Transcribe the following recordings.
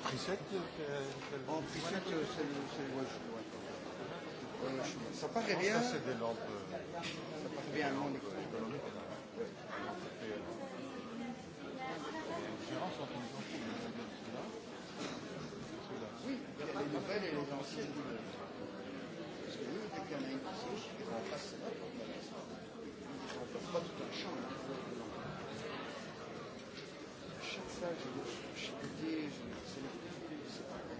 En précepte, c'est les Ça paraît bien. Ça, c'est des lampes. Ça paraît bien longue économique. Oui, il y a les nouvelles et les anciennes. Parce que nous, dès qu'il y en a une qui se passe, c'est là qu'on ne remplace pas tout un champ chaque fois, je, je, je me dis, c'est le plus difficile, c'est pas grave.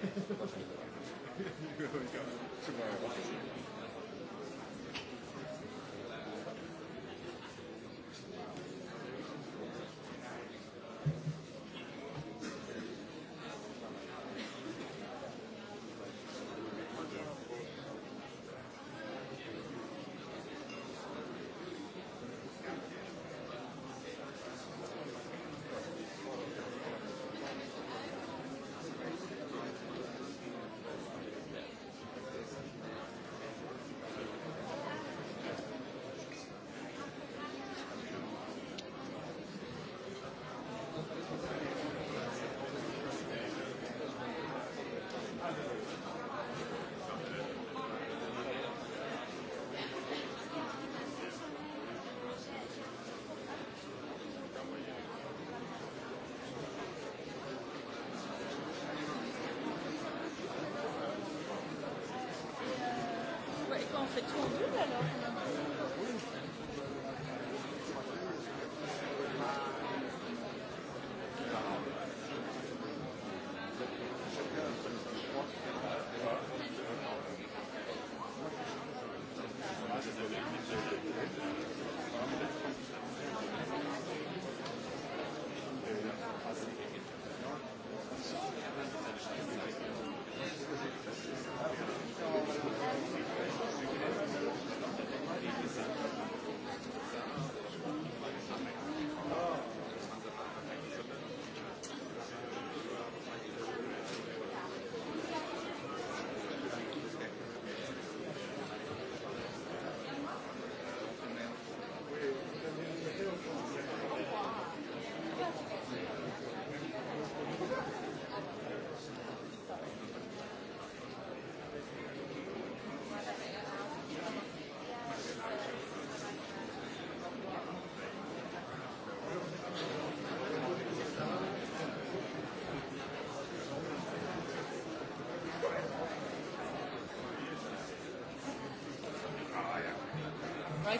tomorrow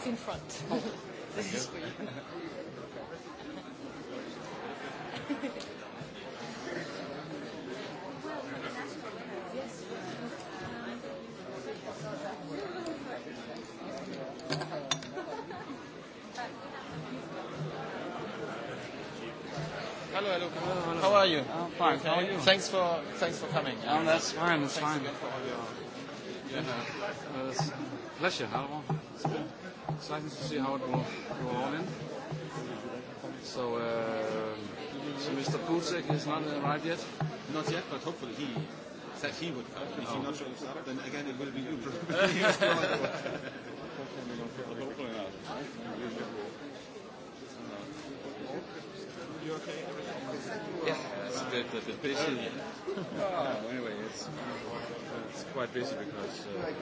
right in front. Oh, this is for you. Hello, hello. hello. How are you? I'm fine. Okay. How are you? Thanks for thanks for coming. Oh, that's fine. That's fine. Thanks again for all your. Yeah. Uh, pleasure. Hello. It's good. Excited to see how it will go all in. So, uh, so Mr. Pucek has not arrived yet? Not yet, but hopefully he said he would come. If he not shows up, then again it will be you. Hopefully not. You okay? Yeah, that's good. But it's busy. oh, anyway, it's, it's quite busy because uh,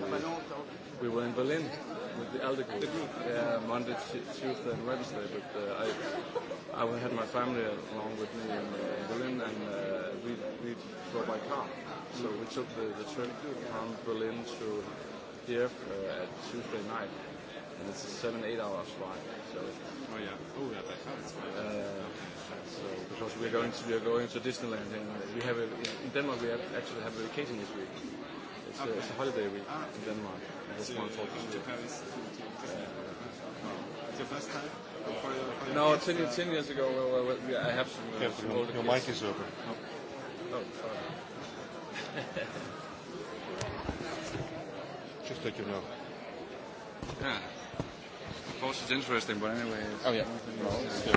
we, we were in Berlin with the elder group. Yeah, Monday, Tuesday, and Wednesday. But uh, I, I had my family along with me in, uh, in Berlin, and uh, we we drove by car. So we took the, the trip from Berlin to here uh, at Tuesday night, and it's a seven eight hours flight. So. Oh yeah. Oh yeah, by car. Uh, So because we are going to we are going to Disneyland and we have a, in Denmark we have, actually have a vacation this week. It's, okay. a, it's a holiday week ah, okay. in Denmark. And This so one for to Paris. your first time. For for no, kids, ten, uh, ten years ago. Well, well, well, I have some. Uh, yeah, some your your mic is over. Oh, oh sorry. Just let you know. Yeah. Of course, it's interesting, but anyway. It's oh yeah. No, it's, uh,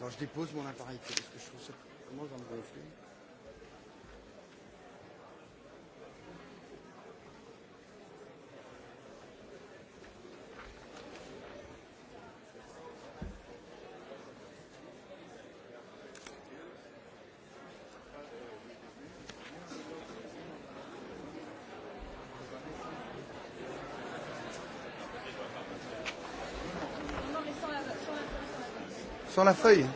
Quand je dépose mon appareil, parce que je trouve ça. Comment j'en gonfler sur la feuille.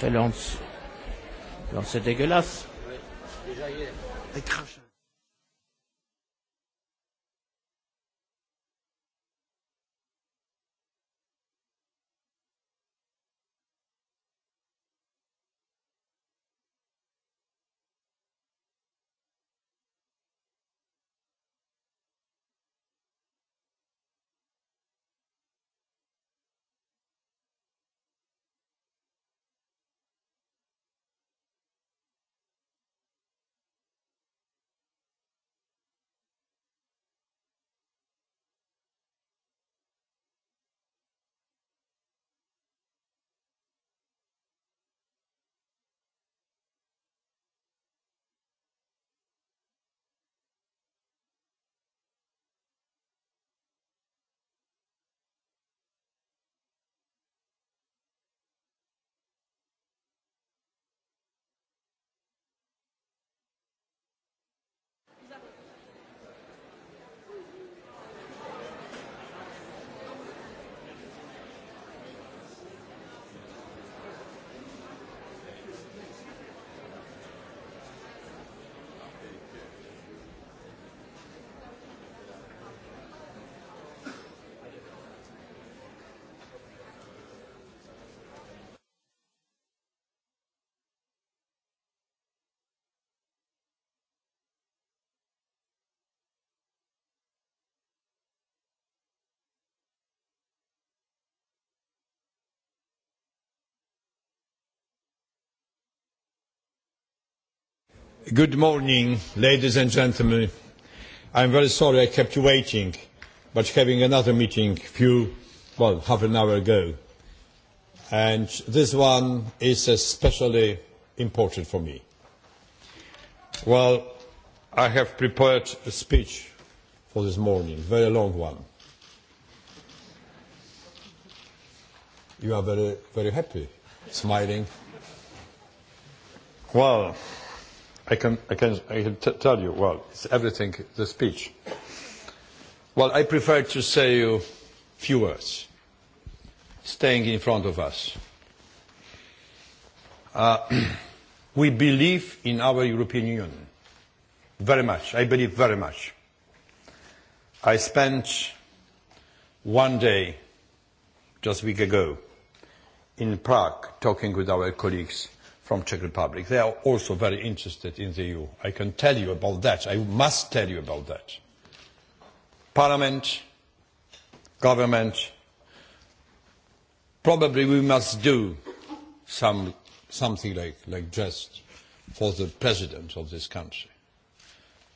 fait Lance. Lance, c'est dégueulasse. Déjà hier. Good morning, ladies and gentlemen. I'm very sorry I kept you waiting, but having another meeting few, well, half an hour ago. And this one is especially important for me. Well, I have prepared a speech for this morning, very long one. You are very, very happy, smiling. Well, I can, I can, I can t- tell you, well, it's everything, the speech. Well, I prefer to say a few words, staying in front of us. Uh, we believe in our European Union very much. I believe very much. I spent one day just a week ago in Prague talking with our colleagues from Czech Republic. They are also very interested in the EU. I can tell you about that. I must tell you about that. Parliament, government, probably we must do some, something like, like just for the president of this country.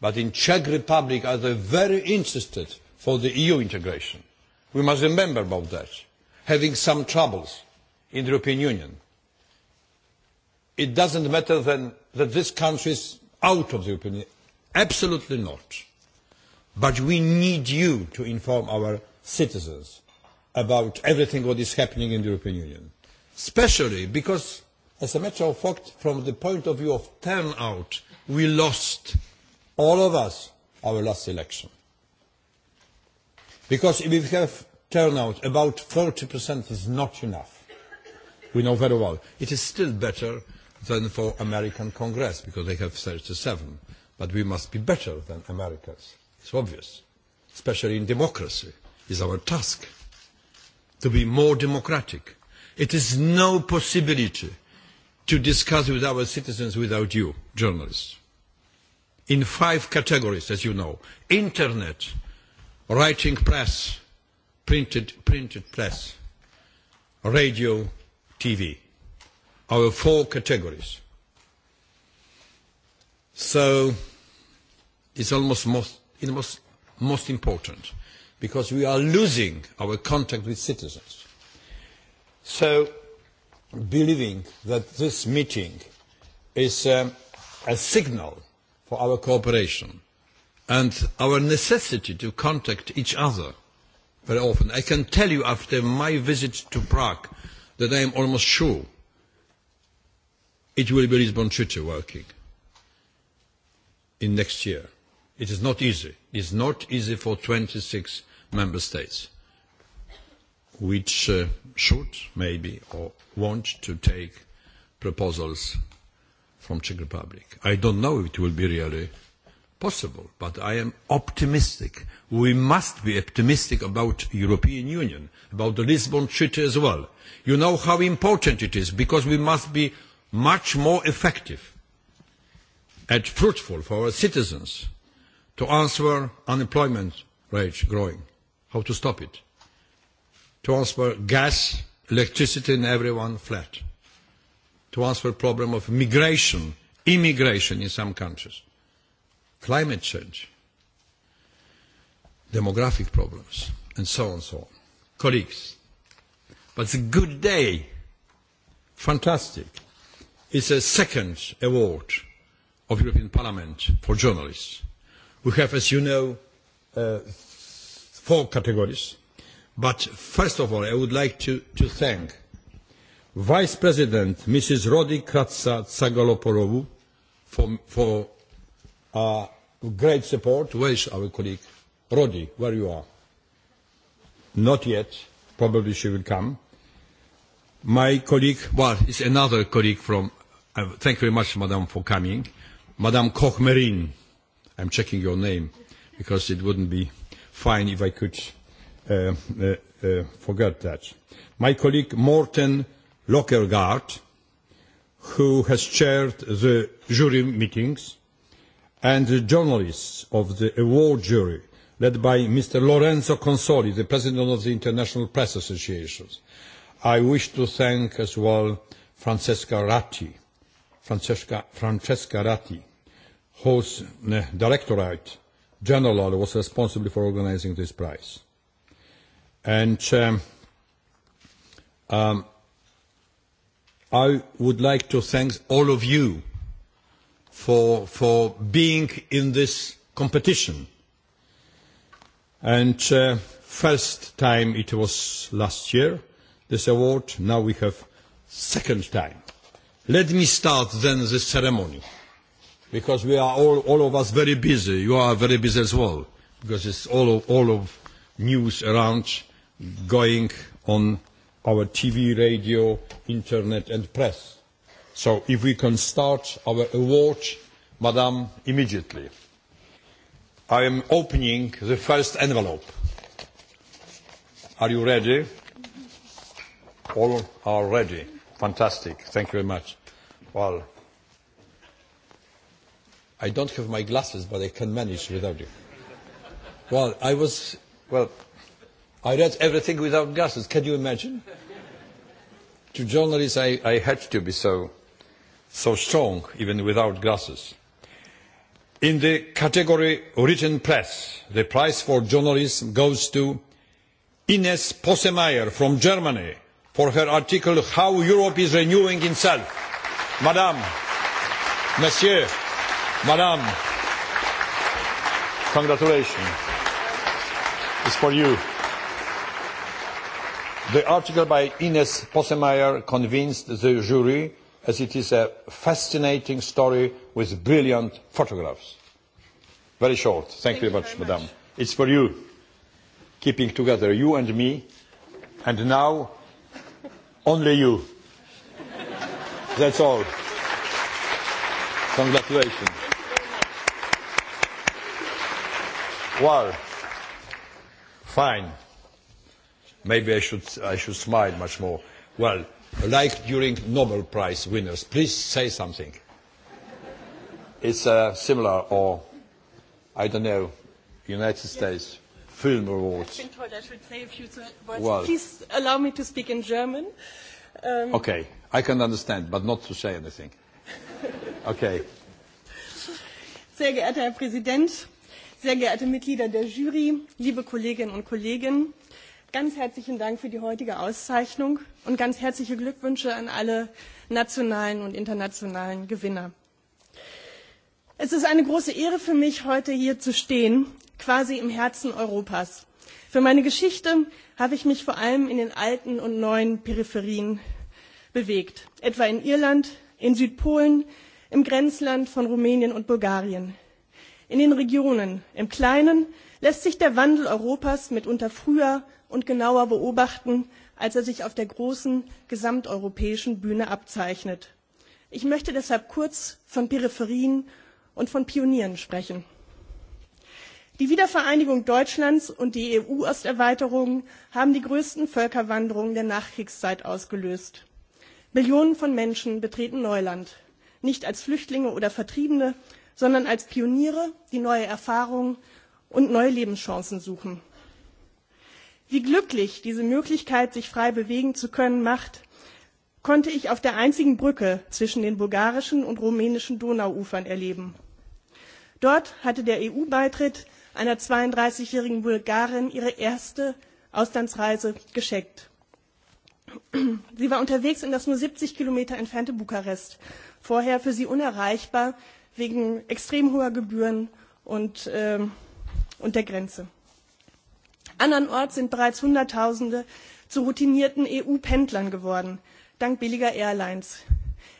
But in Czech Republic are they very interested for the EU integration. We must remember about that. Having some troubles in the European Union it doesn't matter then that this country is out of the European Union. Absolutely not. But we need you to inform our citizens about everything what is happening in the European Union. Especially because, as a matter of fact, from the point of view of turnout, we lost, all of us, our last election. Because if we have turnout, about 40% is not enough. We know very well. It is still better than for American Congress, because they have 37. But we must be better than Americans. It's obvious, especially in democracy. It's our task to be more democratic. It is no possibility to discuss with our citizens without you, journalists. In five categories, as you know. Internet, writing press, printed, printed press, radio, TV our four categories. So it's almost most, it was most important because we are losing our contact with citizens. So believing that this meeting is um, a signal for our cooperation and our necessity to contact each other very often. I can tell you after my visit to Prague that I am almost sure it will be Lisbon Treaty working in next year. It is not easy. It is not easy for 26 member states, which uh, should maybe or want to take proposals from Czech Republic. I don't know if it will be really possible, but I am optimistic. We must be optimistic about European Union, about the Lisbon Treaty as well. You know how important it is, because we must be much more effective and fruitful for our citizens to answer unemployment rate growing, how to stop it, to answer gas, electricity in everyone flat, to answer problem of migration, immigration in some countries, climate change, demographic problems, and so on and so on. Colleagues, but it's a good day, fantastic is a second award of European Parliament for journalists. We have, as you know, uh, four categories. But first of all, I would like to, to thank Vice President Mrs. Rodi Kratsa Tsagaloporovu for, for uh, great support. Where is our colleague? Rodi, where you are? Not yet. Probably she will come. My colleague, well, is another colleague from Thank you very much, Madam, for coming. Madam Koch-Merin, I'm checking your name because it wouldn't be fine if I could uh, uh, uh, forget that. My colleague Morten Lockergaard, who has chaired the jury meetings, and the journalists of the award jury, led by Mr. Lorenzo Consoli, the president of the International Press Association. I wish to thank as well Francesca Ratti, Francesca, Francesca Ratti, whose Directorate General was responsible for organizing this prize. And um, um, I would like to thank all of you for, for being in this competition. And uh, first time it was last year, this award. Now we have second time. Let me start then the ceremony, because we are all, all of us very busy. You are very busy as well, because it's all of, all of news around going on our TV, radio, internet and press. So if we can start our award, Madam, immediately. I am opening the first envelope. Are you ready? All are ready. Fantastic. Thank you very much. Well, I don't have my glasses, but I can manage without you. Well, I was, well, I read everything without glasses. Can you imagine? To journalists, I, I had to be so, so strong, even without glasses. In the category written press, the prize for journalism goes to Ines Possemeyer from Germany for her article How Europe is Renewing Itself. Madame, Monsieur, Madame, congratulations. It's for you. The article by Ines Possemeyer convinced the jury as it is a fascinating story with brilliant photographs. Very short. Thank, you very much, madam. It's for you, keeping together you and me. And now Only you. That's all. Congratulations. Well, fine. Maybe I should, I should smile much more. Well, like during Nobel Prize winners, please say something. It's uh, similar or, I don't know, United States. Film Awards. I should say a few words. Well, Please allow me to speak in German. Um, okay, I can understand, but not to say anything. Okay. Sehr geehrter Herr Präsident, sehr geehrte Mitglieder der Jury, liebe Kolleginnen und Kollegen, ganz herzlichen Dank für die heutige Auszeichnung und ganz herzliche Glückwünsche an alle nationalen und internationalen Gewinner. Es ist eine große Ehre für mich, heute hier zu stehen quasi im Herzen Europas. Für meine Geschichte habe ich mich vor allem in den alten und neuen Peripherien bewegt, etwa in Irland, in Südpolen, im Grenzland von Rumänien und Bulgarien. In den Regionen, im Kleinen, lässt sich der Wandel Europas mitunter früher und genauer beobachten, als er sich auf der großen gesamteuropäischen Bühne abzeichnet. Ich möchte deshalb kurz von Peripherien und von Pionieren sprechen. Die Wiedervereinigung Deutschlands und die EU-Osterweiterung haben die größten Völkerwanderungen der Nachkriegszeit ausgelöst. Millionen von Menschen betreten Neuland, nicht als Flüchtlinge oder Vertriebene, sondern als Pioniere, die neue Erfahrungen und neue Lebenschancen suchen. Wie glücklich diese Möglichkeit, sich frei bewegen zu können, macht, konnte ich auf der einzigen Brücke zwischen den bulgarischen und rumänischen Donauufern erleben. Dort hatte der EU-Beitritt einer 32-jährigen Bulgarin ihre erste Auslandsreise geschenkt. Sie war unterwegs in das nur 70 Kilometer entfernte Bukarest, vorher für sie unerreichbar wegen extrem hoher Gebühren und, und der Grenze. Andernorts sind bereits Hunderttausende zu routinierten EU-Pendlern geworden, dank billiger Airlines.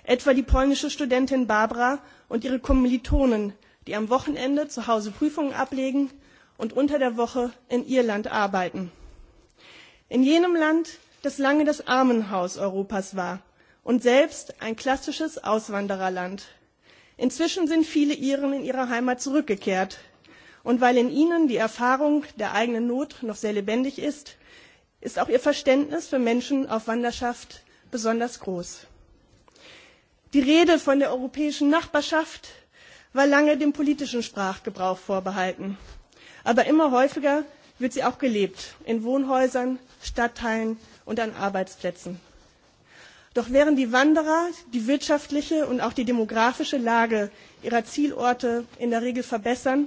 Etwa die polnische Studentin Barbara und ihre Kommilitonen die am Wochenende zu Hause Prüfungen ablegen und unter der Woche in Irland arbeiten. In jenem Land, das lange das Armenhaus Europas war und selbst ein klassisches Auswandererland. Inzwischen sind viele Iren in ihre Heimat zurückgekehrt. Und weil in ihnen die Erfahrung der eigenen Not noch sehr lebendig ist, ist auch ihr Verständnis für Menschen auf Wanderschaft besonders groß. Die Rede von der europäischen Nachbarschaft war lange dem politischen Sprachgebrauch vorbehalten. Aber immer häufiger wird sie auch gelebt in Wohnhäusern, Stadtteilen und an Arbeitsplätzen. Doch während die Wanderer die wirtschaftliche und auch die demografische Lage ihrer Zielorte in der Regel verbessern,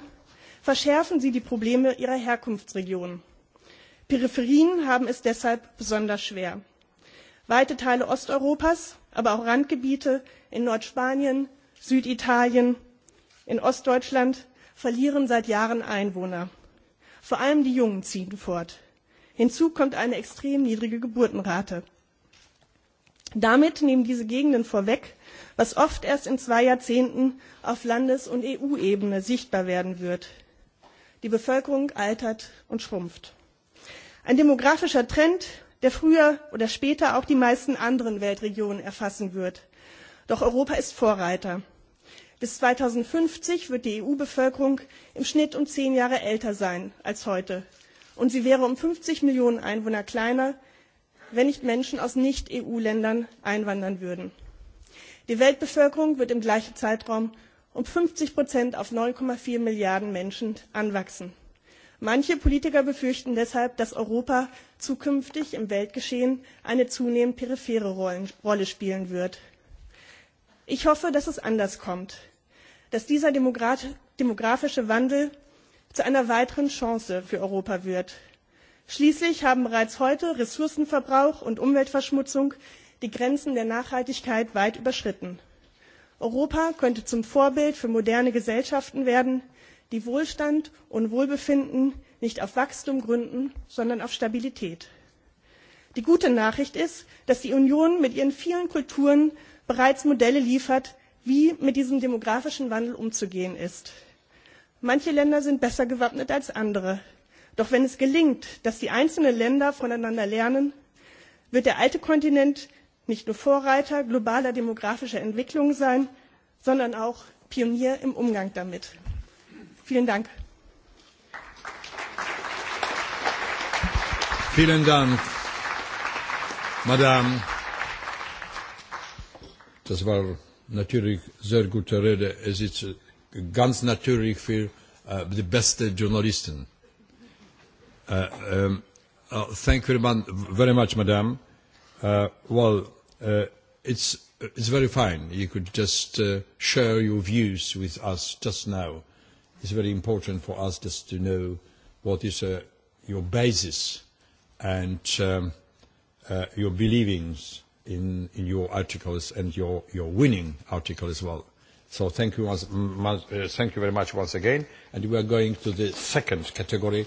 verschärfen sie die Probleme ihrer Herkunftsregionen. Peripherien haben es deshalb besonders schwer. Weite Teile Osteuropas, aber auch Randgebiete in Nordspanien, Süditalien in Ostdeutschland verlieren seit Jahren Einwohner. Vor allem die Jungen ziehen fort. Hinzu kommt eine extrem niedrige Geburtenrate. Damit nehmen diese Gegenden vorweg, was oft erst in zwei Jahrzehnten auf Landes- und EU-Ebene sichtbar werden wird. Die Bevölkerung altert und schrumpft. Ein demografischer Trend, der früher oder später auch die meisten anderen Weltregionen erfassen wird. Doch Europa ist Vorreiter. Bis 2050 wird die EU-Bevölkerung im Schnitt um zehn Jahre älter sein als heute. Und sie wäre um 50 Millionen Einwohner kleiner, wenn nicht Menschen aus Nicht-EU-Ländern einwandern würden. Die Weltbevölkerung wird im gleichen Zeitraum um 50 Prozent auf 9,4 Milliarden Menschen anwachsen. Manche Politiker befürchten deshalb, dass Europa zukünftig im Weltgeschehen eine zunehmend periphere Rolle spielen wird. Ich hoffe, dass es anders kommt dass dieser demografische Wandel zu einer weiteren Chance für Europa wird. Schließlich haben bereits heute Ressourcenverbrauch und Umweltverschmutzung die Grenzen der Nachhaltigkeit weit überschritten. Europa könnte zum Vorbild für moderne Gesellschaften werden, die Wohlstand und Wohlbefinden nicht auf Wachstum gründen, sondern auf Stabilität. Die gute Nachricht ist, dass die Union mit ihren vielen Kulturen bereits Modelle liefert, wie mit diesem demografischen Wandel umzugehen ist. Manche Länder sind besser gewappnet als andere. Doch wenn es gelingt, dass die einzelnen Länder voneinander lernen, wird der alte Kontinent nicht nur Vorreiter globaler demografischer Entwicklungen sein, sondern auch Pionier im Umgang damit. Vielen Dank. Vielen Dank, Madame. Das war natürlich sehr gute Rede. Es ist ganz natürlich für die besten Journalisten. thank you very much, madam. Uh, well, uh, it's, it's very fine. You could just uh, share your views with us just now. It's very important for us just to know what is uh, your basis and um, uh, your believings in, in your articles and your, your winning article as well. So thank you, once, much, uh, thank you very much once again. And we are going to the second category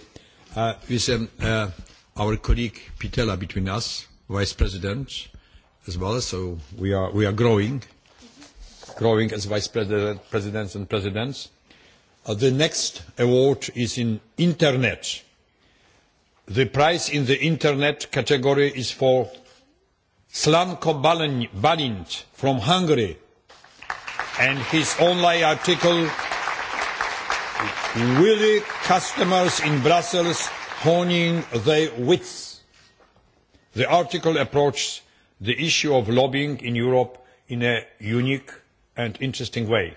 uh, with um, uh, our colleague Pitella between us, Vice President as well. So we are, we are growing, growing as Vice President, Presidents and Presidents. Uh, the next award is in Internet. The prize in the Internet category is for Slanko Balint from Hungary and his online article Willy Customers in Brussels Honing Their Wits. The article approaches the issue of lobbying in Europe in a unique and interesting way.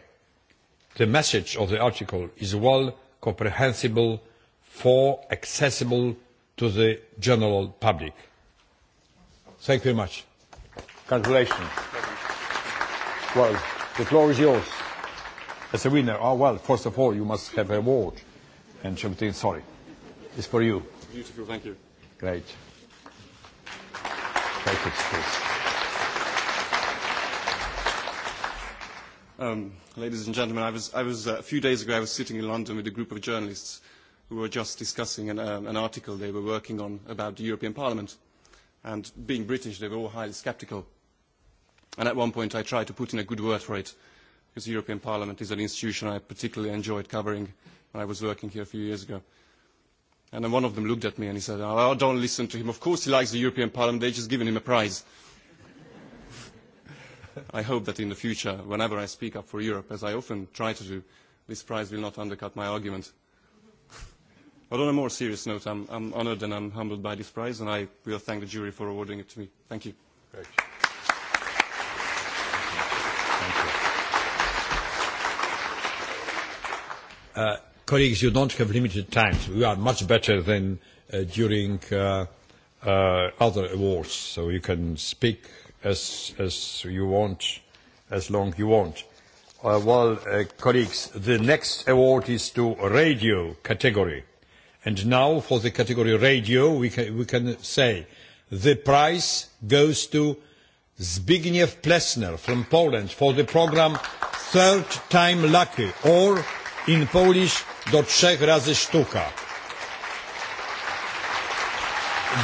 The message of the article is well comprehensible for accessible to the general public. Thank you very much. Congratulations. Well, the floor is yours. As a winner, oh well, first of all, you must have a award. And Chambertin, sorry. It's for you. Beautiful, thank you. Great. Thank you, please. Um, ladies and gentlemen, I was, I was, uh, a few days ago I was sitting in London with a group of journalists who were just discussing an, um, an article they were working on about the European Parliament. Uh, And being British, they were all highly sceptical. And at one point, I tried to put in a good word for it, because the European Parliament is an institution I particularly enjoyed covering when I was working here a few years ago. And then one of them looked at me and he said, oh, don't listen to him. Of course he likes the European Parliament. They've just given him a prize. I hope that in the future, whenever I speak up for Europe, as I often try to do, this prize will not undercut my argument. But on a more serious note, I'm, I'm honored and I'm humbled by this prize, and I will thank the jury for awarding it to me. Thank you. Great. Uh, colleagues, you don't have limited time. We are much better than uh, during uh, uh, other awards, so you can speak as, as you want, as long you want. Uh, well, uh, colleagues, the next award is to radio category. And now for the category radio, we can, we can say the prize goes to Zbigniew Plesner from Poland for the program Third Time Lucky or in Polish do trzech razy sztuka.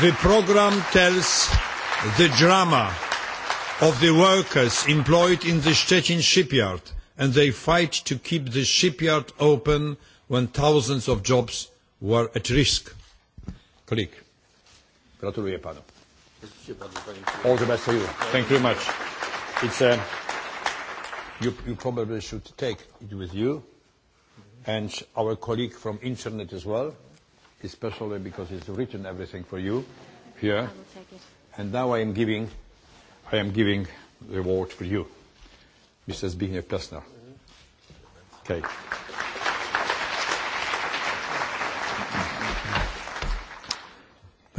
The program tells the drama of the workers employed in the Szczecin shipyard and they fight to keep the shipyard open when thousands of jobs were at risk. Click. gratuluję panu. All the best for you. Thank you very much. It's a, you, you probably should take it with you and our colleague from internet as well, especially because he's written everything for you here. And now I am giving, I am giving the award for you, Mr. Zbigniew Pesner. Okay.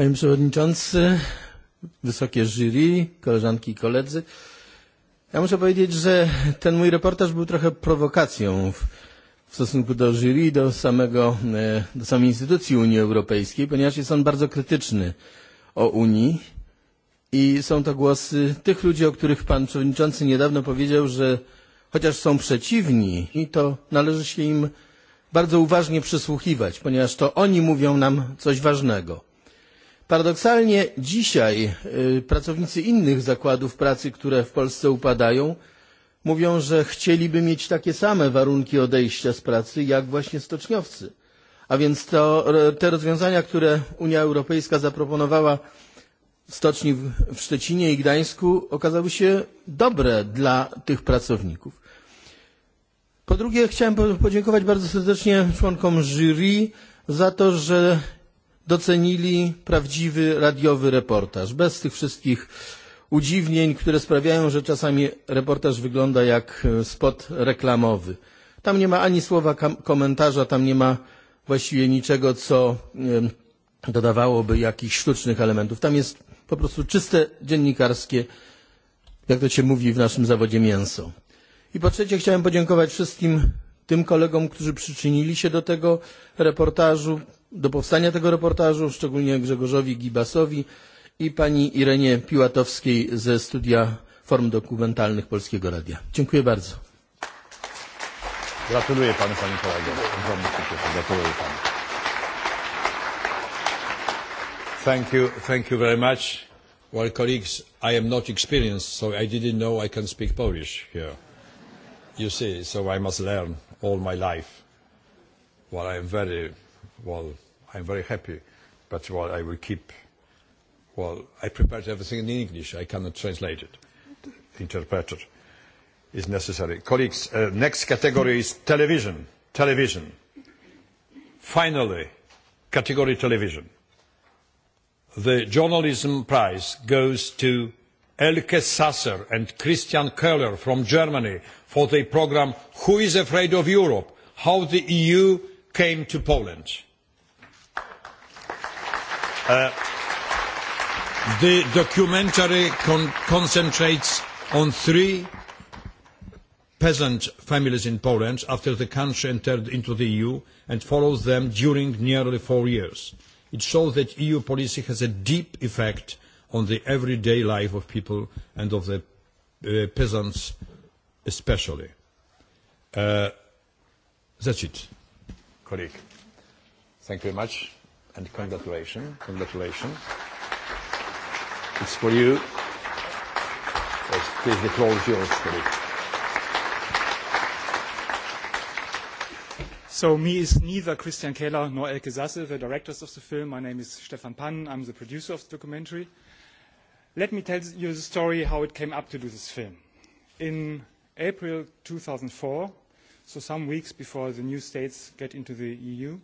Panie Przewodniczący, wysokie jury, koleżanki i koledzy. Ja muszę powiedzieć, że ten mój reportaż był trochę prowokacją w, w stosunku do jury, do, samego, do samej instytucji Unii Europejskiej, ponieważ jest on bardzo krytyczny o Unii i są to głosy tych ludzi, o których pan przewodniczący niedawno powiedział, że chociaż są przeciwni, to należy się im bardzo uważnie przysłuchiwać, ponieważ to oni mówią nam coś ważnego. Paradoksalnie dzisiaj pracownicy innych zakładów pracy, które w Polsce upadają, mówią, że chcieliby mieć takie same warunki odejścia z pracy jak właśnie stoczniowcy. A więc to, te rozwiązania, które Unia Europejska zaproponowała w stoczni w Szczecinie i Gdańsku, okazały się dobre dla tych pracowników. Po drugie, chciałem podziękować bardzo serdecznie członkom jury za to, że docenili prawdziwy radiowy reportaż, bez tych wszystkich udziwnień, które sprawiają, że czasami reportaż wygląda jak spot reklamowy. Tam nie ma ani słowa komentarza, tam nie ma właściwie niczego, co dodawałoby jakichś sztucznych elementów. Tam jest po prostu czyste dziennikarskie, jak to się mówi w naszym zawodzie, mięso. I po trzecie chciałem podziękować wszystkim tym kolegom, którzy przyczynili się do tego reportażu, do powstania tego reportażu, szczególnie Grzegorzowi Gibasowi i pani Irenie Piłatowskiej ze studia form dokumentalnych Polskiego Radia. Dziękuję bardzo. Gratuluję panu, panie kolego. Gratuluję panu. Thank you, thank you very much. Well, colleagues, I am not experienced, so I didn't know I can speak Polish here. You see, so I must learn all my life. Well, I am very well, I'm very happy, but well, I will keep. Well, I prepared everything in English. I cannot translate it. Interpreter is necessary. Colleagues, uh, next category is television. Television. Finally, category television. The Journalism Prize goes to Elke Sasser and Christian Köhler from Germany for the program Who is Afraid of Europe? How the EU Came to Poland the documentary con- concentrates on three peasant families in Poland after the country entered into the EU and follows them during nearly four years. It shows that EU policy has a deep effect on the everyday life of people and of the uh, peasants especially. Uh, that's it, colleague. Thank you very much and congratulations. Congratulations. It's for you. Yes, please, the floor is yours, colleague. So me is neither Christian Kehler nor Elke Sasse, the directors of the film. My name is Stefan Pannen. I'm the producer of the documentary. Let me tell you the story how it came up to do this film. In April 2004, so some weeks before the new states get into the EU,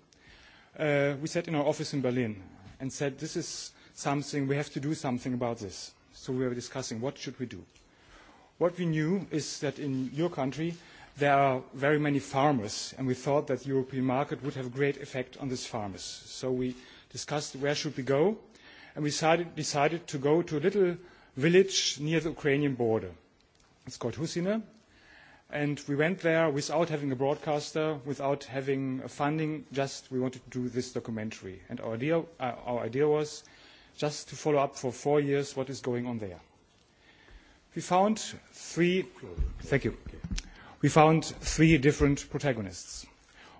uh, we sat in our office in Berlin and said, this is something, we have to do something about this. So we were discussing, what should we do? What we knew is that in your country, there are very many farmers, and we thought that the European market would have a great effect on these farmers. So we discussed where should we go, and we decided, decided to go to a little village near the Ukrainian border. It's called Husine, And we went there without having a broadcaster, without having funding, just we wanted to do this documentary. And our idea, uh, our idea was just to follow up for four years what is going on there. We found three, thank you. We found three different protagonists,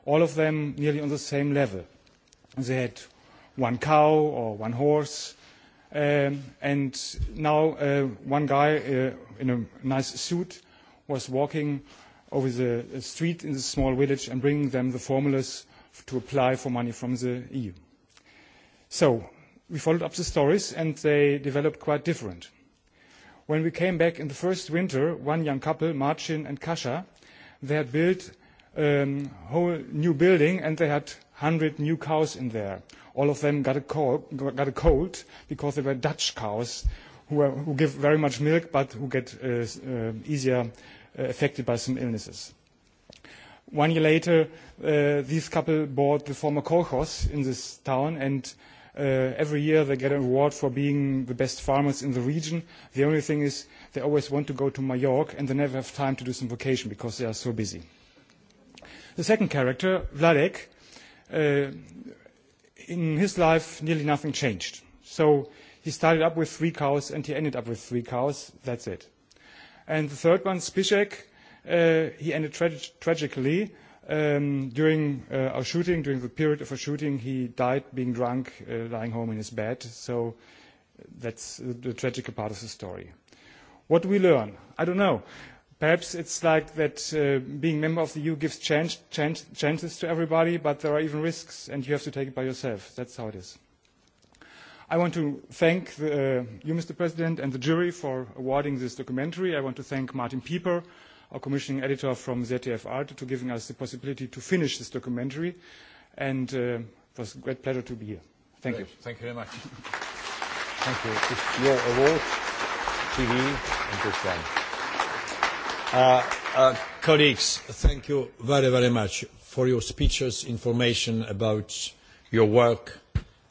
all of them nearly on the same level. They had one cow or one horse, um, and now uh, one guy uh, in a nice suit was walking over the street in the small village and bringing them the formulas to apply for money from the EU. So we followed up the stories and they developed quite different. When we came back in the first winter, one young couple, Marcin and Kasha, they had built a whole new building and they had 100 new cows in there. All of them got a, cold, got a cold because they were Dutch cows who, are, who give very much milk but who get uh, uh, easier uh affected by some illnesses. One year later, uh, this couple bought the former kolkhoz in this town, and uh, every year they get an award for being the best farmers in the region. The only thing is they always want to go to Mallorca, and they never have time to do some vacation because they are so busy. The second character, Vladek, uh, in his life nearly nothing changed. So He started up with three cows and he ended up with three cows. That's it. And the third one, Spishek, uh, he ended tra- tragically. Um, during uh, our shooting, during the period of our shooting, he died being drunk, uh, lying home in his bed. So that's the tragic part of the story. What do we learn? I don't know. Perhaps it's like that uh, being member of the EU gives chance, chance, chances to everybody, but there are even risks, and you have to take it by yourself. That's how it is. I want to thank the, uh, you, Mr. President, and the jury for awarding this documentary. I want to thank Martin Pieper, our commissioning editor from ZTF Art, to giving us the possibility to finish this documentary. And uh, it was a great pleasure to be here. Thank great. you. Thank you very much. Thank you. It's your award, TV, and this one. Uh, uh, colleagues, thank you very, very much for your speeches, information about your work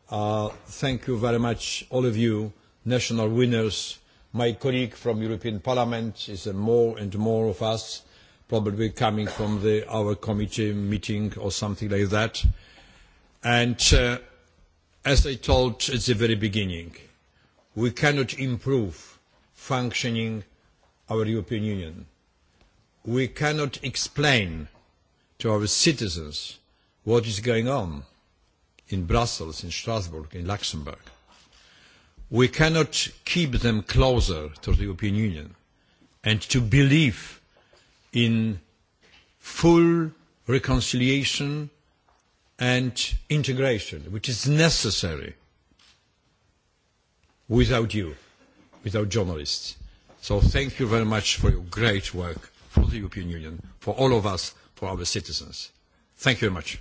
thank you very much, all of you, national winners. My colleague from European Parliament is more and more of us, probably coming from the, our committee meeting or something like that. And uh, as I told at the very beginning, we cannot improve functioning our European Union. We cannot explain to our citizens what is going on in Brussels, in Strasbourg, in Luxembourg. We cannot keep them closer to the European Union and to believe in full reconciliation and integration, which is necessary without you, without journalists. So thank you very much for your great work for the European Union, for all of us, for our citizens. Thank you very much.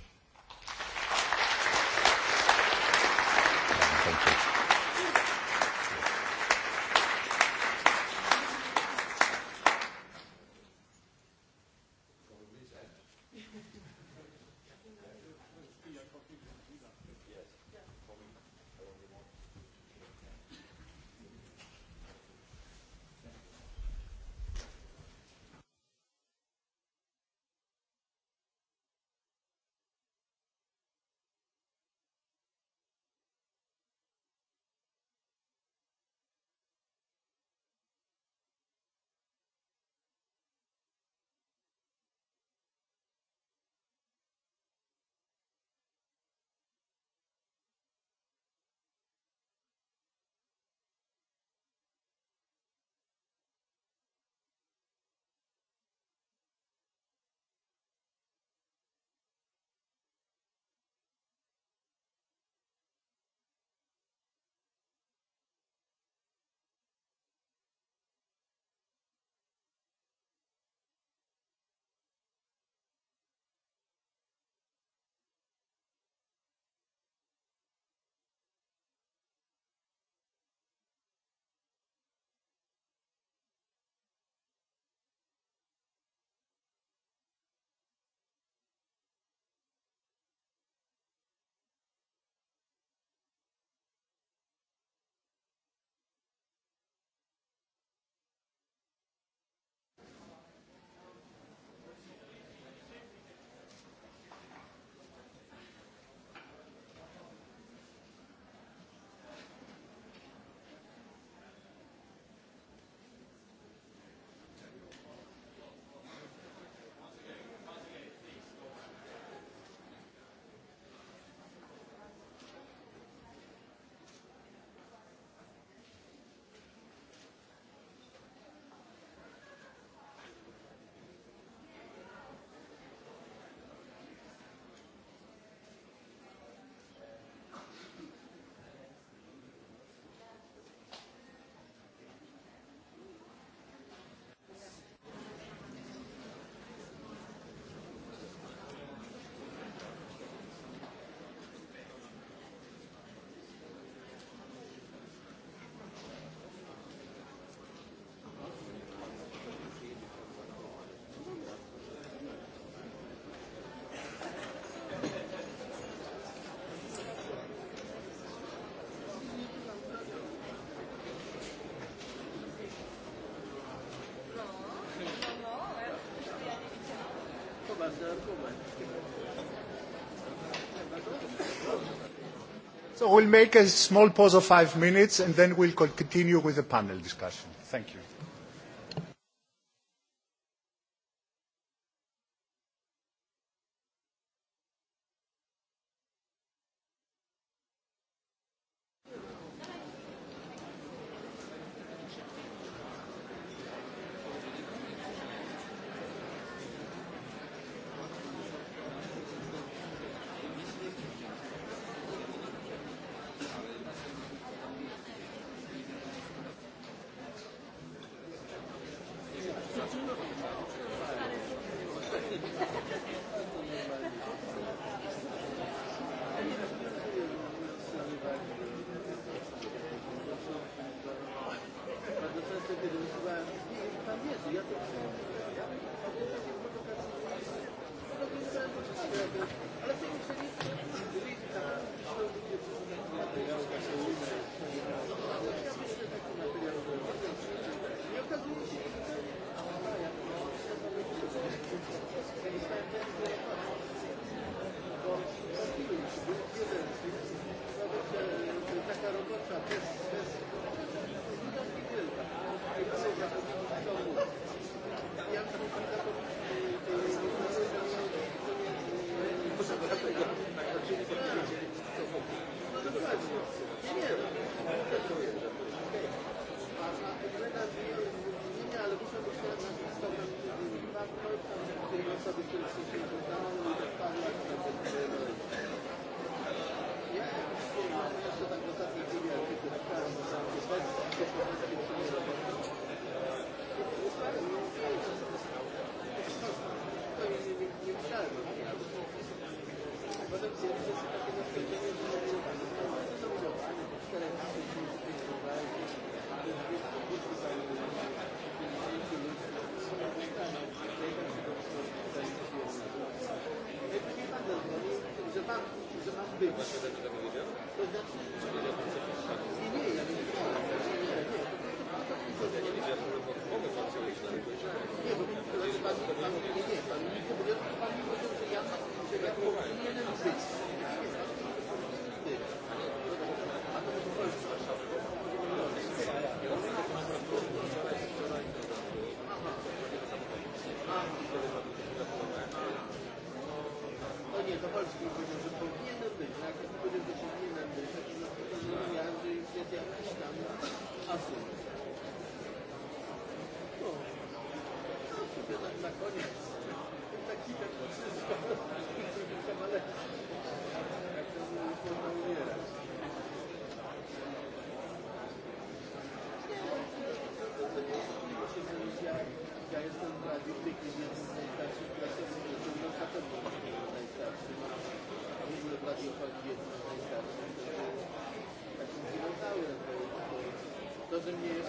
So we'll make a small pause of five minutes and then we'll continue with the panel discussion. Thank you.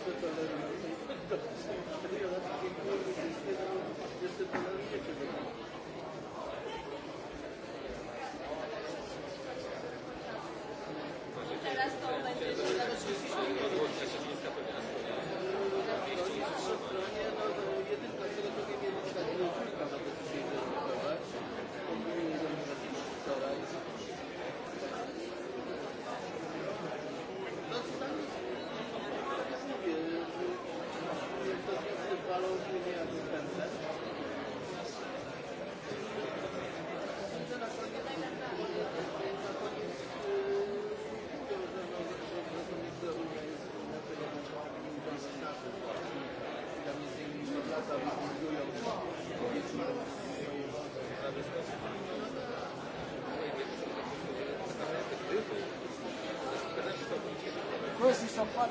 Just the Вот.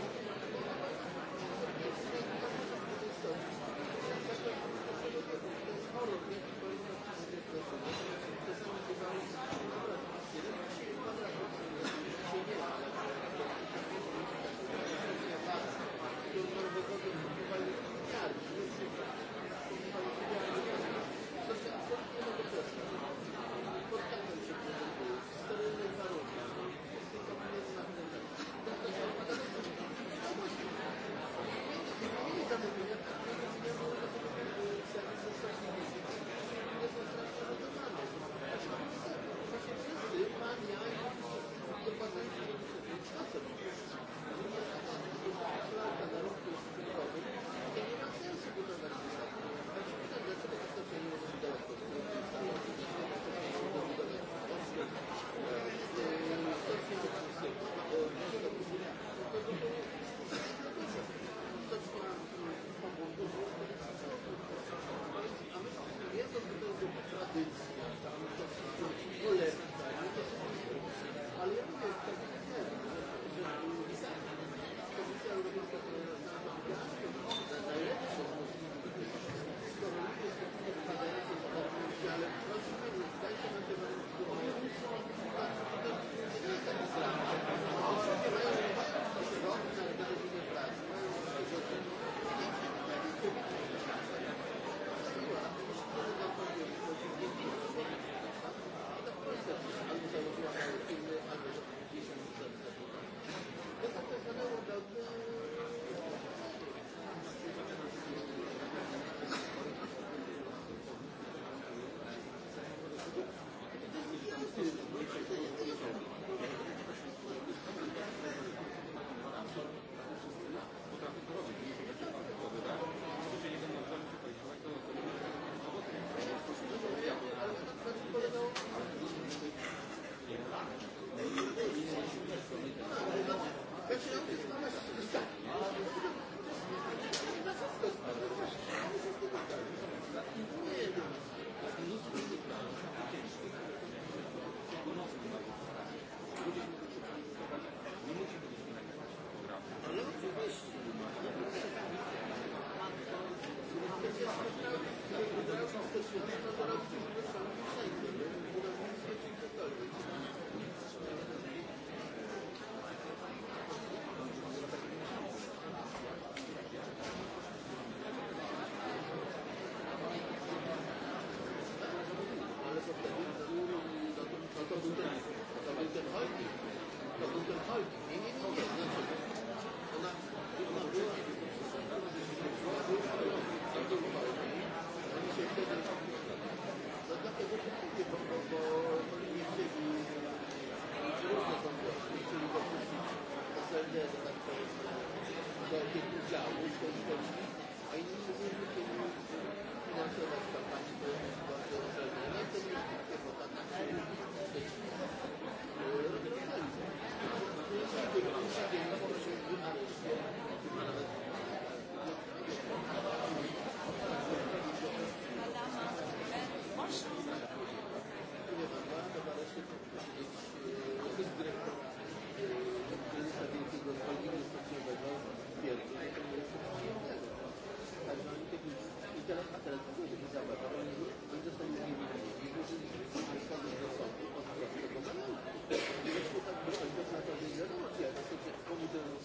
Allora,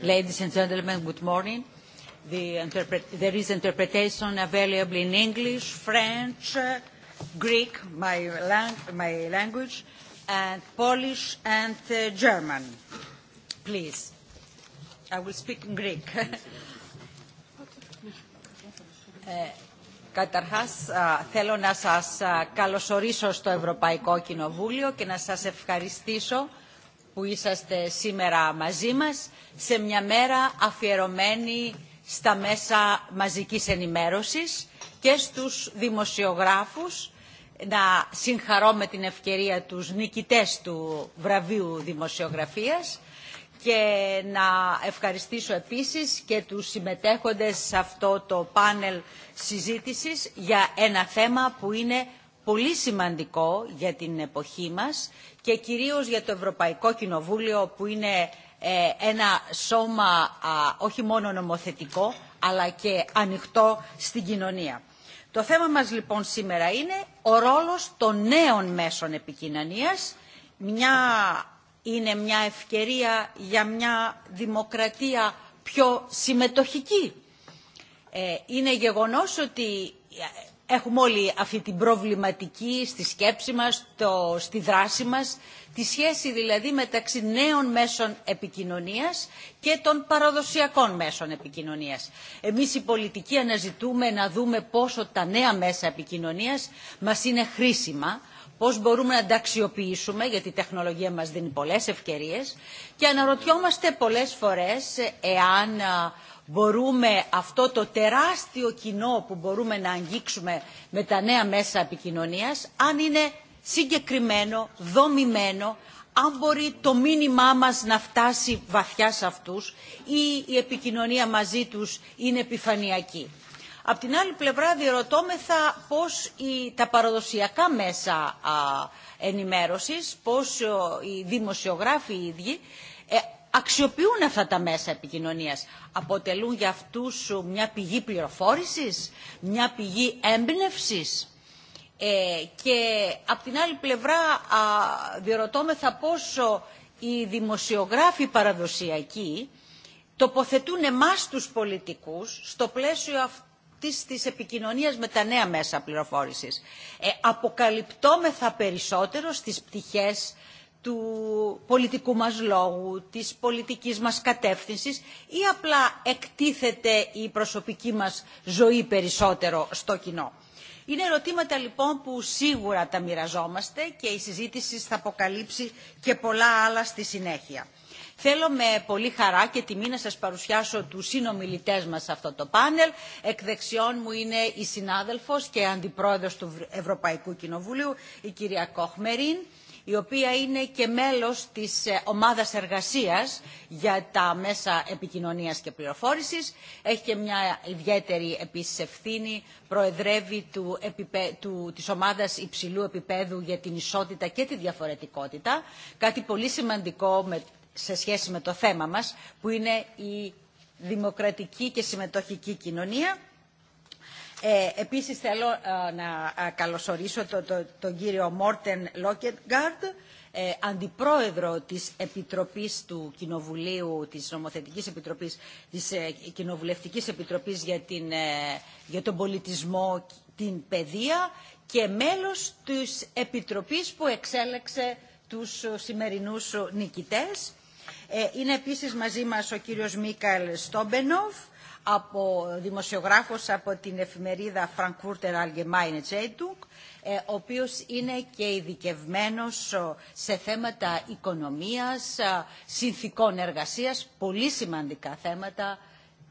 Ladies and gentlemen, good morning. The interpret there is interpretation available in English, French, Greek, my, lang my language, and Polish and uh, German. Please. I will speak in Greek. Καταρχάς θέλω να σας καλωσορίσω στο Ευρωπαϊκό Κοινοβούλιο και να σας ευχαριστήσω που είσαστε σήμερα μαζί μας σε μια μέρα αφιερωμένη στα μέσα μαζικής ενημέρωσης και στους δημοσιογράφους να συγχαρώ με την ευκαιρία τους νικητές του βραβείου δημοσιογραφίας και να ευχαριστήσω επίσης και τους συμμετέχοντες σε αυτό το πάνελ συζήτησης για ένα θέμα που είναι πολύ σημαντικό για την εποχή μας και κυρίως για το Ευρωπαϊκό Κοινοβούλιο που είναι ένα σώμα όχι μόνο νομοθετικό αλλά και ανοιχτό στην κοινωνία. Το θέμα μας λοιπόν σήμερα είναι ο ρόλος των νέων μέσων επικοινωνίας. Μια, είναι μια ευκαιρία για μια δημοκρατία πιο συμμετοχική. Ε, είναι γεγονός ότι Έχουμε όλοι αυτή την προβληματική στη σκέψη μας, το, στη δράση μας, τη σχέση δηλαδή μεταξύ νέων μέσων επικοινωνίας και των παραδοσιακών μέσων επικοινωνίας. Εμείς οι πολιτικοί αναζητούμε να δούμε πόσο τα νέα μέσα επικοινωνίας μας είναι χρήσιμα, πώς μπορούμε να τα αξιοποιήσουμε, γιατί η τεχνολογία μας δίνει πολλές ευκαιρίες και αναρωτιόμαστε πολλές φορές εάν μπορούμε αυτό το τεράστιο κοινό που μπορούμε να αγγίξουμε με τα νέα μέσα επικοινωνίας, αν είναι συγκεκριμένο, δομημένο, αν μπορεί το μήνυμά μας να φτάσει βαθιά σε αυτούς ή η επικοινωνία μαζί τους είναι επιφανειακή. Απ' την άλλη πλευρά διερωτώμεθα πώς η, τα παραδοσιακά μέσα α, ενημέρωσης, πώς ο, οι δημοσιογράφοι οι ίδιοι ε, αξιοποιούν αυτά τα μέσα επικοινωνίας. Αποτελούν για αυτούς μια πηγή πληροφόρησης, μια πηγή έμπνευσης. Ε, και από την άλλη πλευρά α, διερωτώμεθα πόσο οι δημοσιογράφοι παραδοσιακοί τοποθετούν εμάς τους πολιτικούς στο πλαίσιο αυτής της επικοινωνίας με τα νέα μέσα πληροφόρησης. Ε, αποκαλυπτόμεθα περισσότερο στις πτυχές του πολιτικού μας λόγου, της πολιτικής μας κατεύθυνσης ή απλά εκτίθεται η προσωπική μας ζωή περισσότερο στο κοινό. Είναι ερωτήματα λοιπόν που σίγουρα τα μοιραζόμαστε και η συζήτηση θα αποκαλύψει και πολλά άλλα στη συνέχεια. Θέλω με πολύ χαρά και τιμή να σας παρουσιάσω τους συνομιλητές μας σε αυτό το πάνελ. Εκ δεξιών μου είναι η συνάδελφος και αντιπρόεδρος του Ευρωπαϊκού Κοινοβουλίου, η κυρία Κοχμερίν η οποία είναι και μέλος της ομάδας εργασίας για τα μέσα επικοινωνίας και πληροφόρησης. Έχει και μια ιδιαίτερη επίσης ευθύνη, προεδρεύει του, επιπέ, του, της ομάδας υψηλού επίπεδου για την ισότητα και τη διαφορετικότητα, κάτι πολύ σημαντικό με, σε σχέση με το θέμα μας, που είναι η δημοκρατική και συμμετοχική κοινωνία Ε, επίσης θέλω ε, να καλωσορίσω το, το, τον κύριο Μόρτεν Λόκετγκάρντ, ε, αντιπρόεδρο της Επιτροπής του Κοινοβουλίου, της Νομοθετικής Επιτροπής, της ε, Κοινοβουλευτικής Επιτροπής για, την, ε, για τον πολιτισμό, την παιδεία και μέλος της Επιτροπής που εξέλεξε τους σημερινούς νικητές. Ε, είναι επίσης μαζί μας ο κύριος Μίκαλ Στόμπενοφ, από δημοσιογράφος από την εφημερίδα Frankfurter Allgemeine Zeitung, ο οποίος είναι και ειδικευμένο σε θέματα οικονομίας, συνθήκων εργασίας, πολύ σημαντικά θέματα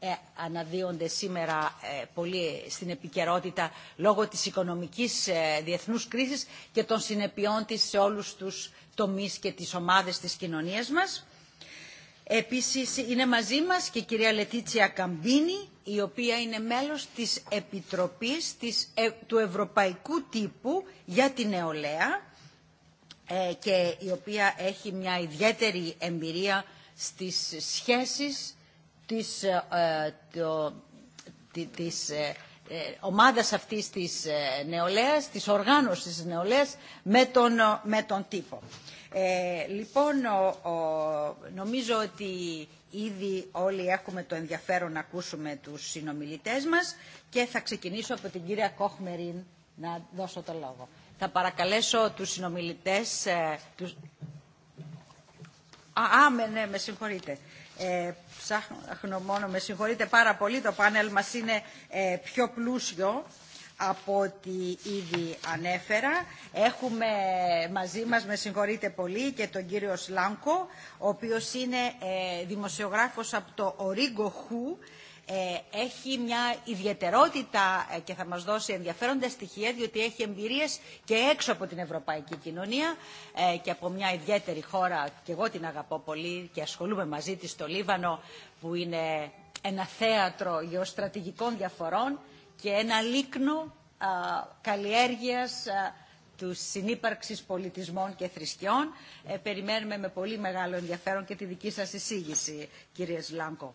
ε, αναδύονται σήμερα ε, πολύ στην επικαιρότητα λόγω της οικονομικής ε, διεθνούς κρίσης και των συνεπειών της σε όλους τους τομείς και τις ομάδες της κοινωνίας μας. Επίσης είναι μαζί μας και η κυρία Λετίτσια Καμπίνη, η οποία είναι μέλος της Επιτροπής της, ε, του Ευρωπαϊκού Τύπου για την Νεολαία ε, και η οποία έχει μια ιδιαίτερη εμπειρία στις σχέσεις της, ε, το, της ε, ομάδας αυτής της νεολαίας, της οργάνωσης της νεολαίας με τον, με τον τύπο. Ε, λοιπόν, ο, ο, νομίζω ότι ήδη όλοι έχουμε το ενδιαφέρον να ακούσουμε τους συνομιλητές μας και θα ξεκινήσω από την κυρία Κόχμεριν να δώσω το λόγο. Θα παρακαλέσω τους συνομιλητές... Ε, τους... Α, α, με, ναι, με συγχωρείτε. Ε, ψάχνω μόνο, με συγχωρείτε πάρα πολύ, το πάνελ μας είναι ε, πιο πλούσιο από ό,τι ήδη ανέφερα. Έχουμε μαζί μας, με συγχωρείτε πολύ, και τον κύριο Σλάνκο, ο οποίος είναι ε, δημοσιογράφος από το Ορίγκο Χου, ε, έχει μια ιδιαιτερότητα και θα μας δώσει ενδιαφέροντα στοιχεία διότι έχει εμπειρίες και έξω από την ευρωπαϊκή κοινωνία ε, και από μια ιδιαίτερη χώρα και εγώ την αγαπώ πολύ και ασχολούμαι μαζί της στο Λίβανο που είναι ένα θέατρο γεωστρατηγικών διαφορών και ένα λίκνο α, καλλιέργειας α, του συνύπαρξης πολιτισμών και θρησκειών. Ε, περιμένουμε με πολύ μεγάλο ενδιαφέρον και τη δική σας εισήγηση, κύριε Σλάνκο.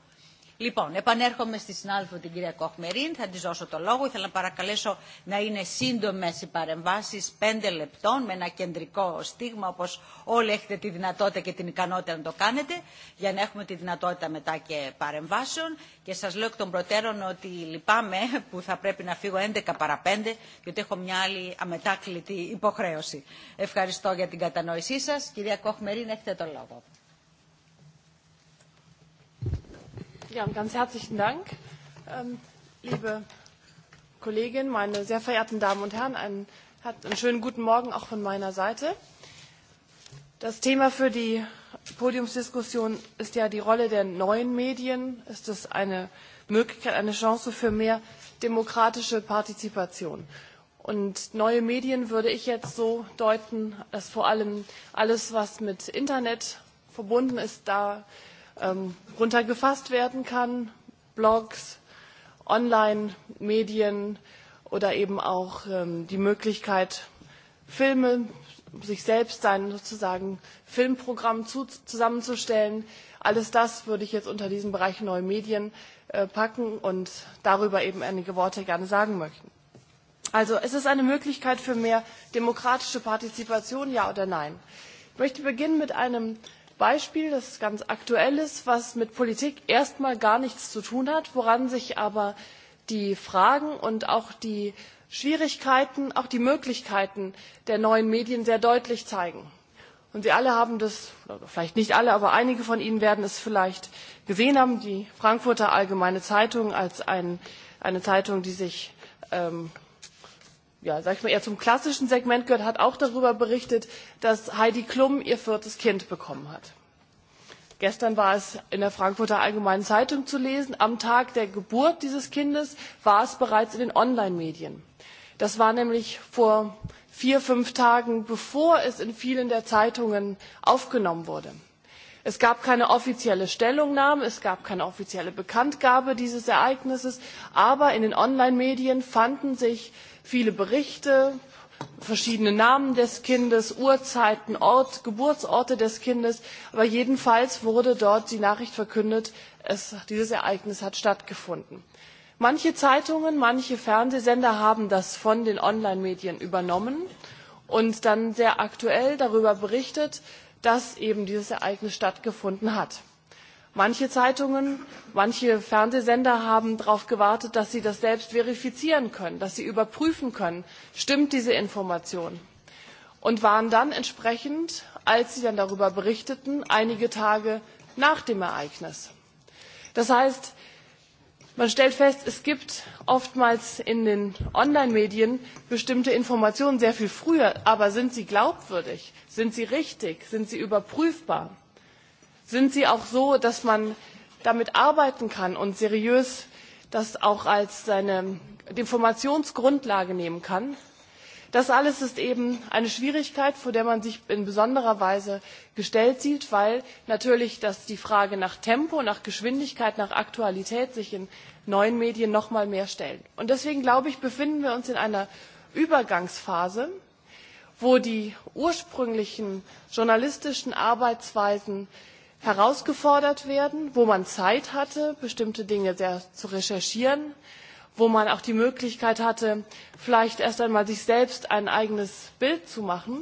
Λοιπόν, επανέρχομαι στη συνάδελφο την κυρία Κοχμερίν, θα τη δώσω το λόγο. Ήθελα να παρακαλέσω να είναι σύντομε οι παρεμβάσει πέντε λεπτών, με ένα κεντρικό στίγμα, όπω όλοι έχετε τη δυνατότητα και την ικανότητα να το κάνετε, για να έχουμε τη δυνατότητα μετά και παρεμβάσεων. Και σα λέω εκ των προτέρων ότι λυπάμαι που θα πρέπει να φύγω 11 παρα 5, γιατί έχω μια άλλη αμετάκλητη υποχρέωση. Ευχαριστώ για την κατανόησή σα. Κυρία Κοχμερίν, έχετε το λόγο. Ja, ganz herzlichen Dank, ähm, liebe Kollegin, meine sehr verehrten Damen und Herren. Einen, einen schönen guten Morgen auch von meiner Seite. Das Thema für die Podiumsdiskussion ist ja die Rolle der neuen Medien. Ist es eine Möglichkeit, eine Chance für mehr demokratische Partizipation? Und neue Medien würde ich jetzt so deuten, dass vor allem alles, was mit Internet verbunden ist, da ähm, runtergefasst werden kann. Blogs, Online-Medien oder eben auch ähm, die Möglichkeit, Filme, sich selbst sein sozusagen Filmprogramm zu, zusammenzustellen. Alles das würde ich jetzt unter diesen Bereich neue Medien äh, packen und darüber eben einige Worte gerne sagen möchten. Also es ist eine Möglichkeit für mehr demokratische Partizipation, ja oder nein. Ich möchte beginnen mit einem Beispiel, das ganz aktuell ist, was mit Politik erstmal gar nichts zu tun hat, woran sich aber die Fragen und auch die Schwierigkeiten, auch die Möglichkeiten der neuen Medien sehr deutlich zeigen. Und Sie alle haben das, oder vielleicht nicht alle, aber einige von Ihnen werden es vielleicht gesehen haben, die Frankfurter Allgemeine Zeitung als ein, eine Zeitung, die sich ähm, ja, sag ich mal, eher zum klassischen Segment gehört, hat auch darüber berichtet, dass Heidi Klum ihr viertes Kind bekommen hat. Gestern war es in der Frankfurter Allgemeinen Zeitung zu lesen. Am Tag der Geburt dieses Kindes war es bereits in den Online-Medien. Das war nämlich vor vier, fünf Tagen, bevor es in vielen der Zeitungen aufgenommen wurde. Es gab keine offizielle Stellungnahme, es gab keine offizielle Bekanntgabe dieses Ereignisses, aber in den Online-Medien fanden sich viele Berichte, verschiedene Namen des Kindes, Uhrzeiten, Ort, Geburtsorte des Kindes, aber jedenfalls wurde dort die Nachricht verkündet, dieses Ereignis hat stattgefunden. Manche Zeitungen, manche Fernsehsender haben das von den Online-Medien übernommen und dann sehr aktuell darüber berichtet dass eben dieses Ereignis stattgefunden hat. Manche Zeitungen, manche Fernsehsender haben darauf gewartet, dass sie das selbst verifizieren können, dass sie überprüfen können, stimmt diese Information. Und waren dann entsprechend, als sie dann darüber berichteten, einige Tage nach dem Ereignis. Das heißt, man stellt fest, es gibt oftmals in den Online-Medien bestimmte Informationen sehr viel früher, aber sind sie glaubwürdig? Sind sie richtig? Sind sie überprüfbar? Sind sie auch so, dass man damit arbeiten kann und seriös das auch als seine Informationsgrundlage nehmen kann? Das alles ist eben eine Schwierigkeit, vor der man sich in besonderer Weise gestellt sieht, weil natürlich die Frage nach Tempo, nach Geschwindigkeit, nach Aktualität sich in neuen Medien noch mal mehr stellt. Und deswegen glaube ich, befinden wir uns in einer Übergangsphase, wo die ursprünglichen journalistischen Arbeitsweisen herausgefordert werden, wo man Zeit hatte, bestimmte Dinge sehr zu recherchieren, wo man auch die Möglichkeit hatte, vielleicht erst einmal sich selbst ein eigenes Bild zu machen,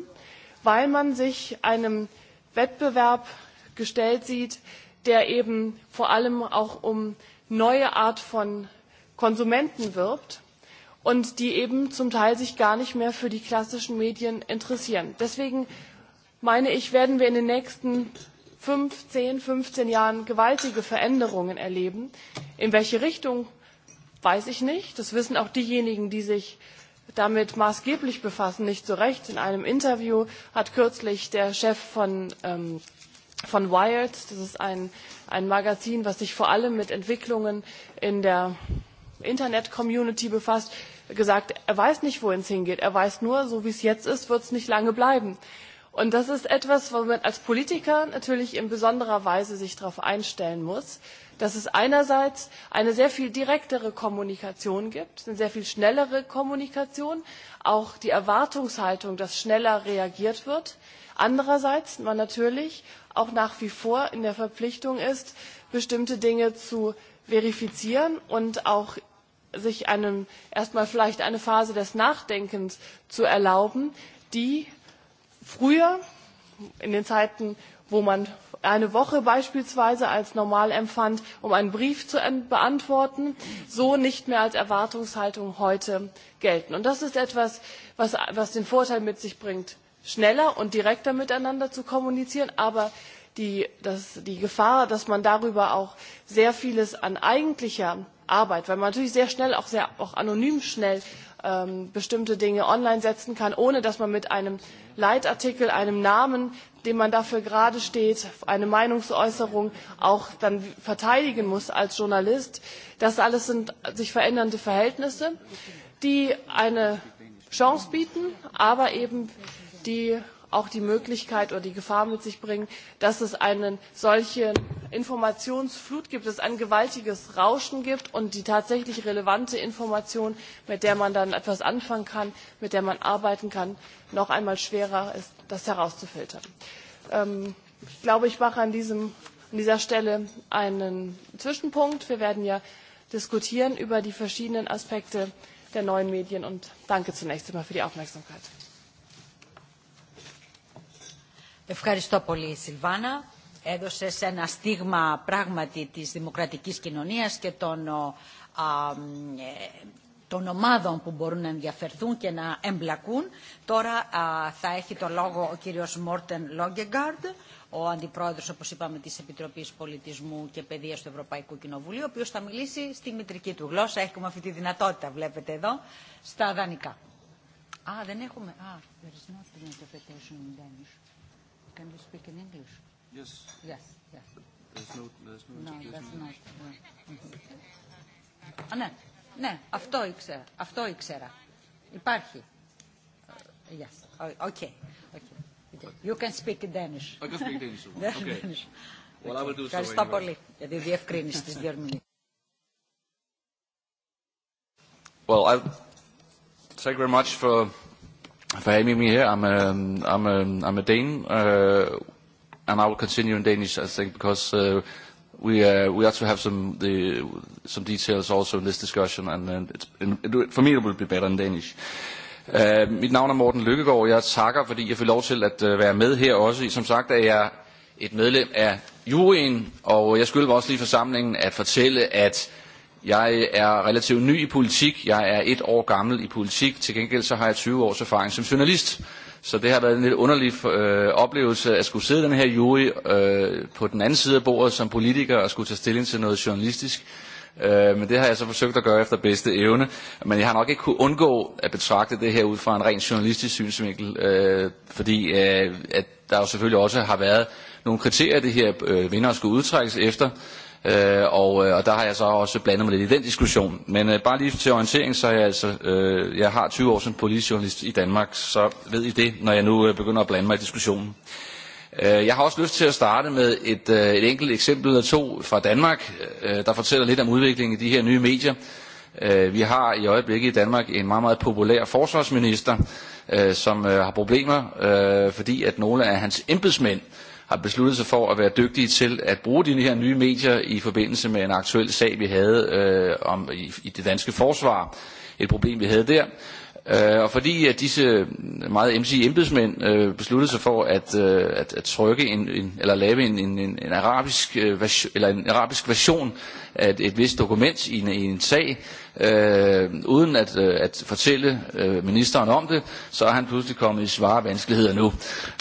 weil man sich einem Wettbewerb gestellt sieht, der eben vor allem auch um neue Art von Konsumenten wirbt und die eben zum Teil sich gar nicht mehr für die klassischen Medien interessieren. Deswegen meine ich, werden wir in den nächsten fünf, zehn, fünfzehn Jahren gewaltige Veränderungen erleben. In welche Richtung weiß ich nicht. Das wissen auch diejenigen, die sich damit maßgeblich befassen, nicht so recht. In einem Interview hat kürzlich der Chef von, ähm, von Wired, das ist ein, ein Magazin, was sich vor allem mit Entwicklungen in der Internet-Community befasst, gesagt, er weiß nicht, wohin es hingeht. Er weiß nur, so wie es jetzt ist, wird es nicht lange bleiben. Und das ist etwas, wo man als Politiker natürlich in besonderer Weise sich darauf einstellen muss, dass es einerseits eine sehr viel direktere Kommunikation gibt, eine sehr viel schnellere Kommunikation, auch die Erwartungshaltung, dass schneller reagiert wird. Andererseits man natürlich auch nach wie vor in der Verpflichtung ist, bestimmte Dinge zu verifizieren und auch sich erst erstmal vielleicht eine Phase des Nachdenkens zu erlauben, die früher in den Zeiten, wo man eine Woche beispielsweise als normal empfand, um einen Brief zu beantworten, so nicht mehr als Erwartungshaltung heute gelten. Und das ist etwas, was, den Vorteil mit sich bringt, schneller und direkter miteinander zu kommunizieren, aber die, Gefahr, dass man darüber auch sehr vieles an eigentlicher Arbeit, weil man natürlich sehr schnell, auch sehr auch anonym schnell bestimmte Dinge online setzen kann, ohne dass man mit einem Leitartikel, einem Namen, dem man dafür gerade steht, eine Meinungsäußerung auch dann verteidigen muss als Journalist. Das alles sind sich verändernde Verhältnisse, die eine Chance bieten, aber eben die auch die Möglichkeit oder die Gefahr mit sich bringen, dass es einen solchen Informationsflut gibt, dass es ein gewaltiges Rauschen gibt und die tatsächlich relevante Information, mit der man dann etwas anfangen kann, mit der man arbeiten kann, noch einmal schwerer ist, das herauszufiltern. ich glaube, ich mache an, diesem, an dieser Stelle einen Zwischenpunkt. Wir werden ja diskutieren über die verschiedenen Aspekte der neuen Medien und danke zunächst einmal für die Aufmerksamkeit. Ευχαριστώ πολύ, Σιλβάνα. Έδωσε ένα στίγμα πράγματι της δημοκρατικής κοινωνίας και των, α, των ομάδων που μπορούν να ενδιαφερθούν και να εμπλακούν. Τώρα α, θα έχει το λόγο ο κύριος Μόρτεν Λόγκεγκάρντ, ο αντιπρόεδρος, όπως είπαμε, της Επιτροπής Πολιτισμού και Παιδείας του Ευρωπαϊκού Κοινοβουλίου, ο οποίος θα μιλήσει στη μητρική του γλώσσα. Έχουμε αυτή τη δυνατότητα, βλέπετε εδώ, στα δανεικά. Α, δεν έχουμε. Α, there is not interpretation in Danish. Can you speak in English? Yes. Yes, yes. There's no, there's no, no there's not. Mm-hmm. Ναι, ναι, αυτό ήξερα. Αυτό ήξερα. Υπάρχει. Yes. Okay. Okay. You can speak Danish. I can speak Danish. Okay. Danish. Well, I will do so. Ευχαριστώ πολύ για τη διευκρίνηση της διερμηνής. Well, I thank very much for having me here, I'm a, I'm a, I'm a Dane, uh, and I will continue in Danish, I think, because uh, we uh, we to have some the some details also in this discussion, and, and it's, it, for me it will be better in Danish. Uh, mit navn er Morten Lykkegaard, jeg takker, fordi jeg fik lov til at uh, være med her også. Som sagt er jeg et medlem af juryen, og jeg skylder mig også lige forsamlingen at fortælle, at Jeg er relativt ny i politik. Jeg er et år gammel i politik. Til gengæld så har jeg 20 års erfaring som journalist. Så det har været en lidt underlig øh, oplevelse at skulle sidde i den her jury øh, på den anden side af bordet som politiker og skulle tage stilling til noget journalistisk. Øh, men det har jeg så forsøgt at gøre efter bedste evne. Men jeg har nok ikke kunne undgå at betragte det her ud fra en ren journalistisk synsvinkel, øh, fordi øh, at der jo selvfølgelig også har været nogle kriterier, det her øh, vinder skulle udtrækkes efter. Øh, og, øh, og der har jeg så også blandet mig lidt i den diskussion. Men øh, bare lige til orientering, så er jeg altså, øh, jeg har 20 år som politijournalist i Danmark, så ved I det, når jeg nu øh, begynder at blande mig i diskussionen. Øh, jeg har også lyst til at starte med et, øh, et enkelt eksempel eller to fra Danmark, øh, der fortæller lidt om udviklingen i de her nye medier. Øh, vi har i øjeblikket i Danmark en meget, meget populær forsvarsminister, øh, som øh, har problemer, øh, fordi at nogle af hans embedsmænd har besluttet sig for at være dygtige til at bruge de her nye medier i forbindelse med en aktuel sag, vi havde øh, om, i, i det danske forsvar. Et problem, vi havde der. Øh, og fordi at disse meget MC embedsmænd øh, besluttede sig for at, øh, at, at trykke en, en, eller lave en, en, en, arabisk, øh, version, eller en arabisk version at et vist dokument i en, i en sag, øh, uden at, øh, at fortælle øh, ministeren om det, så er han pludselig kommet i svare vanskeligheder nu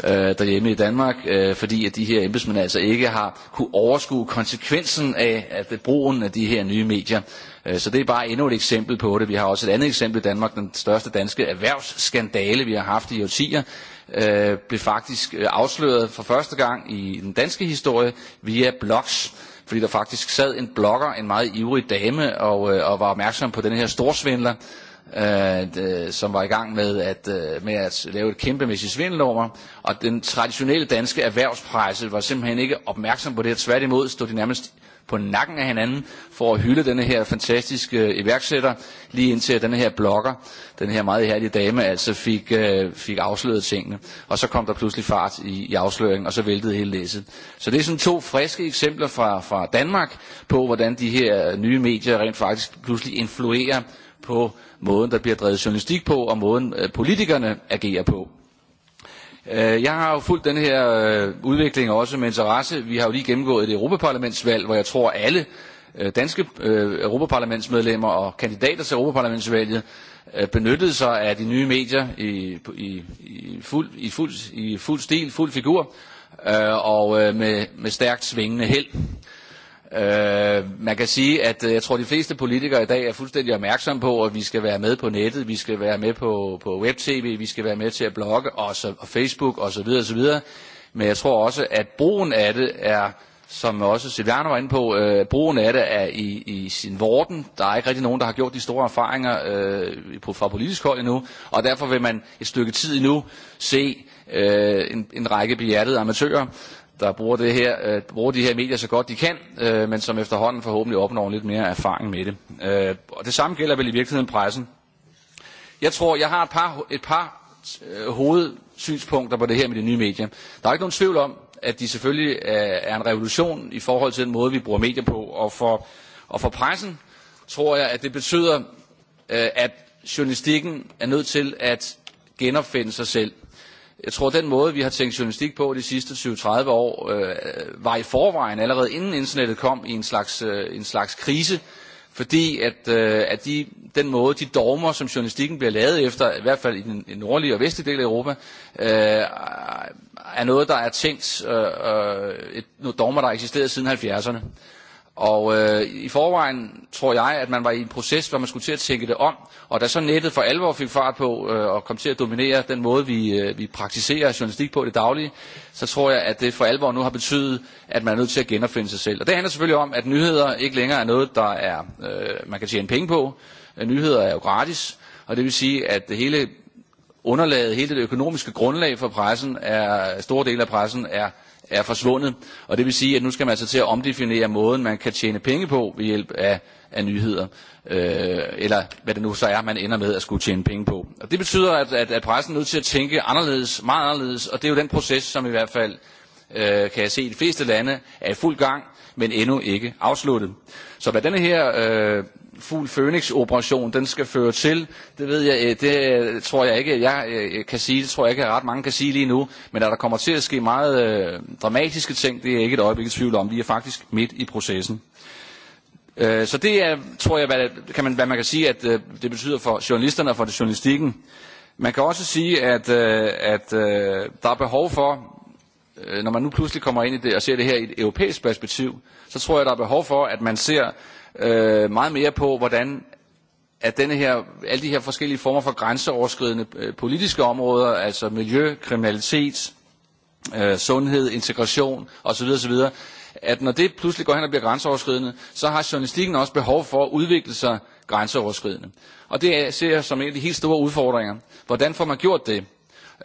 øh, derhjemme i Danmark, øh, fordi at de her embedsmænd altså ikke har kunne overskue konsekvensen af at brugen af de her nye medier. Så det er bare endnu et eksempel på det. Vi har også et andet eksempel i Danmark. Den største danske erhvervsskandale, vi har haft i årtier, blev faktisk afsløret for første gang i den danske historie via blogs fordi der faktisk sad en blogger, en meget ivrig dame, og, øh, og var opmærksom på den her storsvindler, øh, som var i gang med at, øh, med at lave et kæmpemæssigt mig. og den traditionelle danske erhvervspresse var simpelthen ikke opmærksom på det, her tværtimod stod de nærmest på nakken af hinanden for at hylde denne her fantastiske iværksætter, lige indtil denne her blogger, den her meget herlige dame, altså fik, øh, fik afsløret tingene. Og så kom der pludselig fart i, i afsløringen, og så væltede hele læsset. Så det er sådan to friske eksempler fra, fra Danmark på, hvordan de her nye medier rent faktisk pludselig influerer på måden, der bliver drevet journalistik på, og måden øh, politikerne agerer på. Jeg har jo fulgt den her udvikling også med interesse. Vi har jo lige gennemgået et europaparlamentsvalg, hvor jeg tror alle danske europaparlamentsmedlemmer og kandidater til europaparlamentsvalget benyttede sig af de nye medier i, i, i, fuld, i, fuld, i fuld stil, fuld figur og med, med stærkt svingende held. Øh, man kan sige, at jeg tror, at de fleste politikere i dag er fuldstændig opmærksom på, at vi skal være med på nettet, vi skal være med på, på web-tv, vi skal være med til at blogge, og, så, og Facebook osv. videre. Men jeg tror også, at brugen af det er, som også Silvano var inde på, øh, brugen af det er i, i sin vorden. Der er ikke rigtig nogen, der har gjort de store erfaringer øh, på, fra politisk hold endnu, og derfor vil man et stykke tid endnu se øh, en, en række behjertede amatører, der bruger det her, øh, bruger de her medier så godt de kan, øh, men som efterhånden forhåbentlig opnår lidt mere erfaring med det. Øh, og det samme gælder vel i virkeligheden pressen. Jeg tror, jeg har et par, et par øh, hovedsynspunkter på det her med de nye medier. Der er ikke nogen tvivl om, at de selvfølgelig er en revolution i forhold til den måde, vi bruger medier på. Og for, og for pressen tror jeg, at det betyder, at journalistikken er nødt til at genopfinde sig selv. Jeg tror, den måde, vi har tænkt journalistik på de sidste 20-30 år, øh, var i forvejen, allerede inden internettet kom, i en slags, øh, en slags krise, fordi at, øh, at de, den måde, de dogmer, som journalistikken bliver lavet efter, i hvert fald i den nordlige og vestlige del af Europa, øh, er noget, der er tænkt, øh, et, nogle dogmer, der har eksisteret siden 70'erne. Og øh, i forvejen tror jeg, at man var i en proces, hvor man skulle til at tænke det om. Og da så nettet for alvor fik fart på øh, og kom til at dominere den måde, vi, øh, vi praktiserer journalistik på det daglige, så tror jeg, at det for alvor nu har betydet, at man er nødt til at genopfinde sig selv. Og det handler selvfølgelig om, at nyheder ikke længere er noget, der er, øh, man kan tjene penge på. Nyheder er jo gratis, og det vil sige, at det hele underlaget, hele det økonomiske grundlag for pressen, er, store dele af pressen er er forsvundet. Og det vil sige, at nu skal man altså til at omdefinere måden, man kan tjene penge på ved hjælp af, af nyheder. Øh, eller hvad det nu så er, man ender med at skulle tjene penge på. Og det betyder, at, at, at pressen er nødt til at tænke anderledes, meget anderledes. Og det er jo den proces, som i hvert fald, øh, kan jeg se, i de fleste lande er i fuld gang, men endnu ikke afsluttet. Så hvad denne her øh, fugl Phoenix operation den skal føre til, det ved jeg, det tror jeg ikke, jeg kan sige, det tror jeg ikke, at ret mange kan sige lige nu, men at der kommer til at ske meget dramatiske ting, det er jeg ikke et øjeblik i tvivl om. Vi er faktisk midt i processen. Så det er, tror jeg, hvad, kan man, hvad man kan sige, at det betyder for journalisterne og for det journalistikken. Man kan også sige, at, at der er behov for, når man nu pludselig kommer ind i det og ser det her i et europæisk perspektiv, så tror jeg, der er behov for, at man ser øh, meget mere på, hvordan at denne her, alle de her forskellige former for grænseoverskridende øh, politiske områder, altså miljø, kriminalitet, øh, sundhed, integration osv. osv., at når det pludselig går hen og bliver grænseoverskridende, så har journalistikken også behov for at udvikle sig grænseoverskridende. Og det ser jeg som en af de helt store udfordringer. Hvordan får man gjort det?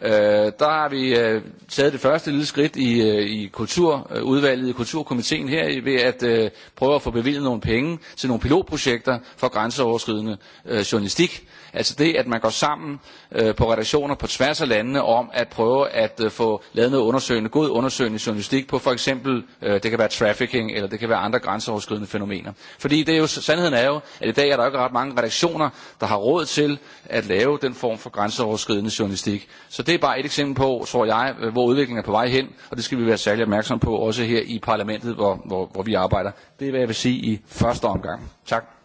Øh, der har vi øh, taget det første lille skridt i, øh, i kulturudvalget, i kulturkomiteen her, ved at øh, prøve at få bevilget nogle penge til nogle pilotprojekter for grænseoverskridende øh, journalistik Altså det, at man går sammen på redaktioner på tværs af landene om at prøve at få lavet noget undersøgende, god undersøgende journalistik på for eksempel, det kan være trafficking, eller det kan være andre grænseoverskridende fænomener. Fordi det er jo, sandheden er jo, at i dag er der ikke ret mange redaktioner, der har råd til at lave den form for grænseoverskridende journalistik. Så det er bare et eksempel på, tror jeg, hvor udviklingen er på vej hen, og det skal vi være særlig opmærksom på, også her i parlamentet, hvor, hvor, hvor vi arbejder. Det er, hvad jeg vil sige i første omgang. Tak.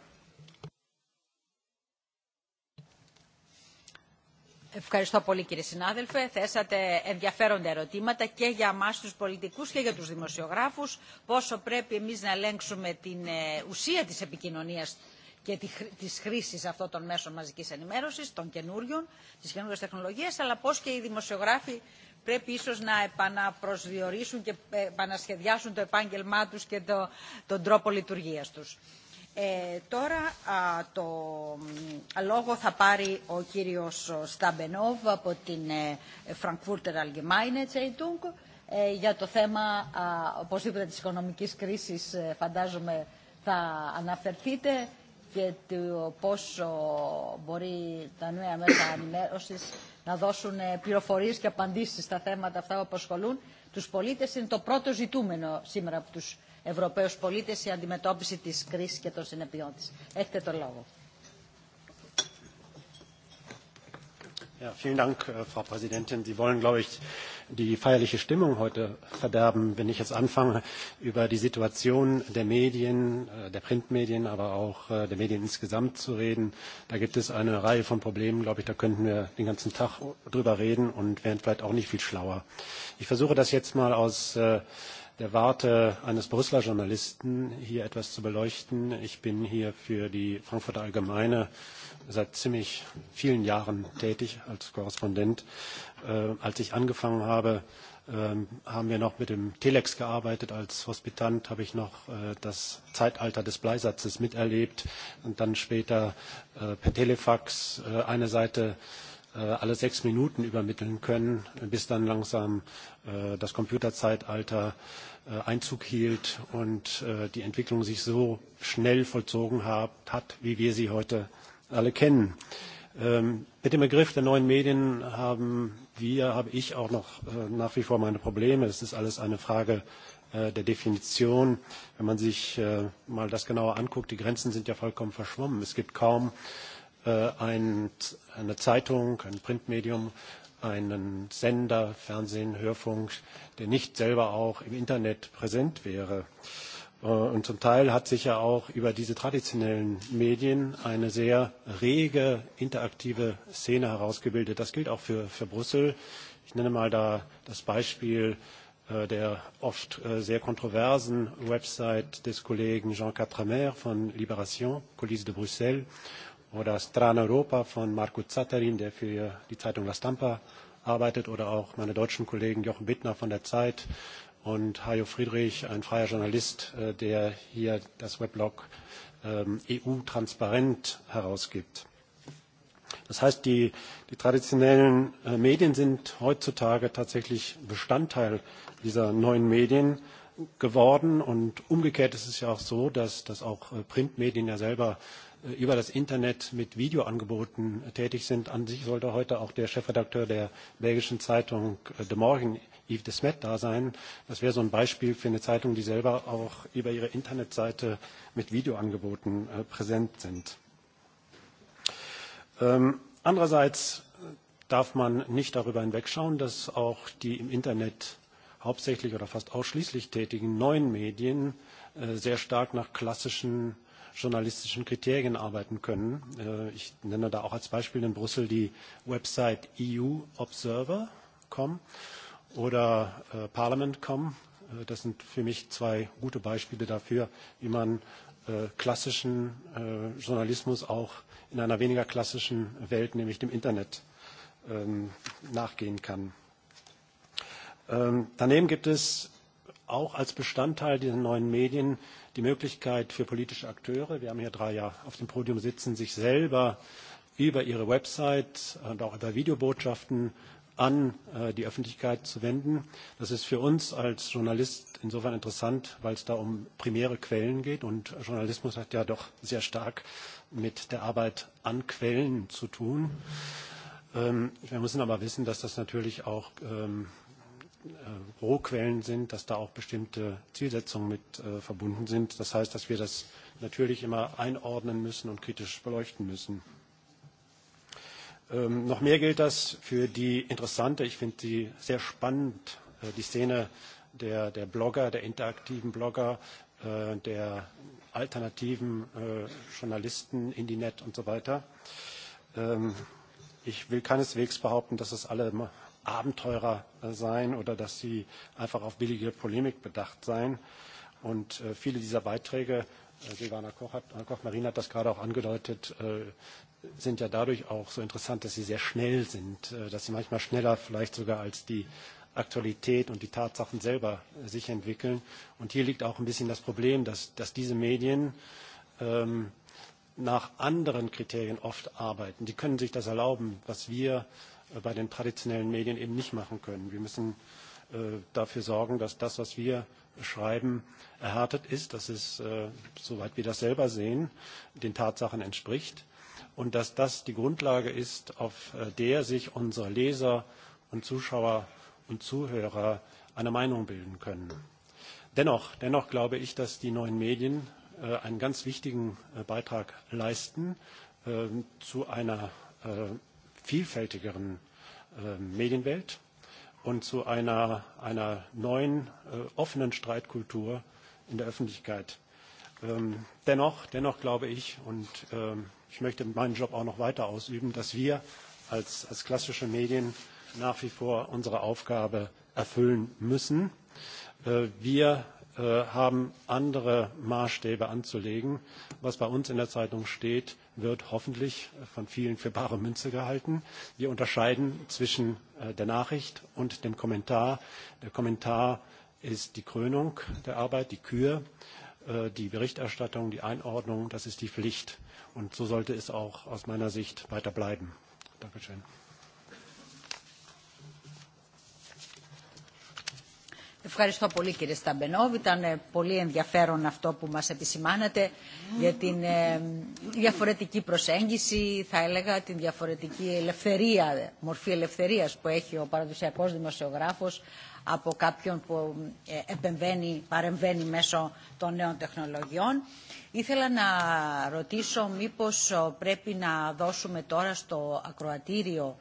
Ευχαριστώ πολύ κύριε συνάδελφε. Θέσατε ενδιαφέροντα ερωτήματα και για εμάς τους πολιτικούς και για τους δημοσιογράφους πόσο πρέπει εμείς να ελέγξουμε την ουσία της επικοινωνίας και της χρήσης αυτών των μέσων μαζικής ενημέρωσης, των καινούριων, της καινούργιας τεχνολογίας, αλλά πώς και οι δημοσιογράφοι πρέπει ίσως να επαναπροσδιορίσουν και επανασχεδιάσουν το επάγγελμά τους και το, τον τρόπο λειτουργίας τους. Ε, τώρα α, το α, λόγο θα πάρει ο κύριος Σταμπενόβ από την ε, Frankfurter Allgemeine Zeitung ε, για το θέμα α, οπωσδήποτε της οικονομικής κρίσης ε, φαντάζομαι θα αναφερθείτε και το πόσο μπορεί τα νέα μέσα ενημέρωσης να δώσουν πληροφορίες και απαντήσεις στα θέματα αυτά που απασχολούν τους πολίτες είναι το πρώτο ζητούμενο σήμερα από τους Ευρωπαίους πολίτες η αντιμετώπιση της κρίσης και των συνεπειών της. Έχετε το λόγο. Ja, vielen Dank, Frau Präsidentin. Sie wollen, glaube ich, die feierliche Stimmung heute verderben, wenn ich jetzt anfange, über die Situation der Medien, der Printmedien, aber auch der Medien insgesamt zu reden. Da gibt es eine Reihe von Problemen, glaube ich, da könnten wir den ganzen Tag drüber reden und wären vielleicht auch nicht viel schlauer. Ich versuche das jetzt mal aus äh, der Warte eines Brüsseler Journalisten, hier etwas zu beleuchten. Ich bin hier für die Frankfurter Allgemeine seit ziemlich vielen Jahren tätig als Korrespondent. als ich angefangen habe, haben wir noch mit dem Telex gearbeitet. Als Hospitant habe ich noch das Zeitalter des Bleisatzes miterlebt und dann später per Telefax eine Seite alle sechs Minuten übermitteln können, bis dann langsam das Computerzeitalter Einzug hielt und die Entwicklung sich so schnell vollzogen hat, wie wir sie heute alle kennen. Mit dem Begriff der neuen Medien haben wir, habe ich auch noch nach wie vor meine Probleme. Es ist alles eine Frage der Definition. Wenn man sich mal das genauer anguckt, die Grenzen sind ja vollkommen verschwommen. Es gibt kaum eine Zeitung, ein Printmedium, einen Sender, Fernsehen, Hörfunk, der nicht selber auch im Internet präsent wäre. Und zum Teil hat sich ja auch über diese traditionellen Medien eine sehr rege, interaktive Szene herausgebildet. Das gilt auch für, für Brüssel. Ich nenne mal da das Beispiel der oft sehr kontroversen Website des Kollegen Jean Quatremer von Libération, Colise de Bruxelles, oder Stran Europa von Marco Zatterin, der für die Zeitung La Stampa arbeitet, oder auch meine deutschen Kollegen Jochen Bittner von der Zeit und Hajo Friedrich, ein freier Journalist, der hier das Weblog EU transparent herausgibt. Das heißt, die, traditionellen Medien sind heutzutage tatsächlich Bestandteil dieser neuen Medien geworden. Und umgekehrt ist es ja auch so, dass, auch Printmedien ja selber über das Internet mit Videoangeboten tätig sind. An sich sollte heute auch der Chefredakteur der belgischen Zeitung De Morgen, Yves de Smet, da sein. Das wäre so ein Beispiel für eine Zeitung, die selber auch über ihre Internetseite mit Videoangeboten präsent sind. Andererseits darf man nicht darüber hinwegschauen, dass auch die im Internet hauptsächlich oder fast ausschließlich tätigen neuen Medien sehr stark nach klassischen äh, journalistischen Kriterien arbeiten können. Ich nenne da auch als Beispiel in Brüssel die Website EUObserver.com oder Parliament.com. Das sind für mich zwei gute Beispiele dafür, wie man klassischen Journalismus auch in einer weniger klassischen Welt, nämlich dem Internet, nachgehen kann. Daneben gibt es auch als Bestandteil dieser neuen Medien die Möglichkeit für politische Akteure, wir haben hier drei ja auf dem Podium sitzen, sich selber über ihre Website und auch über Videobotschaften an die Öffentlichkeit zu wenden. Das ist für uns als Journalist insofern interessant, weil es da um primäre Quellen geht und Journalismus hat ja doch sehr stark mit der Arbeit an Quellen zu tun. Wir müssen aber wissen, dass das natürlich auch Rohquellen sind, dass da auch bestimmte Zielsetzungen mit verbunden sind. Das heißt, dass wir das natürlich immer einordnen müssen und kritisch beleuchten müssen. noch mehr gilt das für die interessante, ich finde sie sehr spannend, die Szene der, der Blogger, der interaktiven Blogger, der alternativen Journalisten, Indinet und so weiter. ich will keineswegs behaupten, dass das alle Abenteurer seien oder dass sie einfach auf billige Polemik bedacht seien. Und viele dieser Beiträge, Silvana Koch-Marin hat das gerade auch angedeutet, sind ja dadurch auch so interessant, dass sie sehr schnell sind, dass sie manchmal schneller vielleicht sogar als die Aktualität und die Tatsachen selber sich entwickeln. Und hier liegt auch ein bisschen das Problem, dass, dass diese Medien ähm, nach anderen Kriterien oft arbeiten. Die können sich das erlauben, was wir bei den traditionellen Medien eben nicht machen können. Wir müssen dafür sorgen, dass das, was wir schreiben, erhärtet ist, dass es, soweit wir das selber sehen, den Tatsachen entspricht und dass das die Grundlage ist, auf der sich unsere Leser und Zuschauer und Zuhörer eine Meinung bilden können. Dennoch, dennoch glaube ich, dass die neuen Medien einen ganz wichtigen Beitrag leisten zu einer vielfältigeren Medienwelt und zu einer, einer neuen, offenen Streitkultur in der Öffentlichkeit. dennoch, dennoch glaube ich, und ich möchte meinen Job auch noch weiter ausüben, dass wir als, als klassische Medien nach wie vor unsere Aufgabe erfüllen müssen. wir haben andere Maßstäbe anzulegen. Was bei uns in der Zeitung steht, wird hoffentlich von vielen für bare Münze gehalten. Wir unterscheiden zwischen der Nachricht und dem Kommentar. Der Kommentar ist die Krönung der Arbeit, die Kür, die Berichterstattung, die Einordnung, das ist die Pflicht. Und so sollte es auch aus meiner Sicht weiter bleiben. Dankeschön. Ευχαριστώ πολύ κύριε Σταμπενόβ. Ήταν πολύ ενδιαφέρον αυτό που μας επισημάνατε για την διαφορετική προσέγγιση, θα έλεγα την διαφορετική ελευθερία, μορφή ελευθερίας που έχει ο παραδοσιακός δημοσιογράφος από κάποιον που επεμβαίνει, παρεμβαίνει μέσω των νέων τεχνολογιών. Ήθελα να ρωτήσω μήπως πρέπει να δώσουμε τώρα στο ακροατήριο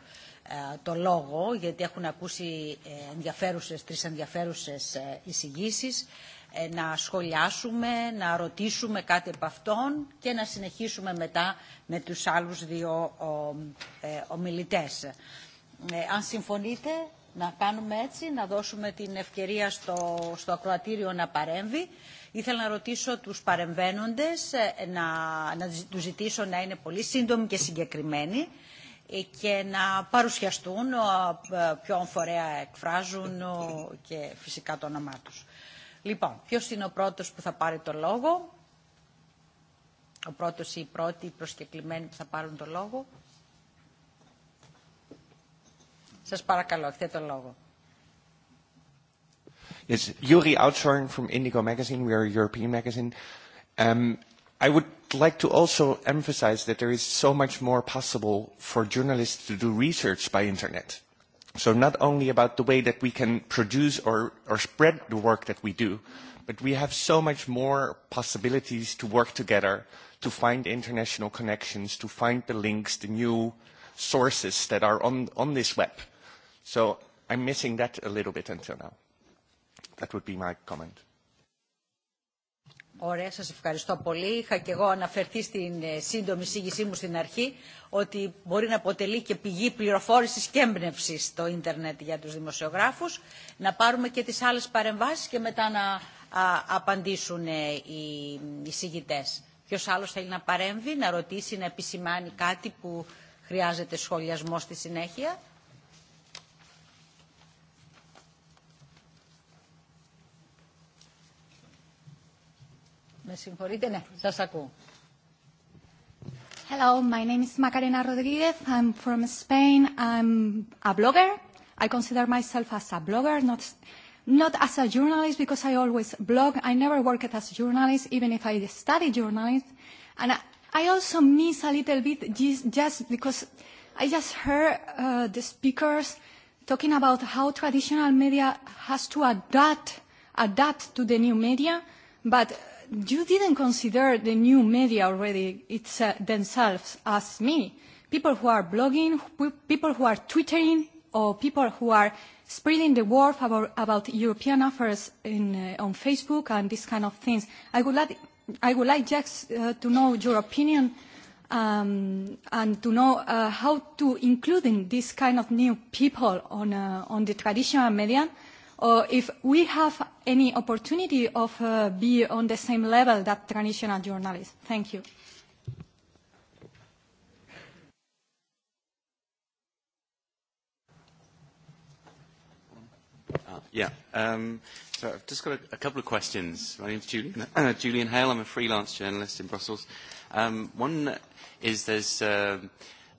το λόγο, γιατί έχουν ακούσει ενδιαφέρουσες, τρεις ενδιαφέρουσες εισηγήσεις, να σχολιάσουμε, να ρωτήσουμε κάτι από αυτόν και να συνεχίσουμε μετά με τους άλλους δύο ομιλητές. Αν συμφωνείτε, να κάνουμε έτσι, να δώσουμε την ευκαιρία στο, στο ακροατήριο να παρέμβει. Ήθελα να ρωτήσω τους παρεμβαίνοντες, να, να τους ζητήσω να είναι πολύ σύντομοι και συγκεκριμένοι, και να παρουσιαστούν ποιον φορέα εκφράζουν και φυσικά το όνομά τους. Λοιπόν, ποιος είναι ο πρώτος που θα πάρει το λόγο. Ο πρώτος ή η πρώτη προσκεκλημένοι που θα πάρουν το λόγο. Σας παρακαλώ, έχετε το λόγο. Yes, Yuri Outshorn from Indigo Magazine. We are a European magazine. Um, I would like to also emphasize that there is so much more possible for journalists to do research by internet. So not only about the way that we can produce or, or spread the work that we do, but we have so much more possibilities to work together, to find international connections, to find the links, the new sources that are on, on this web. So I'm missing that a little bit until now. That would be my comment. Ωραία, σας ευχαριστώ πολύ. Είχα και εγώ αναφερθεί στην σύντομη σύγησή μου στην αρχή ότι μπορεί να αποτελεί και πηγή πληροφόρησης και έμπνευση το ίντερνετ για τους δημοσιογράφους. Να πάρουμε και τις άλλες παρεμβάσεις και μετά να απαντήσουν οι συγητές. Ποιο άλλος θέλει να παρέμβει, να ρωτήσει, να επισημάνει κάτι που χρειάζεται σχολιασμό στη συνέχεια. Με συγχωρείτε, ναι, σας ακούω. Hello, my name is Macarena Rodriguez. I'm from Spain. I'm a blogger. I consider myself as a blogger, not not as a journalist because I always blog. I never worked as a journalist, even if I study journalism. And I also miss a little bit just because I just heard uh, the speakers talking about how traditional media has to adapt, adapt to the new media, but you didn't consider the new media already it's, uh, themselves as me. People who are blogging, people who are twittering, or people who are spreading the word about, about European affairs in, uh, on Facebook and these kind of things. I would like, I would like just uh, to know your opinion um, and to know uh, how to include in this kind of new people on, uh, on the traditional media uh, if we have any opportunity of uh, be on the same level that traditional journalists. Thank you. Yeah. Um, so I've just got a, a couple of questions. My name's Julian, uh, Julian Hale. I'm a freelance journalist in Brussels. Um, one is there's uh,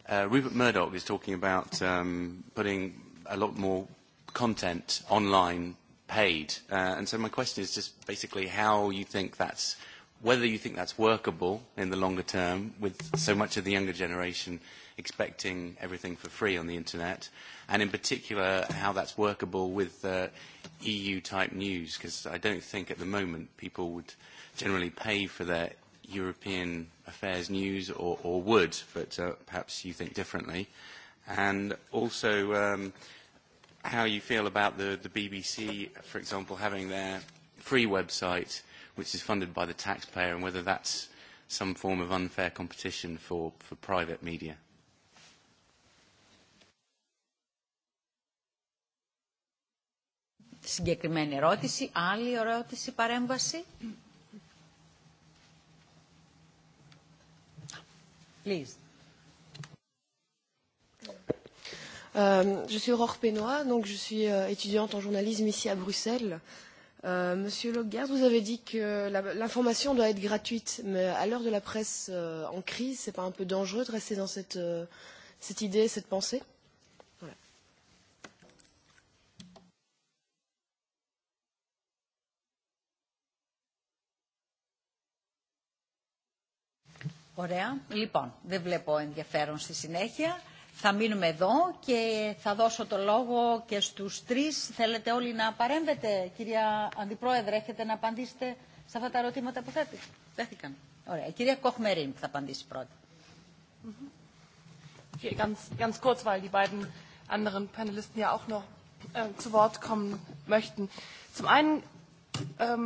uh, Rupert Murdoch is talking about um, putting a lot more content online paid. Uh, and so my question is just basically how you think that's, whether you think that's workable in the longer term with so much of the younger generation expecting everything for free on the internet, and in particular how that's workable with uh, EU-type news, because I don't think at the moment people would generally pay for their European affairs news, or, or would, but uh, perhaps you think differently. And also, um, how you feel about the, the BBC, for example, having their free website, which is funded by the taxpayer, and whether that's some form of unfair competition for, for private media. Συγκεκριμένη ερώτηση. Άλλη ερώτηση, παρέμβαση. Please je suis Aurore Pénois, donc je suis étudiante en journalisme ici à Bruxelles. Monsieur Logard, vous avez dit que l'information doit être gratuite, mais à l'heure de la presse en crise, c'est pas un peu dangereux de rester dans cette, cette idée, cette pensée Ωραία. Λοιπόν, δεν βλέπω ενδιαφέρον στη συνέχεια. Θα μείνουμε εδώ και θα δώσω το λόγο και στους τρεις. Θέλετε όλοι να παρέμβετε, κυρία Αντιπρόεδρε, έχετε να απαντήσετε σε αυτά τα ερωτήματα που θέτει. Τέθηκαν. Ωραία. Η κυρία Κοχμερίν θα απαντήσει πρώτα. Ganz, ganz kurz, weil die beiden anderen Panelisten ja auch noch äh, zu Wort kommen möchten. Zum einen ähm,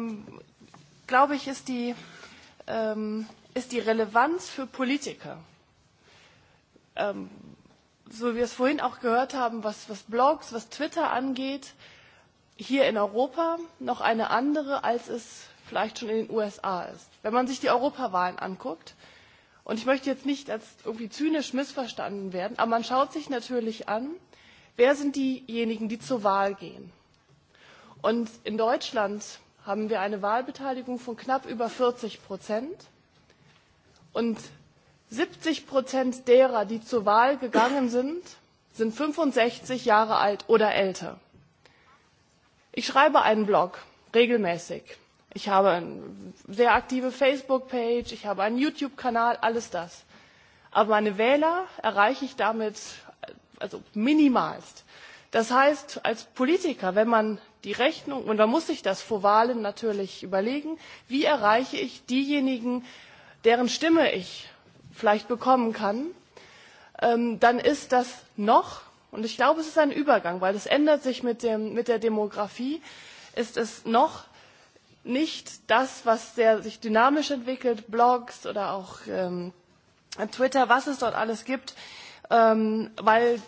glaube ich, ist die, ähm, ist die Relevanz für Politiker ähm, so wie wir es vorhin auch gehört haben, was, was Blogs, was Twitter angeht, hier in Europa noch eine andere, als es vielleicht schon in den USA ist. Wenn man sich die Europawahlen anguckt, und ich möchte jetzt nicht als irgendwie zynisch missverstanden werden, aber man schaut sich natürlich an, wer sind diejenigen, die zur Wahl gehen. Und in Deutschland haben wir eine Wahlbeteiligung von knapp über 40 Prozent. Und siebzig Prozent derer, die zur Wahl gegangen sind, sind 65 Jahre alt oder älter. Ich schreibe einen Blog regelmäßig. Ich habe eine sehr aktive Facebook-Page, ich habe einen YouTube-Kanal, alles das. Aber meine Wähler erreiche ich damit also minimalst. Das heißt, als Politiker, wenn man die Rechnung, und man muss sich das vor Wahlen natürlich überlegen, wie erreiche ich diejenigen, deren Stimme ich vielleicht bekommen kann, dann ist das noch, und ich glaube, es ist ein Übergang, weil das ändert sich mit, dem, mit der Demografie, ist es noch nicht das, was sehr sich dynamisch entwickelt, Blogs oder auch ähm, Twitter, was es dort alles gibt, ähm, weil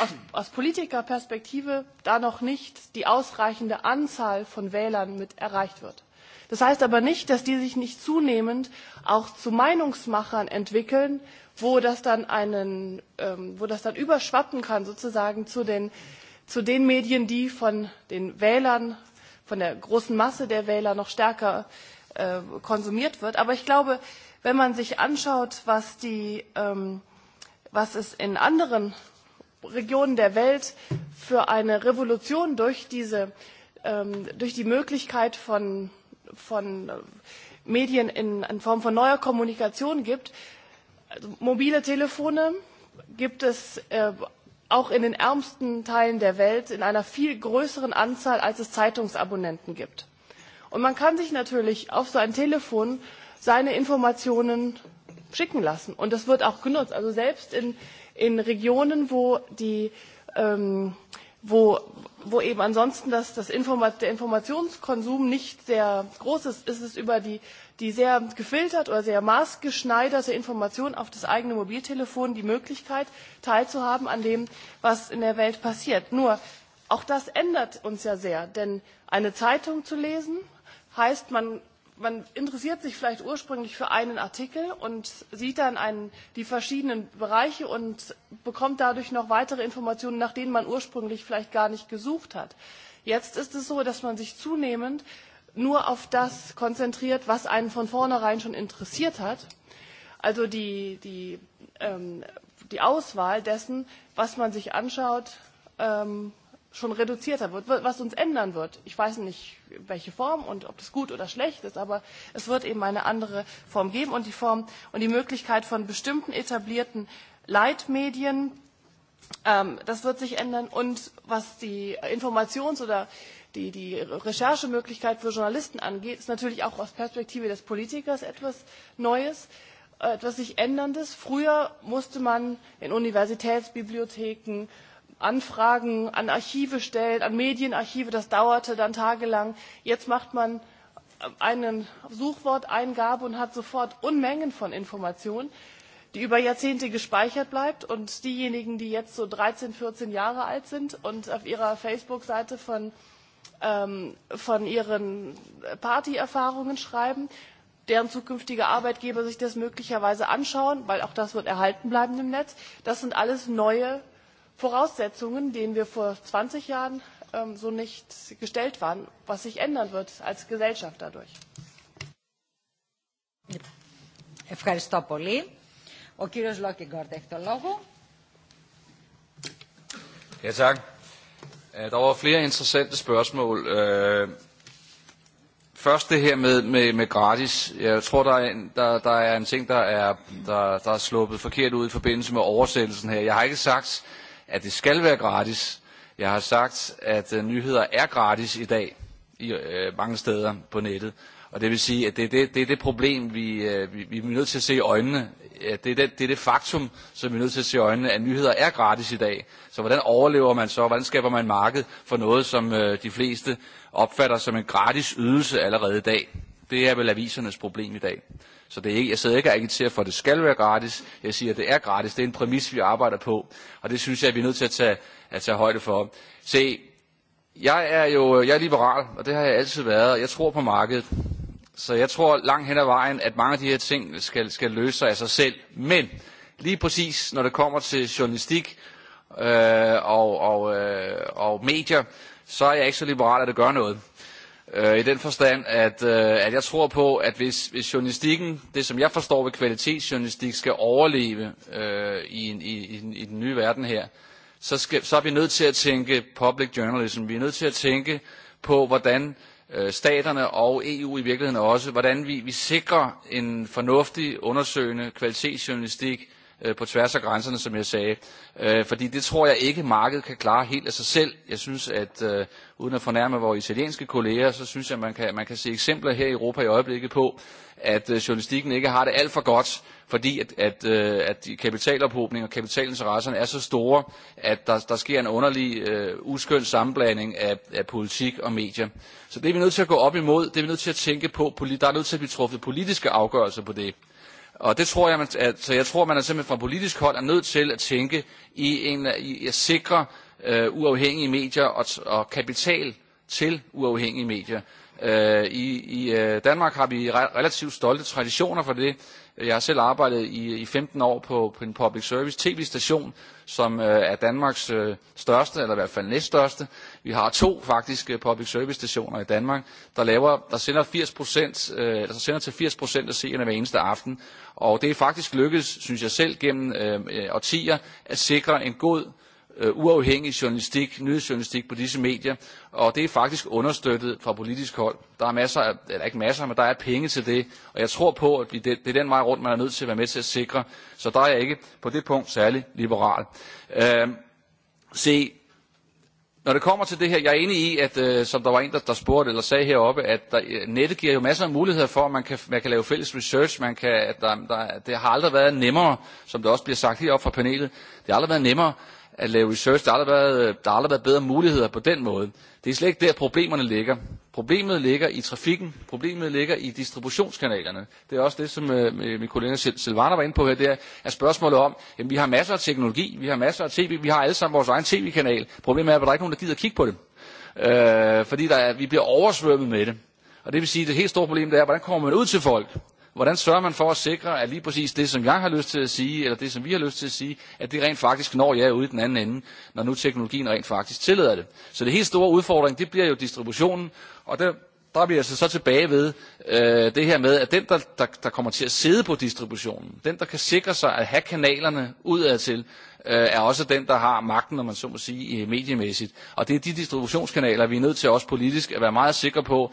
aus, aus Politikerperspektive da noch nicht die ausreichende Anzahl von Wählern mit erreicht wird. Das heißt aber nicht, dass die sich nicht zunehmend auch zu Meinungsmachern entwickeln, wo das dann, einen, ähm, wo das dann überschwappen kann sozusagen zu den, zu den Medien, die von den Wählern, von der großen Masse der Wähler noch stärker äh, konsumiert wird. Aber ich glaube, wenn man sich anschaut, was, die, ähm, was es in anderen Regionen der Welt für eine Revolution durch, diese, ähm, durch die Möglichkeit von von Medien in, in Form von neuer Kommunikation gibt. Also mobile Telefone gibt es äh, auch in den ärmsten Teilen der Welt in einer viel größeren Anzahl, als es Zeitungsabonnenten gibt. Und man kann sich natürlich auf so ein Telefon seine Informationen schicken lassen. Und das wird auch genutzt. Also selbst in, in Regionen, wo die ähm, wo, wo eben ansonsten das, das Informat, der Informationskonsum nicht sehr groß ist, ist es über die, die sehr gefiltert oder sehr maßgeschneiderte Information auf das eigene Mobiltelefon die Möglichkeit, teilzuhaben an dem, was in der Welt passiert. Nur auch das ändert uns ja sehr, denn eine Zeitung zu lesen heißt, man man interessiert sich vielleicht ursprünglich für einen Artikel und sieht dann einen, die verschiedenen Bereiche und bekommt dadurch noch weitere Informationen, nach denen man ursprünglich vielleicht gar nicht gesucht hat. Jetzt ist es so, dass man sich zunehmend nur auf das konzentriert, was einen von vornherein schon interessiert hat. Also die, die, ähm, die Auswahl dessen, was man sich anschaut, ähm, schon reduzierter wird, was uns ändern wird. Ich weiß nicht, welche Form und ob das gut oder schlecht ist, aber es wird eben eine andere Form geben und die Form und die Möglichkeit von bestimmten etablierten Leitmedien, ähm, das wird sich ändern und was die Informations- oder die, die Recherchemöglichkeit für Journalisten angeht, ist natürlich auch aus Perspektive des Politikers etwas Neues etwas sich Änderndes. Früher musste man in Universitätsbibliotheken Anfragen an Archive stellt, an Medienarchive, das dauerte dann tagelang. Jetzt macht man eine Suchworteingabe und hat sofort Unmengen von Informationen, die über Jahrzehnte gespeichert bleibt. Und diejenigen, die jetzt so 13, 14 Jahre alt sind und auf ihrer Facebook-Seite von, ähm, von ihren Partyerfahrungen schreiben, deren zukünftige Arbeitgeber sich das möglicherweise anschauen, weil auch das wird erhalten bleiben im Netz. Das sind alles neue Voraussetzungen, denen wir vor zwanzig Jahren so nicht gestellt waren, was sich ändern wird als Gesellschaft dadurch. Ευχαριστώ Ja, tak. Der var flere interessante spørgsmål. Først det her med, med, med gratis. Jeg tror, der er en, der, der er en ting, der er, der, der er sluppet forkert ud i forbindelse med oversættelsen her. Jeg har ikke sagt, at det skal være gratis. Jeg har sagt, at nyheder er gratis i dag i øh, mange steder på nettet. Og det vil sige, at det er det, det, er det problem, vi, øh, vi, vi er nødt til at se i øjnene. Det er det, det er det faktum, som vi er nødt til at se i øjnene, at nyheder er gratis i dag. Så hvordan overlever man så? Hvordan skaber man marked for noget, som øh, de fleste opfatter som en gratis ydelse allerede i dag? Det er vel avisernes problem i dag. Så det er ikke, jeg sidder ikke og agiterer for, at det skal være gratis. Jeg siger, at det er gratis. Det er en præmis, vi arbejder på. Og det synes jeg, at vi er nødt til at tage, at tage højde for. Se, jeg er jo jeg er liberal, og det har jeg altid været. Og jeg tror på markedet. Så jeg tror langt hen ad vejen, at mange af de her ting skal, skal løse sig af sig selv. Men lige præcis, når det kommer til journalistik øh, og, og, øh, og medier, så er jeg ikke så liberal, at det gør noget. I den forstand, at, at jeg tror på, at hvis, hvis journalistikken, det som jeg forstår ved kvalitetsjournalistik, skal overleve øh, i, en, i, i den nye verden her, så, skal, så er vi nødt til at tænke public journalism. Vi er nødt til at tænke på, hvordan øh, staterne og EU i virkeligheden også, hvordan vi, vi sikrer en fornuftig, undersøgende kvalitetsjournalistik, på tværs af grænserne, som jeg sagde. Fordi det tror jeg ikke, markedet kan klare helt af sig selv. Jeg synes, at uden at fornærme vores italienske kolleger, så synes jeg, at man kan, man kan se eksempler her i Europa i øjeblikket på, at journalistikken ikke har det alt for godt, fordi at, at, at kapitalophobning og kapitalinteresserne er så store, at der, der sker en underlig øh, uskøn sammenblanding af, af politik og medier. Så det er vi nødt til at gå op imod, det er vi nødt til at tænke på, der er nødt til at blive truffet politiske afgørelser på det. Og det tror jeg, man, altså jeg tror, man er simpelthen fra politisk hold er nødt til at tænke i, en, i at sikre øh, uafhængige medier og, og kapital til uafhængige medier. Øh, I i øh, Danmark har vi relativt stolte traditioner for det. Jeg har selv arbejdet i, i 15 år på, på en public service tv-station, som øh, er Danmarks øh, største, eller i hvert fald næststørste. Vi har to faktisk public service stationer i Danmark, der, laver, der sender, 80%, øh, altså sender til 80% af seerne hver eneste aften. Og det er faktisk lykkedes, synes jeg selv, gennem øh, årtier at sikre en god uafhængig journalistik, nyhedsjournalistik på disse medier, og det er faktisk understøttet fra politisk hold. Der er masser af, eller ikke masser, men der er penge til det, og jeg tror på, at det er den vej rundt, man er nødt til at være med til at sikre, så der er jeg ikke på det punkt særlig liberal. Øh, se, når det kommer til det her, jeg er enig i, at øh, som der var en, der, der spurgte eller sagde heroppe, at der, nettet giver jo masser af muligheder for, at man kan, man kan lave fælles research, man kan, at der, der, det har aldrig været nemmere, som det også bliver sagt heroppe fra panelet, det har aldrig været nemmere at lave research. Der har aldrig været, der har aldrig været bedre muligheder på den måde. Det er slet ikke der, problemerne ligger. Problemet ligger i trafikken. Problemet ligger i distributionskanalerne. Det er også det, som øh, min kollega Silvana var inde på her. Det er, er spørgsmålet om, at vi har masser af teknologi, vi har masser af tv, vi har alle sammen vores egen tv-kanal. Problemet er, at der er ikke nogen, der gider at kigge på det. Øh, fordi der er, vi bliver oversvømmet med det. Og det vil sige, at det helt store problem det er, hvordan kommer man ud til folk? Hvordan sørger man for at sikre, at lige præcis det, som jeg har lyst til at sige, eller det, som vi har lyst til at sige, at det rent faktisk når jeg ude i den anden ende, når nu teknologien rent faktisk tillader det. Så det helt store udfordring, det bliver jo distributionen, og der, der bliver vi altså så tilbage ved øh, det her med, at den, der, der, der kommer til at sidde på distributionen, den, der kan sikre sig at have kanalerne udadtil, er også den, der har magten, når man så må sige, mediemæssigt. Og det er de distributionskanaler, vi er nødt til også politisk at være meget sikre på,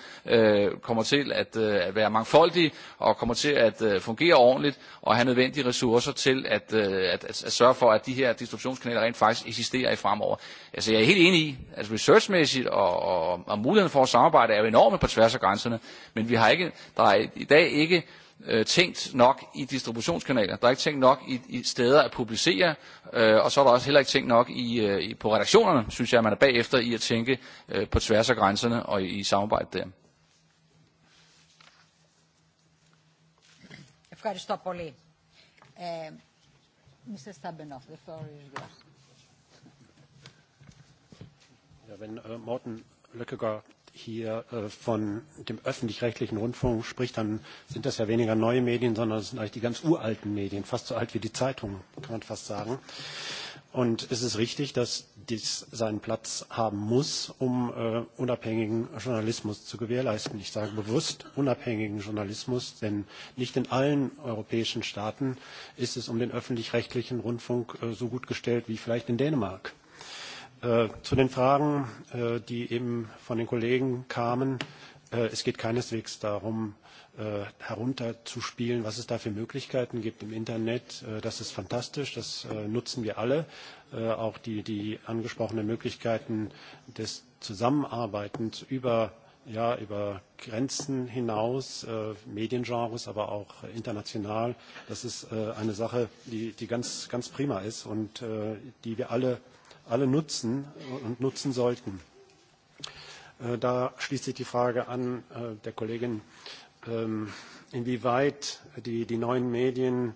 kommer til at være mangfoldige og kommer til at fungere ordentligt og have nødvendige ressourcer til at, at, at sørge for, at de her distributionskanaler rent faktisk eksisterer i fremover. Altså jeg er helt enig i, at researchmæssigt og, og, og muligheden for at samarbejde er jo enorme på tværs af grænserne, men vi har ikke, der er i dag ikke øh, tænkt nok i distributionskanaler. Der er ikke tænkt nok i, i steder at publicere, øh, og så er der også heller ikke tænkt nok i, øh, på redaktionerne, synes jeg, at man er bagefter i at tænke øh, på tværs af grænserne og i, i samarbejde der. Ευχαριστώ πολύ. Ε, Mr. the floor is yours. Ja, wenn äh, Morten Lückegaard hier von dem öffentlich-rechtlichen Rundfunk spricht, dann sind das ja weniger neue Medien, sondern das sind eigentlich die ganz uralten Medien, fast so alt wie die Zeitungen, kann man fast sagen. Und es ist richtig, dass dies seinen Platz haben muss, um äh, unabhängigen Journalismus zu gewährleisten. Ich sage bewusst unabhängigen Journalismus, denn nicht in allen europäischen Staaten ist es um den öffentlich-rechtlichen Rundfunk äh, so gut gestellt wie vielleicht in Dänemark Zu den Fragen, die eben von den Kollegen kamen. Es geht keineswegs darum, herunterzuspielen, was es da für Möglichkeiten gibt im Internet. Das ist fantastisch, das nutzen wir alle. Auch die, die angesprochenen Möglichkeiten des Zusammenarbeitens über, ja, über Grenzen hinaus, Mediengenres, aber auch international, das ist eine Sache, die, die ganz, ganz prima ist und die wir alle alle nutzen und nutzen sollten. Da schließt sich die Frage an der Kollegin, inwieweit die neuen Medien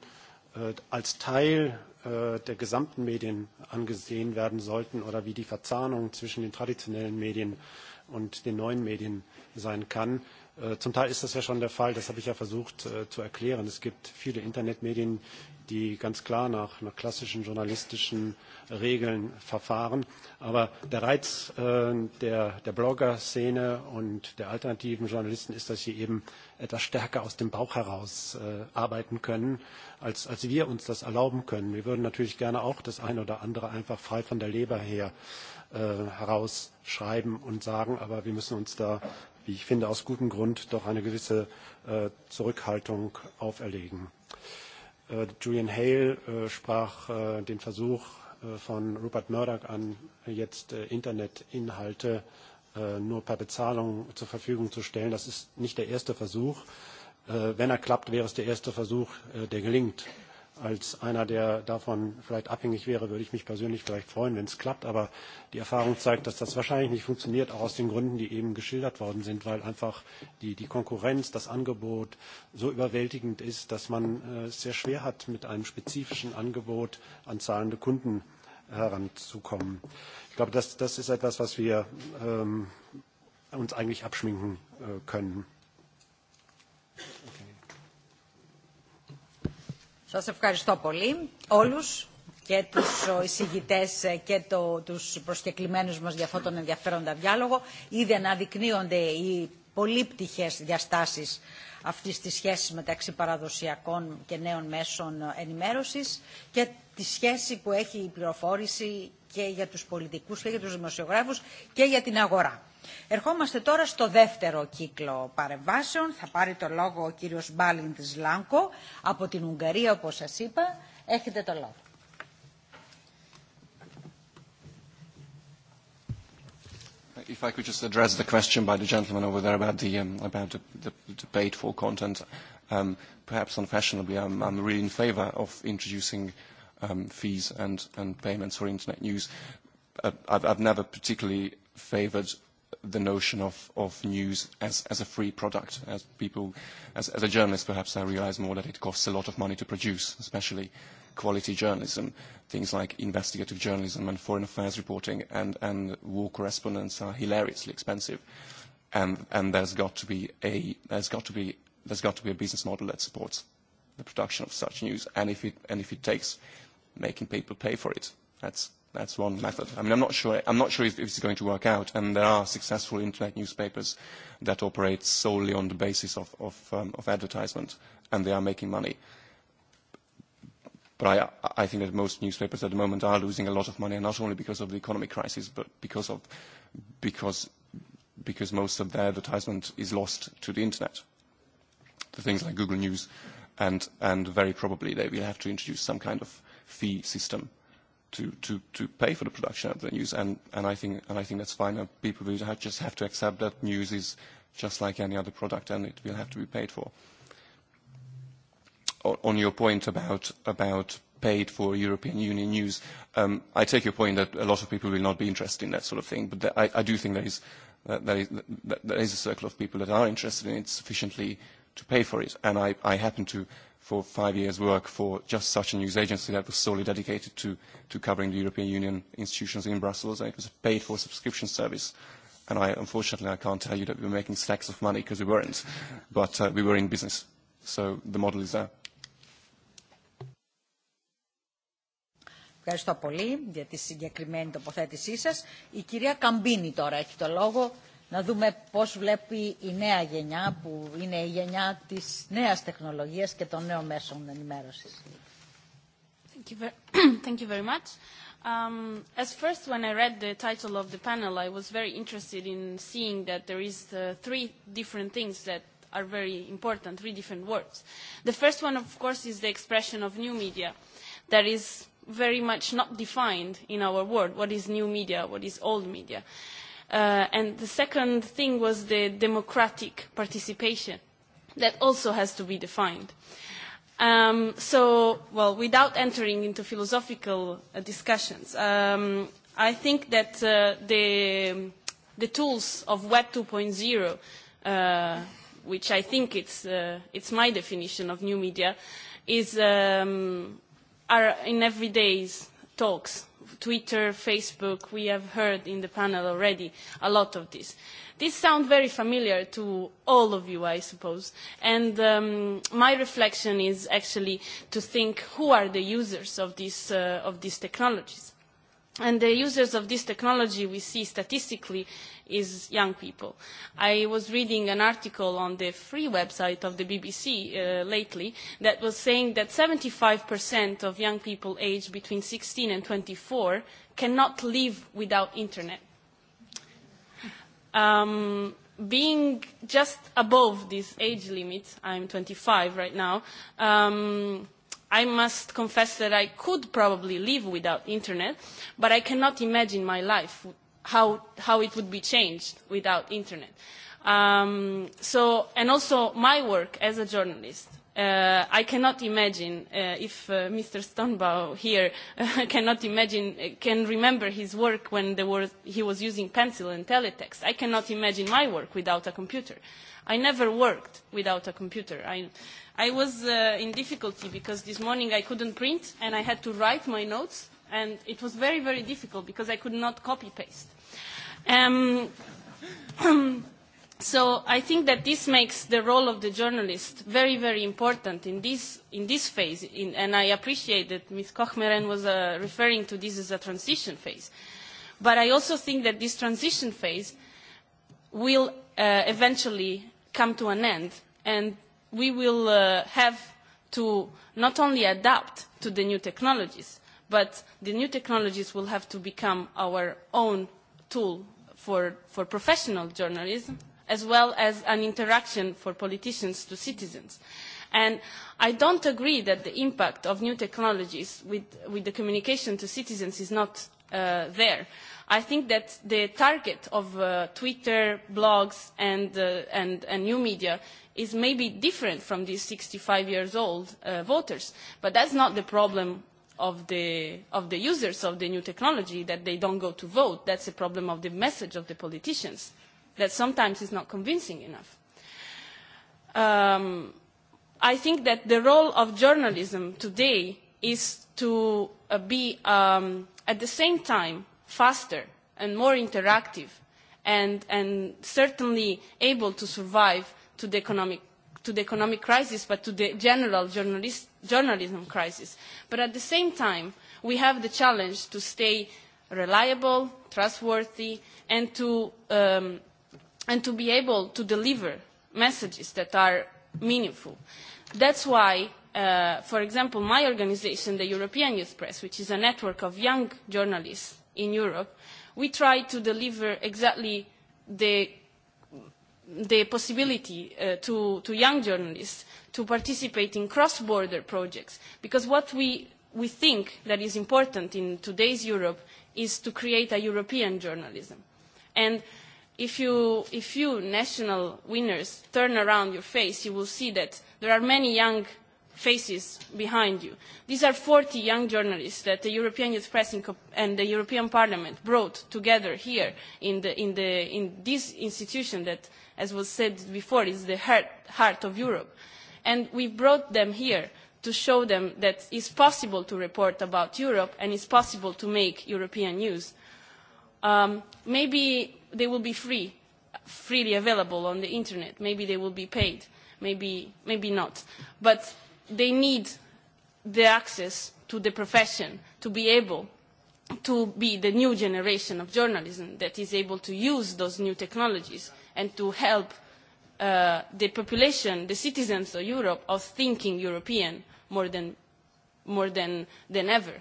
als Teil der gesamten Medien angesehen werden sollten oder wie die Verzahnung zwischen den traditionellen Medien und den neuen Medien sein kann. Zum Teil ist das ja schon der Fall, das habe ich ja versucht zu erklären. Es gibt viele Internetmedien, die ganz klar nach, klassischen journalistischen Regeln verfahren. Aber der Reiz der, Blogger-Szene und der alternativen Journalisten ist, dass sie eben etwas stärker aus dem Bauch heraus arbeiten können, als, wir uns das erlauben können. Wir würden natürlich gerne auch das eine oder andere einfach frei von der Leber her herausschreiben und sagen, aber wir müssen uns da wie ich finde, aus gutem Grund doch eine gewisse Zurückhaltung auferlegen. Julian Hale sprach den Versuch von Rupert Murdoch an, jetzt Internetinhalte nur per Bezahlung zur Verfügung zu stellen. Das ist nicht der erste Versuch. Wenn er klappt, wäre es der erste Versuch, der gelingt als einer, der davon vielleicht abhängig wäre, würde ich mich persönlich vielleicht freuen, wenn es klappt. Aber die Erfahrung zeigt, dass das wahrscheinlich nicht funktioniert, auch aus den Gründen, die eben geschildert worden sind, weil einfach die, die Konkurrenz, das Angebot so überwältigend ist, dass man es sehr schwer hat, mit einem spezifischen Angebot an zahlende Kunden heranzukommen. Ich glaube, das, das ist etwas, was wir ähm, uns eigentlich abschminken äh, können. Σας ευχαριστώ πολύ όλους και τους εισηγητές και το, τους προσκεκλημένους μας για αυτόν τον ενδιαφέροντα διάλογο. Ήδη αναδεικνύονται οι πτυχές διαστάσεις αυτής της σχέσης μεταξύ παραδοσιακών και νέων μέσων ενημέρωσης και τη σχέση που έχει η πληροφόρηση και για τους πολιτικούς και για τους δημοσιογράφους και για την αγορά. Ερχόμαστε τώρα στο δεύτερο κύκλο παρεμβάσεων. Θα πάρει το λόγο ο κύριος Μπάλιντ Λάνκο από την Ουγγαρία, όπως σας είπα. Έχετε το λόγο. If I could just address the question by the gentleman over there about the, um, about the, the, the paid for content, um, perhaps unfashionably, I'm, I'm really in favor of introducing um, fees and, and payments for internet news. Uh, I've, I've never particularly favored the notion of, of news as, as a free product. As people, as, as a journalist perhaps I realize more that it costs a lot of money to produce, especially quality journalism, things like investigative journalism and foreign affairs reporting and, and war correspondence are hilariously expensive. And, and there's got to be a, there's got to be, there's got to be a business model that supports the production of such news. And if it, and if it takes making people pay for it, that's That's one method. I mean, I'm not sure, I'm not sure if, if it's going to work out, and there are successful internet newspapers that operate solely on the basis of, of, um, of advertisement, and they are making money. But I, I think that most newspapers at the moment are losing a lot of money, not only because of the economic crisis, but because, of, because, because most of their advertisement is lost to the internet, to things like Google News, and, and very probably they will have to introduce some kind of fee system to, to, to pay for the production of the news, and, and I think and I think that's fine. And people will have, just have to accept that news is just like any other product, and it will have to be paid for. On your point about about paid for European Union news, um, I take your point that a lot of people will not be interested in that sort of thing, but I, I do think there is, uh, there, is, there is a circle of people that are interested in it sufficiently to pay for it, and I, I happen to for five years' work for just such a news agency that was solely dedicated to, to covering the European Union institutions in Brussels. It was a paid-for subscription service. And I, unfortunately, I can't tell you that we were making stacks of money because we weren't, but uh, we were in business. So the model is there. Ευχαριστώ πολύ για τη συγκεκριμένη τοποθέτησή σας. Η κυρία Καμπίνη τώρα έχει το λόγο να δούμε πώς βλέπει η νέα γενιά που είναι η γενιά της νέας τεχνολογίας και των νέων μέσων ενημέρωσης. Thank you very, thank you very much. Um, as first, when I read the title of the panel, I was very interested in seeing that there is uh, three different things that are very important, three different words. The first one, of course, is the expression of new media that is very much not defined in our world. What is new media? What is old media? and the second thing was the democratic participation. That also has to be defined. Um, so, well, without entering into philosophical uh, discussions, um, I think that uh, the, the tools of Web 2.0, uh, which I think it's, uh, it's my definition of new media, is, um, are in everyday's talks Twitter, Facebook, we have heard in the panel already a lot of this. This sounds very familiar to all of you, I suppose. And um, my reflection is actually to think who are the users of, this, uh, of these technologies And the users of this technology we see statistically is young people. I was reading an article on the free website of the BBC uh, lately that was saying that 75% of young people aged between 16 and 24 cannot live without internet. Um, being just above this age limit, I'm 25 right now, um, I must confess that I could probably live without internet, but I cannot imagine my life how how it would be changed without internet. Um, so and also my work as a journalist uh, I cannot imagine uh, if uh, Mr. Stonebaugh here uh, cannot imagine, can remember his work when there was, he was using pencil and teletext. I cannot imagine my work without a computer. I never worked without a computer. I, I was uh, in difficulty because this morning I couldn't print and I had to write my notes and it was very, very difficult because I could not copy-paste. Um, So I think that this makes the role of the journalist very, very important in this, in this phase, in, and I appreciate that Ms. Kochmeren was uh, referring to this as a transition phase. But I also think that this transition phase will uh, eventually come to an end, and we will uh, have to not only adapt to the new technologies, but the new technologies will have to become our own tool for, for professional journalism, as well as an interaction for politicians to citizens. And I don't agree that the impact of new technologies with, with the communication to citizens is not uh, there. I think that the target of uh, Twitter, blogs, and, uh, and, and new media is maybe different from these 65 years old uh, voters. But that's not the problem of the, of the users of the new technology, that they don't go to vote. That's a problem of the message of the politicians. Uh, that sometimes is not convincing enough. Um, I think that the role of journalism today is to uh, be um, at the same time faster and more interactive and, and certainly able to survive to the economic to the economic crisis, but to the general journalist, journalism crisis. But at the same time, we have the challenge to stay reliable, trustworthy, and to um, and to be able to deliver messages that are meaningful. That's why, uh, for example, my organization, the European Youth Press, which is a network of young journalists in Europe, we try to deliver exactly the, the possibility uh, to, to young journalists to participate in cross-border projects. Because what we, we think that is important in today's Europe is to create a European journalism. And if you, if you national winners turn around your face, you will see that there are many young faces behind you. These are 40 young journalists that the European Youth Press and the European Parliament brought together here in, the, in, the, in this institution that, as was said before, is the heart, heart of Europe. And we brought them here to show them that it's possible to report about Europe and it's possible to make European news. Um, maybe they will be free, freely available on the internet. Maybe they will be paid. Maybe, maybe not. But they need the access to the profession to be able to be the new generation of journalism that is able to use those new technologies and to help uh, the population, the citizens of Europe, of thinking European more than, more than, than ever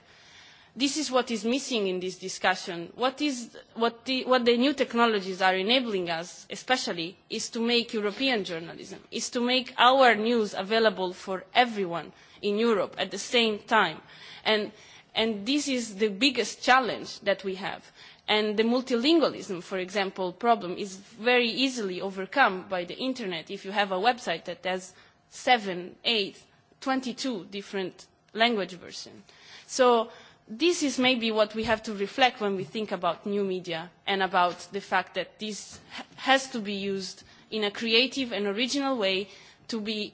this is what is missing in this discussion. What, is, what, the, what the new technologies are enabling us, especially, is to make European journalism, is to make our news available for everyone in Europe at the same time. And, and this is the biggest challenge that we have. And the multilingualism, for example, problem is very easily overcome by the internet if you have a website that has seven, eight, twenty two different language versions. So this is maybe what we have to reflect when we think about new media and about the fact that this has to be used in a creative and original way to be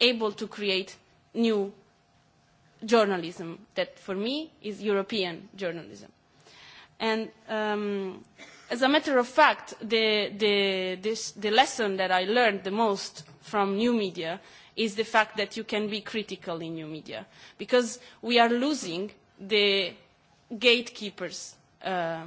able to create new journalism that for me is European journalism. And um, as a matter of fact, the, the, this, the lesson that I learned the most from new media is the fact that you can be critical in new media because we are losing the gatekeepers' uh,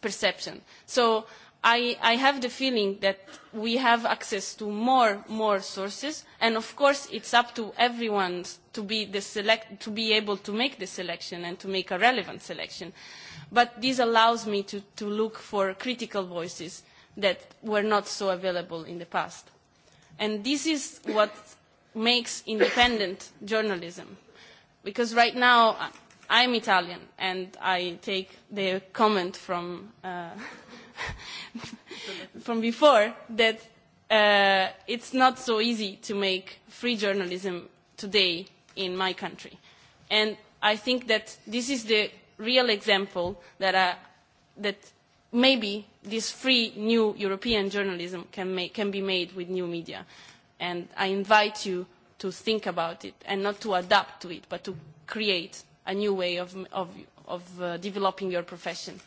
perception. So I, I have the feeling that we have access to more, more sources, and of course it's up to everyone to be, the select, to be able to make the selection and to make a relevant selection. But this allows me to, to look for critical voices that were not so available in the past. And this is what makes independent journalism. Because right now, I'm Italian, and I take the comment from uh, from before that uh, it's not so easy to make free journalism today in my country, and I think that this is the real example that uh, that maybe this free new European journalism can, make, can be made with new media. And I invite you to think about it and not to adapt to it, but to create a new way of, of, of uh, developing your profession.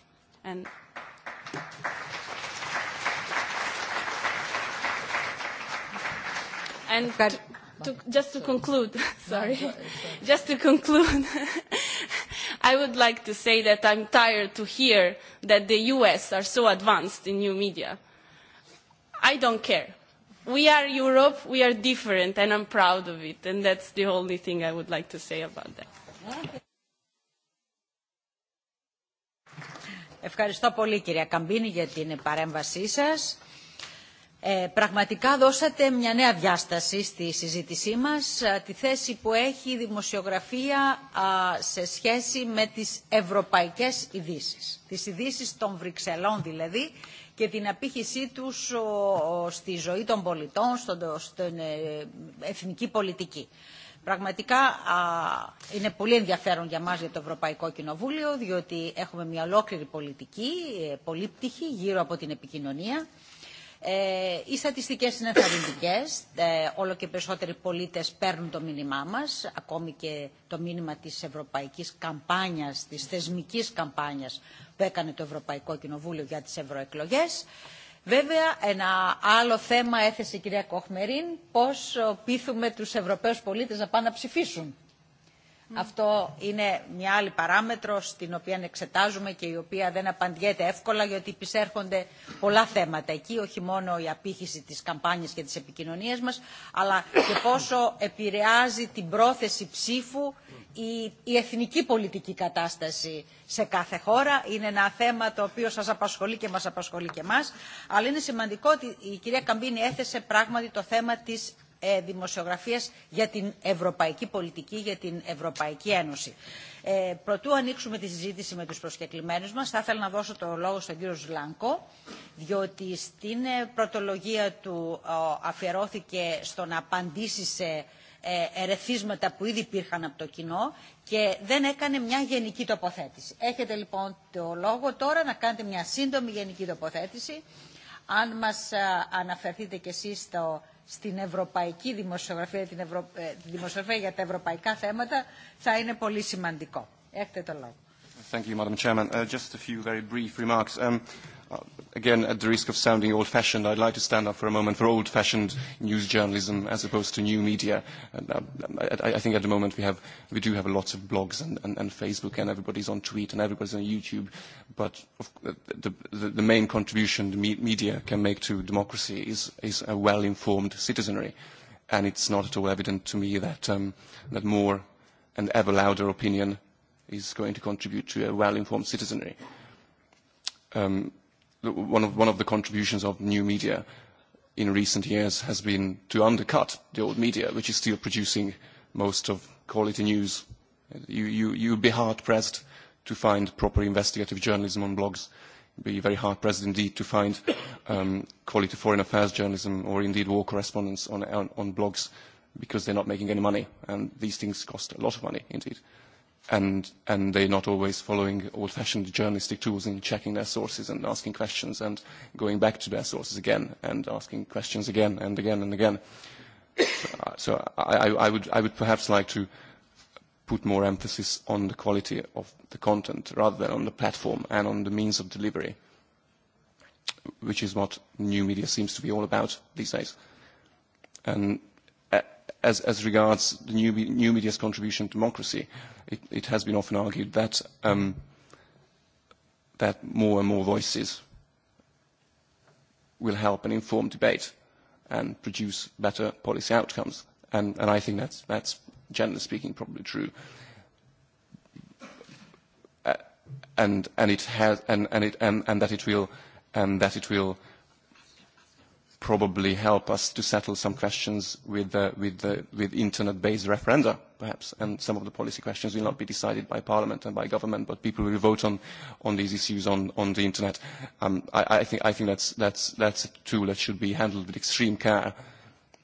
And and to, just to conclude, sorry, just to conclude, I would like to say that I'm tired to hear that the U.S. are so advanced in new media. I don't care. We are Europe, we are different, and I'm proud of it, and that's the only thing I would like to say about that. Ευχαριστώ πολύ κυρία Καμπίνη για την παρέμβασή σας. Ε, πραγματικά δώσατε μια νέα διάσταση στη συζήτησή μας, τη θέση που έχει η δημοσιογραφία α, σε σχέση με τις ευρωπαϊκές ειδήσει, τις ειδήσει των Βρυξελών δηλαδή και την απήχησή τους ο, ο, στη ζωή των πολιτών, στον, στην ε, εθνική πολιτική. Πραγματικά είναι πολύ ενδιαφέρον για μας για το Ευρωπαϊκό Κοινοβούλιο, διότι έχουμε μια ολόκληρη πολιτική, πολύπτυχη, γύρω από την επικοινωνία. Ε, οι στατιστικές είναι ενθαρρυντικές. Ε, όλο και περισσότεροι πολίτες παίρνουν το μήνυμά μας, ακόμη και το μήνυμα της ευρωπαϊκής καμπάνιας, της θεσμικής καμπάνιας που έκανε το Ευρωπαϊκό Κοινοβούλιο για τις ευρωεκλογές. Βέβαια, ένα άλλο θέμα έθεσε η κυρία Κοχμερίν, πώς πείθουμε τους Ευρωπαίους πολίτες να πάνε να ψηφίσουν. Αυτό είναι μια άλλη παράμετρος την οποία εξετάζουμε και η οποία δεν απαντιέται εύκολα γιατί επισέρχονται πολλά θέματα εκεί, όχι μόνο η απήχηση της καμπάνιας και της επικοινωνίας μας, αλλά και πόσο επηρεάζει την πρόθεση ψήφου η, η εθνική πολιτική κατάσταση σε κάθε χώρα. Είναι ένα θέμα το οποίο σας απασχολεί και μας απασχολεί και εμάς, αλλά είναι σημαντικό ότι η κυρία Καμπίνη έθεσε πράγματι το θέμα της ε, δημοσιογραφίας για την ευρωπαϊκή πολιτική, για την Ευρωπαϊκή Ένωση. Ε, προτού ανοίξουμε τη συζήτηση με τους προσκεκλημένους μας, θα ήθελα να δώσω το λόγο στον κύριο Ζλάνκο, διότι στην πρωτολογία του αφιερώθηκε στο να απαντήσει σε ερεθίσματα που ήδη υπήρχαν από το κοινό και δεν έκανε μια γενική τοποθέτηση. Έχετε λοιπόν το λόγο τώρα να κάνετε μια σύντομη γενική τοποθέτηση. Αν μας αναφερθείτε κι εσείς στο στην ευρωπαϊκή δημοσιογραφία, την Ευρω... τη δημοσιογραφία για τα ευρωπαϊκά θέματα θα είναι πολύ σημαντικό. Έχετε το λόγο. Thank you, Madam Chairman. Uh, just a few very brief remarks. Um, again, at the risk of sounding old-fashioned, I'd like to stand up for a moment for old-fashioned news journalism as opposed to new media. And, I, I think at the moment we, have, we do have lots of blogs and, and, and Facebook and everybody's on Tweet and everybody's on YouTube, but of, the, the, the main contribution the media can make to democracy is, is a well-informed citizenry. And it's not at all evident to me that, um, that more and ever louder opinion is going to contribute to a well-informed citizenry. Um, one of, one of the contributions of new media in recent years has been to undercut the old media, which is still producing most of quality news. You, you, you'd be hard-pressed to find proper investigative journalism on blogs. You'd be very hard-pressed indeed to find um, quality foreign affairs journalism or indeed war correspondence on, on, on blogs because they're not making any money. And these things cost a lot of money indeed and and they're not always following old-fashioned journalistic tools in checking their sources and asking questions and going back to their sources again and asking questions again and again and again. so I, I would I would perhaps like to put more emphasis on the quality of the content rather than on the platform and on the means of delivery, which is what new media seems to be all about these days. And as, as regards the new, new media's contribution to democracy, it, it has been often argued that, um, that more and more voices will help and inform debate and produce better policy outcomes. And, and I think that's, that's, generally speaking, probably true. and, and, it has, and, and, it, and, and that it will, and that it will probably help us to settle some questions with, uh, with, uh, with internet-based referenda, perhaps, and some of the policy questions will not be decided by parliament and by government, but people will vote on, on these issues on, on the internet. Um, I, I think, I think that's, that's, that's a tool that should be handled with extreme care.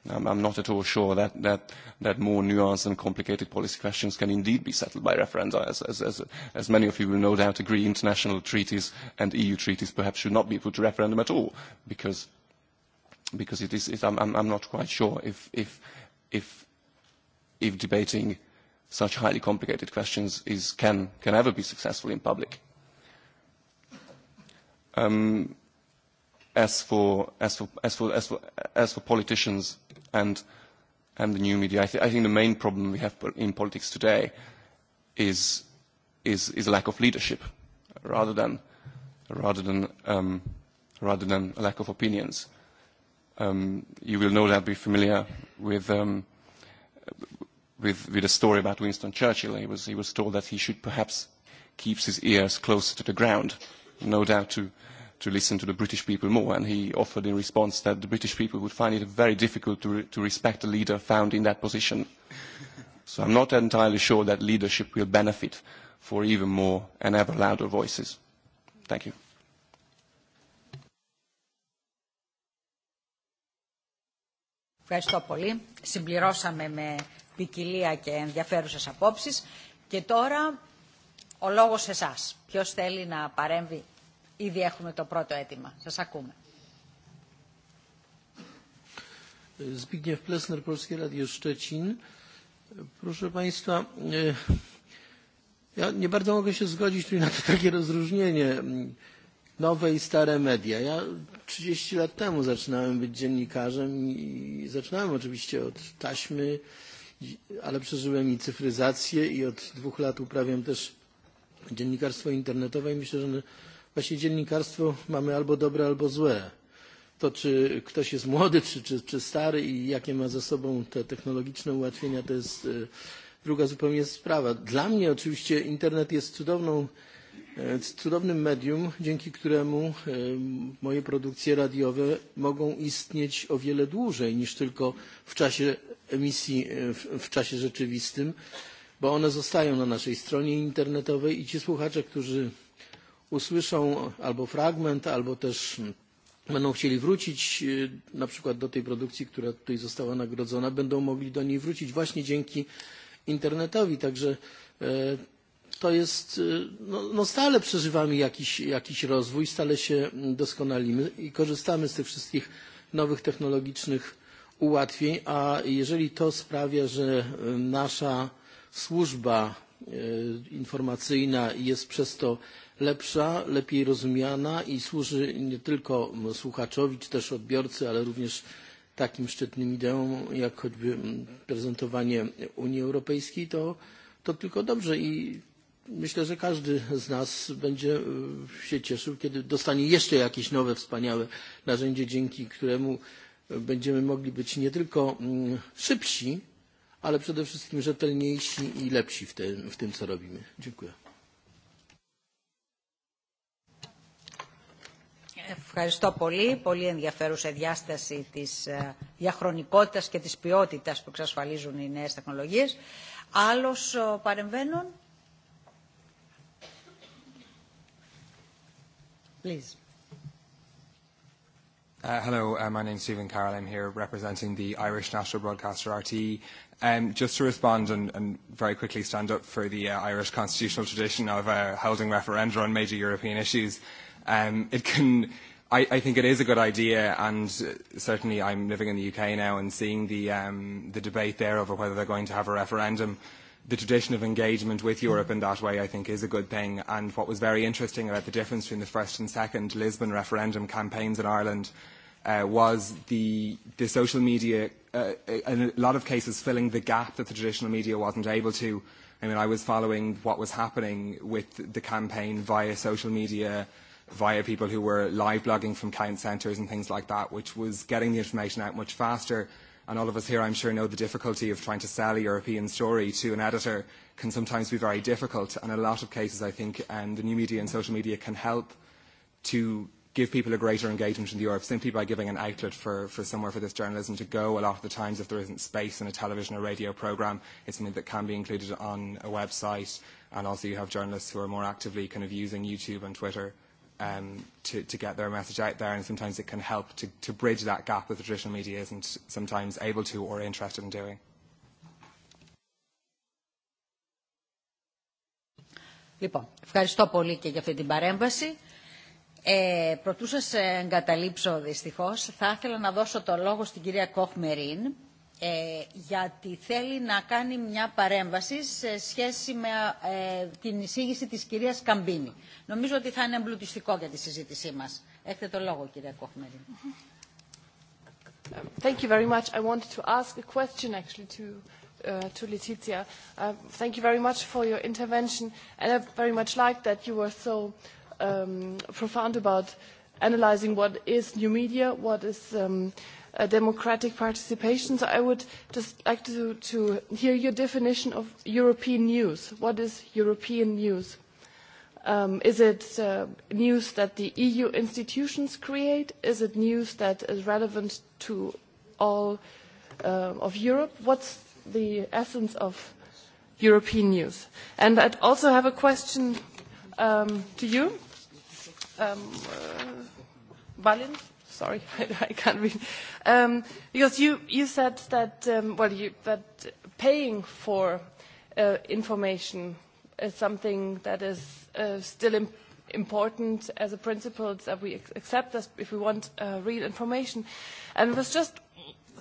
Um, I'm not at all sure that, that, that more nuanced and complicated policy questions can indeed be settled by referenda. As, as, as, as many of you will no doubt agree, international treaties and EU treaties perhaps should not be put to referendum at all, because because it is, it, I'm, I'm not quite sure if, if, if, if debating such highly complicated questions is, can, can ever be successful in public. Um, as, for, as, for, as, for, as, for, as for politicians and, and the new media, I, th- I think the main problem we have in politics today is, is, is lack of leadership rather than, rather than, um, rather than a lack of opinions. Um, you will no doubt be familiar with, um, with, with a story about Winston Churchill. He was, he was told that he should perhaps keep his ears closer to the ground, no doubt to, to listen to the British people more. And he offered in response that the British people would find it very difficult to, re- to respect a leader found in that position. So I'm not entirely sure that leadership will benefit for even more and ever louder voices. Thank you. Ευχαριστώ πολύ. Συμπληρώσαμε με ποικιλία και ενδιαφέρουσες απόψεις. Και τώρα ο λόγος σε εσάς. Ποιος θέλει να παρέμβει. Ήδη έχουμε το πρώτο αίτημα. Σας ακούμε. Zbigniew Plesner, Polskie Radio Szczecin. Proszę Państwa, ja nie bardzo mogę się zgodzić tutaj na to takie rozróżnienie nowe i stare media. Ja 30 lat temu zaczynałem być dziennikarzem i zaczynałem oczywiście od taśmy, ale przeżyłem i cyfryzację i od dwóch lat uprawiam też dziennikarstwo internetowe i myślę, że właśnie dziennikarstwo mamy albo dobre, albo złe. To, czy ktoś jest młody, czy, czy, czy stary i jakie ma za sobą te technologiczne ułatwienia, to jest druga zupełnie sprawa. Dla mnie oczywiście internet jest cudowną cudownym medium, dzięki któremu moje produkcje radiowe mogą istnieć o wiele dłużej niż tylko w czasie emisji, w czasie rzeczywistym, bo one zostają na naszej stronie internetowej i ci słuchacze, którzy usłyszą albo fragment, albo też będą chcieli wrócić na przykład do tej produkcji, która tutaj została nagrodzona, będą mogli do niej wrócić właśnie dzięki internetowi. Także to jest, no, no stale przeżywamy jakiś, jakiś rozwój, stale się doskonalimy i korzystamy z tych wszystkich nowych technologicznych ułatwień, a jeżeli to sprawia, że nasza służba informacyjna jest przez to lepsza, lepiej rozumiana i służy nie tylko słuchaczowi czy też odbiorcy, ale również takim szczytnym ideom, jak choćby prezentowanie Unii Europejskiej, to, to tylko dobrze i Myślę, że każdy z nas będzie się cieszył, kiedy dostanie jeszcze jakieś nowe, wspaniałe narzędzie, dzięki któremu będziemy mogli być nie tylko szybsi, ale przede wszystkim rzetelniejsi i lepsi w tym, w tym co robimy. Dziękuję. Ευχαριστώ πολύ. Πολύ ενδιαφέρουσα διάσταση της διαχρονικότητας και της ποιότητας που εξασφαλίζουν οι νέες τεχνολογίες. Άλλος παρεμβαίνουν. Please. Uh, hello, uh, my name's Stephen Carroll. I'm here representing the Irish national broadcaster RT. Um, just to respond and, and very quickly stand up for the uh, Irish constitutional tradition of uh, holding referenda on major European issues, um, it can, I, I think it is a good idea, and certainly I'm living in the UK now and seeing the, um, the debate there over whether they're going to have a referendum the tradition of engagement with Europe in that way, I think, is a good thing. And what was very interesting about the difference between the first and second Lisbon referendum campaigns in Ireland uh, was the, the social media, uh, in a lot of cases, filling the gap that the traditional media wasn't able to. I mean, I was following what was happening with the campaign via social media, via people who were live blogging from count centres and things like that, which was getting the information out much faster and all of us here, I'm sure, know the difficulty of trying to sell a European story to an editor can sometimes be very difficult. And in a lot of cases, I think the new media and social media can help to give people a greater engagement in Europe simply by giving an outlet for, for somewhere for this journalism to go. A lot of the times, if there isn't space in a television or radio programme, it's something that can be included on a website. And also you have journalists who are more actively kind of using YouTube and Twitter um, to, to get their message out there, and sometimes it can help to, to bridge that gap that the traditional media isn't sometimes able to or interested in doing. Λοιπόν, ευχαριστώ πολύ και για αυτή την παρέμβαση. Ε, προτού σας εγκαταλείψω δυστυχώς, θα ήθελα να δώσω το λόγο στην κυρία Κοχμερίν, ε, γιατί θέλει να κάνει μια παρέμβαση σε σχέση με ε, την εισήγηση της κυρίας Καμπίνη. Νομίζω ότι θα είναι εμπλουτιστικό για τη συζήτησή μας. Έχετε το λόγο, κυρία Κοχμερή. Thank you very much. I wanted to ask a question actually to uh, to Letizia. Uh, thank you very much for your intervention, and I very much liked that you were so um, profound about analyzing what is new media, what is um, democratic participation. So I would just like to, to hear your definition of European news. What is European news? Um, is it uh, news that the EU institutions create? Is it news that is relevant to all uh, of Europe? What's the essence of European news? And I'd also have a question um, to you, um, uh, sorry, I can't read. Um, because you, you said that, um, well, you, that paying for uh, information is something that is uh, still im important as a principle that we accept as if we want uh, real information. And I was just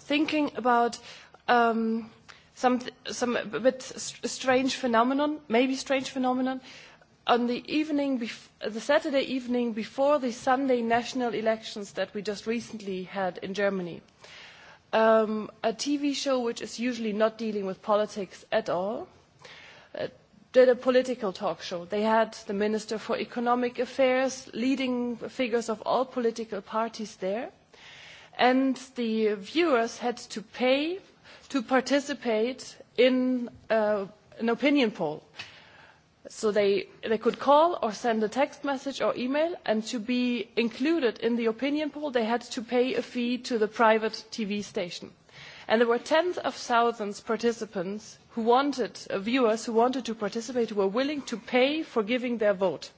thinking about um, some, some a bit strange phenomenon, maybe strange phenomenon, on the evening the Saturday evening before the Sunday national elections that we just recently had in Germany. Um, a TV show which is usually not dealing with politics at all uh, did a political talk show. They had the Minister for Economic Affairs, leading figures of all political parties there, and the viewers had to pay to participate in uh, an opinion poll So they, they could call or send a text message or email, and to be included in the opinion poll, they had to pay a fee to the private TV station. And there were tens of thousands of participants who wanted, viewers who wanted to participate, who were willing to pay for giving their vote.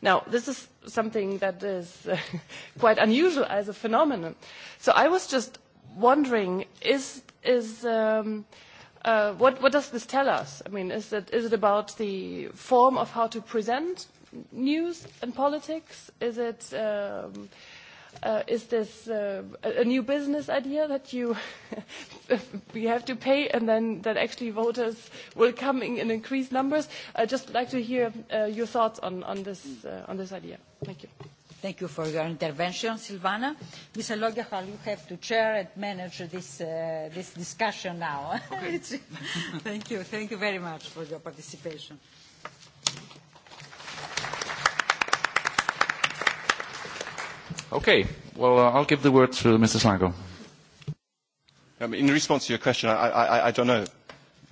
Now, this is something that is quite unusual as a phenomenon. So I was just wondering, is, is um, uh, what, what does this tell us? I mean, is it, is it about the form of how to present news and politics? Is it um, uh, is this uh, a new business idea that you you have to pay and then that actually voters will come in, in increased numbers? I'd just like to hear uh, your thoughts on, on this uh, on this idea. Thank you. Thank you for your intervention, Silvana. Mr. Logiachal, you have to chair and manage this, uh, this discussion now. thank you. Thank you very much for your participation. Okay. Well, uh, I'll give the word to Mrs. Lago. Um, in response to your question, I, I, I don't know.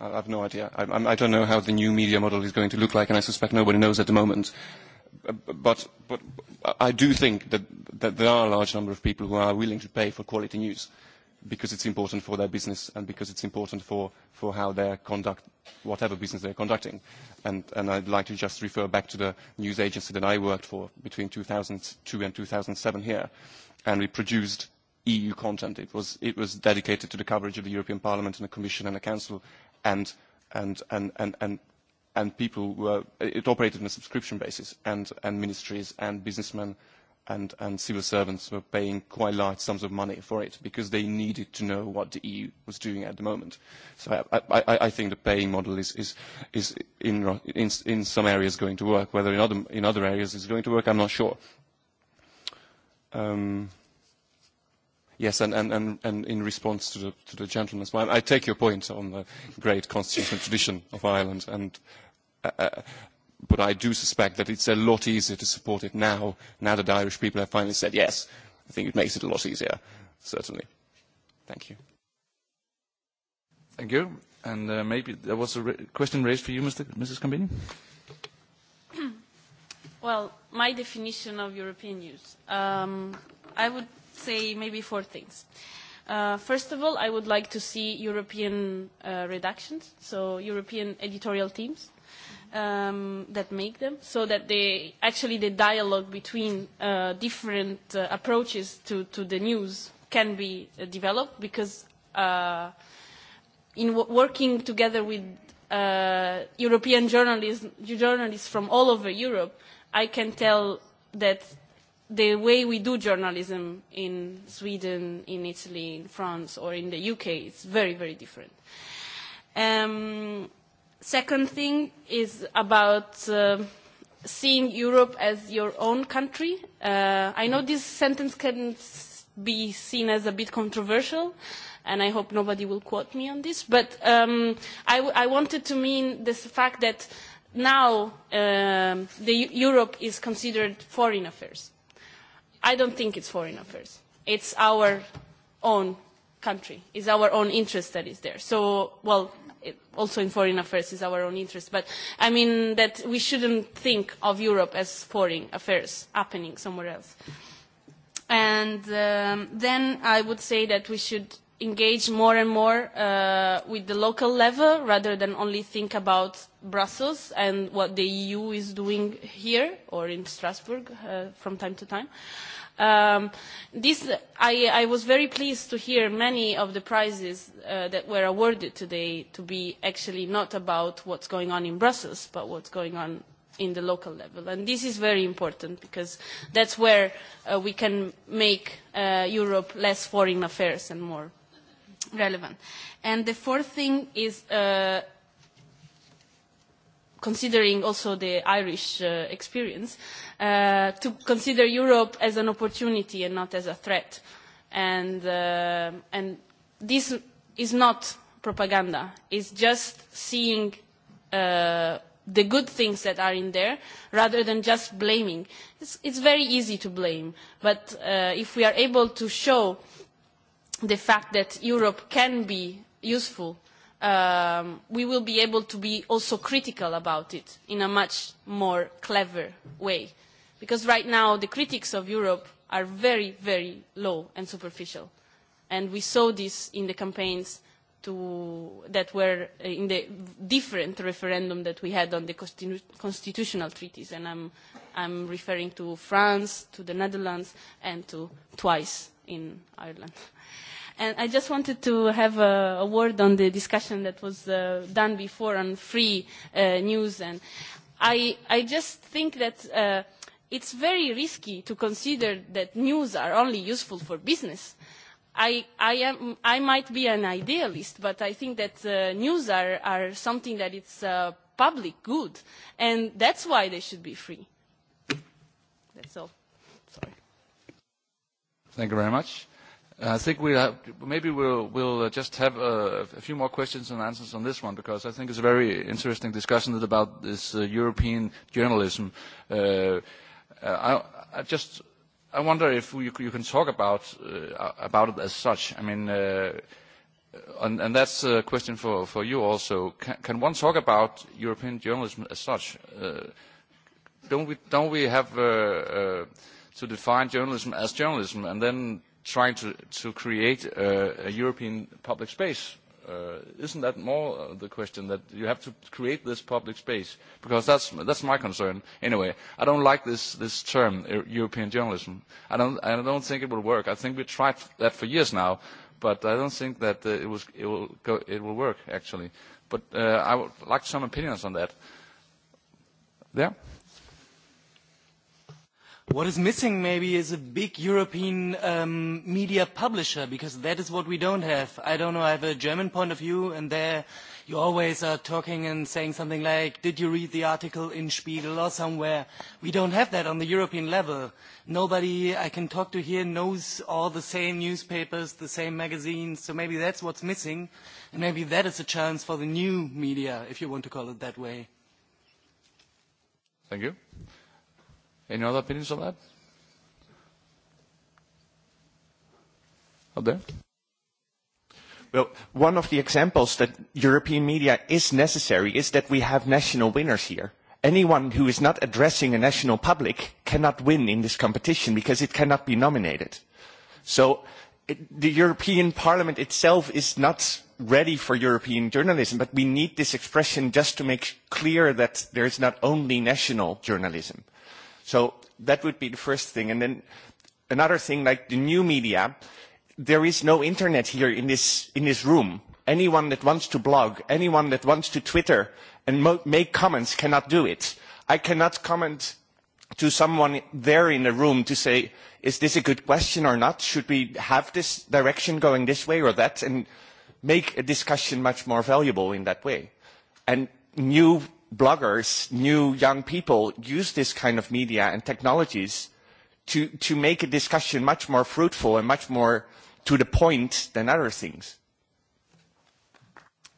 I have no idea. I, I don't know how the new media model is going to look like, and I suspect nobody knows at the moment but, but I do think that, that there are a large number of people who are willing to pay for quality news because it's important for their business and because it's important for, for how they conduct whatever business they're conducting. And, and I'd like to just refer back to the news agency that I worked for between 2002 and 2007 here. And we produced EU content. It was, it was dedicated to the coverage of the European Parliament and the Commission and the Council and, and, and, and, and and people were, it operated on a subscription basis, and, and ministries and businessmen and, and civil servants were paying quite large sums of money for it because they needed to know what the EU was doing at the moment. So I, I, I think the paying model is, is, is in, in, in some areas going to work. Whether in other, in other areas it's going to work, I'm not sure. Um, Yes, and, and, and, and in response to the, to the gentleman's mind, I take your point on the great constitutional tradition of Ireland, and, uh, uh, but I do suspect that it's a lot easier to support it now, now that the Irish people have finally said yes. I think it makes it a lot easier, certainly. Thank you. Thank you. And uh, maybe there was a question raised for you, Mr. Mrs. Cambini? Well, my definition of European youth. Um, I would say maybe four things. Uh, first of all, I would like to see European uh, redactions, so European editorial teams um, that make them, so that they actually the dialogue between uh, different uh, approaches to, to the news can be uh, developed because uh, in w- working together with uh, European journalists, journalists from all over Europe, I can tell that the way we do journalism in Sweden, in Italy, in France, or in the UK is very, very different. Um, second thing is about uh, seeing Europe as your own country. Uh, I know this sentence can be seen as a bit controversial, and I hope nobody will quote me on this, but um, I, w- I wanted to mean this fact that now uh, the Europe is considered foreign affairs I don't think it's foreign affairs. It's our own country. It's our own interest that is there. So, well, it, also in foreign affairs is our own interest. But I mean that we shouldn't think of Europe as foreign affairs happening somewhere else. And um, then I would say that we should engage more and more uh, with the local level rather than only think about Brussels and what the EU is doing here or in Strasbourg uh, from time to time. Um, this, I, I was very pleased to hear many of the prizes uh, that were awarded today to be actually not about what's going on in Brussels, but what's going on in the local level. And this is very important because that's where uh, we can make uh, Europe less foreign affairs and more relevant. And the fourth thing is uh, considering also the Irish uh, experience, uh, to consider Europe as an opportunity and not as a threat. And, uh, and this is not propaganda. It's just seeing uh, the good things that are in there rather than just blaming. It's, it's very easy to blame, but uh, if we are able to show the fact that Europe can be useful um, we will be able to be also critical about it in a much more clever way. Because right now the critics of Europe are very, very low and superficial. And we saw this in the campaigns to, that were in the different referendum that we had on the constitu constitutional treaties. And I'm, I'm referring to France, to the Netherlands, and to twice in Ireland. And I just wanted to have a, a word on the discussion that was uh, done before on free uh, news. And I, I just think that uh, it's very risky to consider that news are only useful for business. I, I, am, I might be an idealist, but I think that uh, news are, are something that it's uh, public good, and that's why they should be free. That's all. Sorry. Thank you very much. I think we have, maybe we'll, we'll just have a, a few more questions and answers on this one because I think it's a very interesting discussion about this uh, European journalism. Uh, I, I just I wonder if you, you can talk about uh, about it as such. I mean, uh, and, and that's a question for, for you also. Can, can one talk about European journalism as such? Uh, don't we don't we have uh, uh, to define journalism as journalism and then trying to, to create a, a European public space. Uh, isn't that more the question that you have to create this public space? Because that's, that's my concern. Anyway, I don't like this, this term, European journalism. I don't, I don't think it will work. I think we tried that for years now, but I don't think that uh, it, was, it, will go, it will work, actually. But uh, I would like some opinions on that. There? Yeah? What is missing maybe is a big European um, media publisher because that is what we don't have. I don't know, I have a German point of view and there you always are talking and saying something like, did you read the article in Spiegel or somewhere? We don't have that on the European level. Nobody I can talk to here knows all the same newspapers, the same magazines, so maybe that's what's missing and maybe that is a chance for the new media, if you want to call it that way. Thank you. Any other opinions on that? Out there? Well, one of the examples that European media is necessary is that we have national winners here. Anyone who is not addressing a national public cannot win in this competition because it cannot be nominated. So it, the European Parliament itself is not ready for European journalism, but we need this expression just to make clear that there is not only national journalism. So that would be the first thing. And then another thing, like the new media, there is no internet here in this, in this room. Anyone that wants to blog, anyone that wants to Twitter and mo- make comments cannot do it. I cannot comment to someone there in the room to say, is this a good question or not? Should we have this direction going this way or that? And make a discussion much more valuable in that way. And new bloggers, new young people use this kind of media and technologies to, to make a discussion much more fruitful and much more to the point than other things.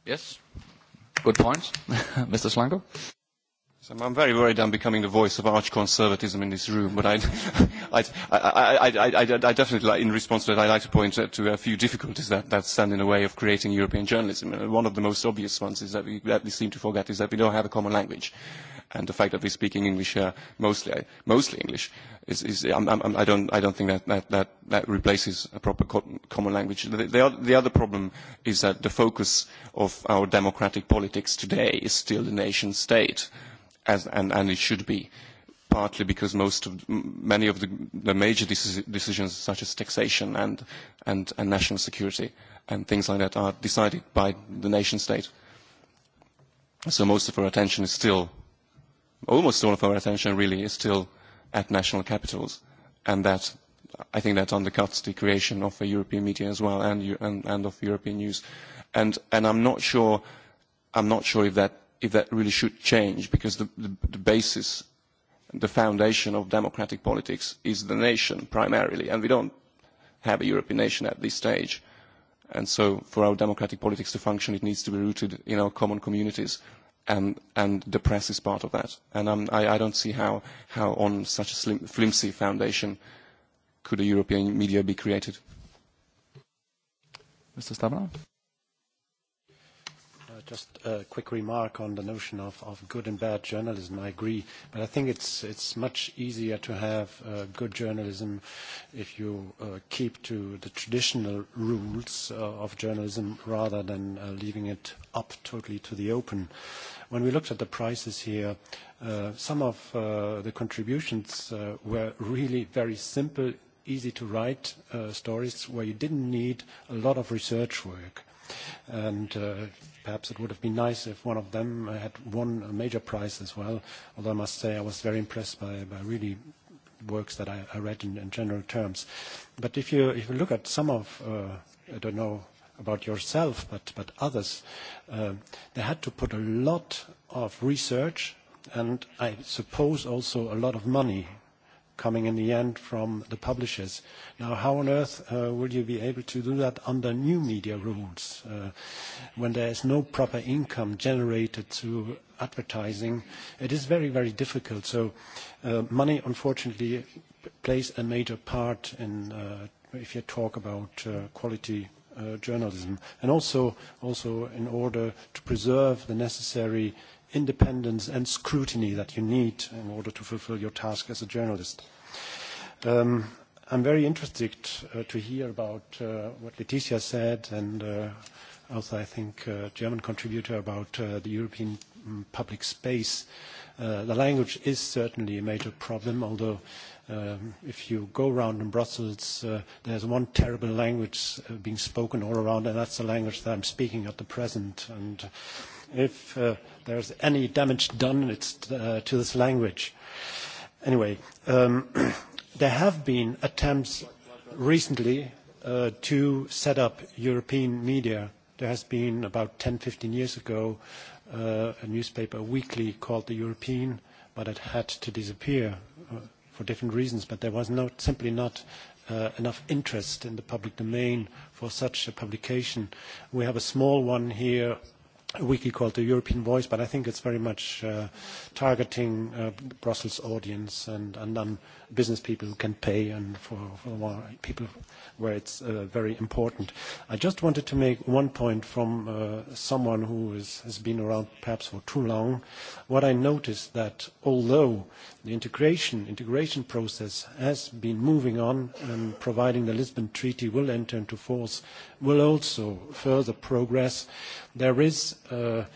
Yes, good points, Mr. Slango. So I'm very worried I'm becoming the voice of arch conservatism in this room, but I, I, I, I, I, I definitely, like, in response to that, I'd like to point to a few difficulties that, that stand in the way of creating European journalism. And one of the most obvious ones is that we, that we seem to forget is that we don't have a common language. And the fact that we're speaking English here, mostly, mostly English, is, is I'm, I'm, I don't, I don't think that, that, that, that replaces a proper co- common language. The, the, the other problem is that the focus of our democratic politics today is still the nation state as, and, and it should be, partly because most of, many of the, the major decisions such as taxation and, and, and national security and things like that are decided by the nation state. So most of our attention is still, almost all of our attention really is still at national capitals. And that, I think that undercuts the creation of a European media as well and, and, and of European news. And, and I'm not sure, I'm not sure if that if that really should change, because the, the, the basis, the foundation of democratic politics is the nation primarily, and we don't have a European nation at this stage. And so for our democratic politics to function, it needs to be rooted in our common communities, and, and the press is part of that. And um, I, I don't see how, how on such a slim, flimsy foundation could a European media be created. Mr just a quick remark on the notion of, of good and bad journalism. I agree, but I think it's it's much easier to have uh, good journalism if you uh, keep to the traditional rules uh, of journalism rather than uh, leaving it up totally to the open. When we looked at the prices here, uh, some of uh, the contributions uh, were really very simple, easy to write uh, stories where you didn't need a lot of research work And uh, perhaps it would have been nice if one of them had won a major prize as well, although I must say I was very impressed by, by really works that I, I read in, in general terms. But if you, if you look at some of, uh, I don't know about yourself, but, but others, uh, they had to put a lot of research and I suppose also a lot of money coming in the end from the publishers. Now, how on earth will you be able to do that under new media rules when there is no proper income generated through advertising? It is very, very difficult. So money, unfortunately, plays a major part in if you talk about quality journalism and also, in order to preserve the necessary independence and scrutiny that you need in order to fulfill your task as a journalist. Um, I'm very interested uh, to hear about uh, what Leticia said and uh, also I think uh, German contributor about uh, the European um, public space. Uh, the language is certainly a major problem, although um, if you go around in Brussels, uh, there's one terrible language uh, being spoken all around, and that's the language that I'm speaking at the present. And if uh, there's any damage done it's, uh, to this language. Anyway, um, there have been attempts recently uh, to set up European media. There has been about 10, 15 years ago uh, a newspaper weekly called The European, but it had to disappear uh, for different reasons, but there was not, simply not uh, enough interest in the public domain for such a publication. We have a small one here a weekly called the European Voice, but I think it's very much uh, targeting uh, Brussels audience and, and non business people who can pay and for, for people where it's uh, very important. I just wanted to make one point from uh, someone who is, has been around perhaps for too long. What I noticed that although the integration, integration process has been moving on and providing the Lisbon Treaty will enter into force, will also further progress there is a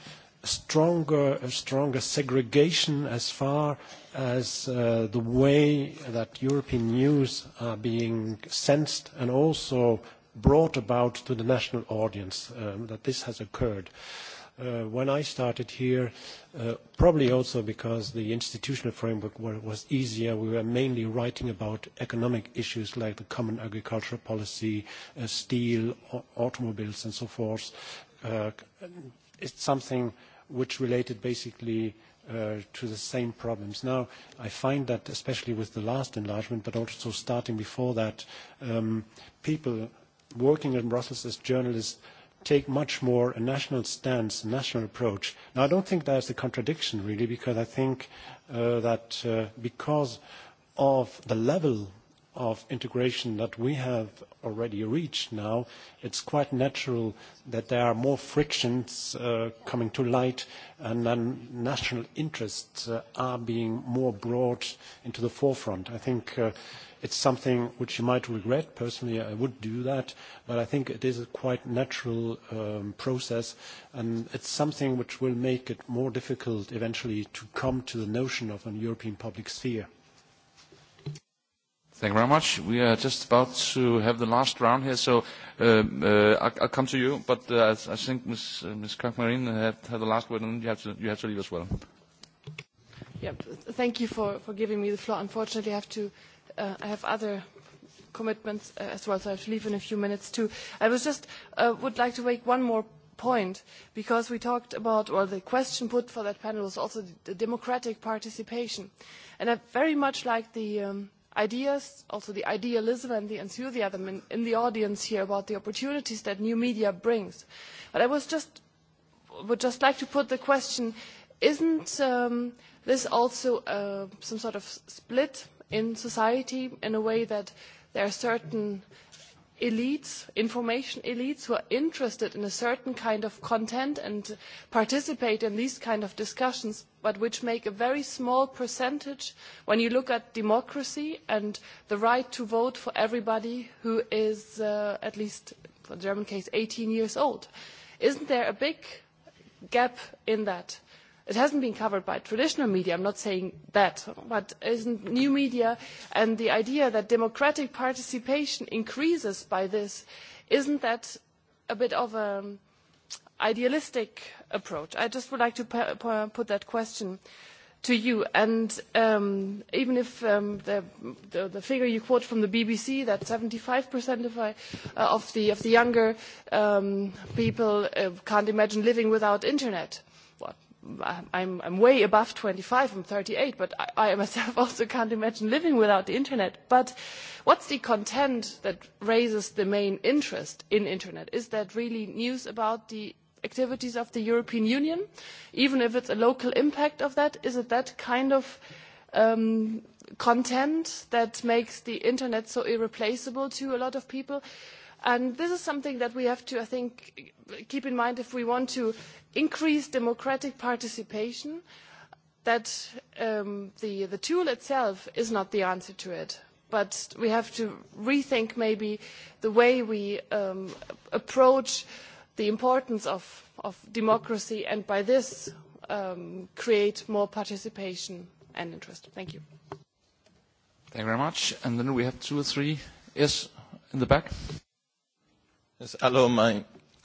stronger, a stronger segregation as far as the way that European news are being sensed and also brought about to the national audience, that this has occurred. when I started here, probably also because the institutional framework was easier, we were mainly writing about economic issues like the common agricultural policy, steel, automobiles and so forth it's something which related basically uh to the same problems. Now, I find that especially with the last enlargement, but also starting before that, um people working in Brussels as journalists take much more a national stance, a national approach. Now, I don't think that's a contradiction, really, because I think uh that uh because of the level of integration that we have already reached now, it's quite natural that there are more frictions coming to light, and then national interests are being more brought into the forefront. I think it's something which you might regret. Personally, I would do that, but I think it is a quite natural process, and it's something which will make it more difficult eventually to come to the notion of a European public sphere. Thank you very much. We are just about to have the last round here, so I'll come to you, but uh, I think Ms. Uh, Ms. had, had the last word, and you have to, you have to leave as well. Yeah, thank you for, for giving me the floor. Unfortunately, I have, to, uh, I have other commitments as well, so I have to leave in a few minutes too. I was just uh, would like to make one more point because we talked about or the question put for that panel was also the democratic participation and i very much like the um, ideas, also the idealism and the enthusiasm in, in the audience here about the opportunities that new media brings. But I was just, would just like to put the question, isn't um, this also uh, some sort of split in society in a way that there are certain elites, information elites who are interested in a certain kind of content and participate in these kind of discussions, but which make a very small percentage when you look at democracy and the right to vote for everybody who is at least, for the German case, eighteen years old. Isn't there a big gap in that? it has not been covered by traditional media i am not saying that but in new media and the idea that democratic participation increases by this isn't that a bit of an idealistic approach? i just would like to put that question to you and even if the, the, the figure you quote from the BBC that seventy five of, the, younger people uh, can't imagine living without internet, well, I'm, I'm way above 25, I'm 38, but I, I myself also can't imagine living without the internet. But what's the content that raises the main interest in internet? Is that really news about the activities of the European Union? Even if it's a local impact of that, is it that kind of um, content that makes the internet so irreplaceable to a lot of people? And this is something that we have to, I think, keep in mind if we want to increase democratic participation, that the, tool itself is not the answer to it. But we have to rethink maybe the way we approach the importance of, democracy and by this create more participation and interest. Thank you. Thank you very much. And then we have two or three. Yes, in the back. Yes, hello, my,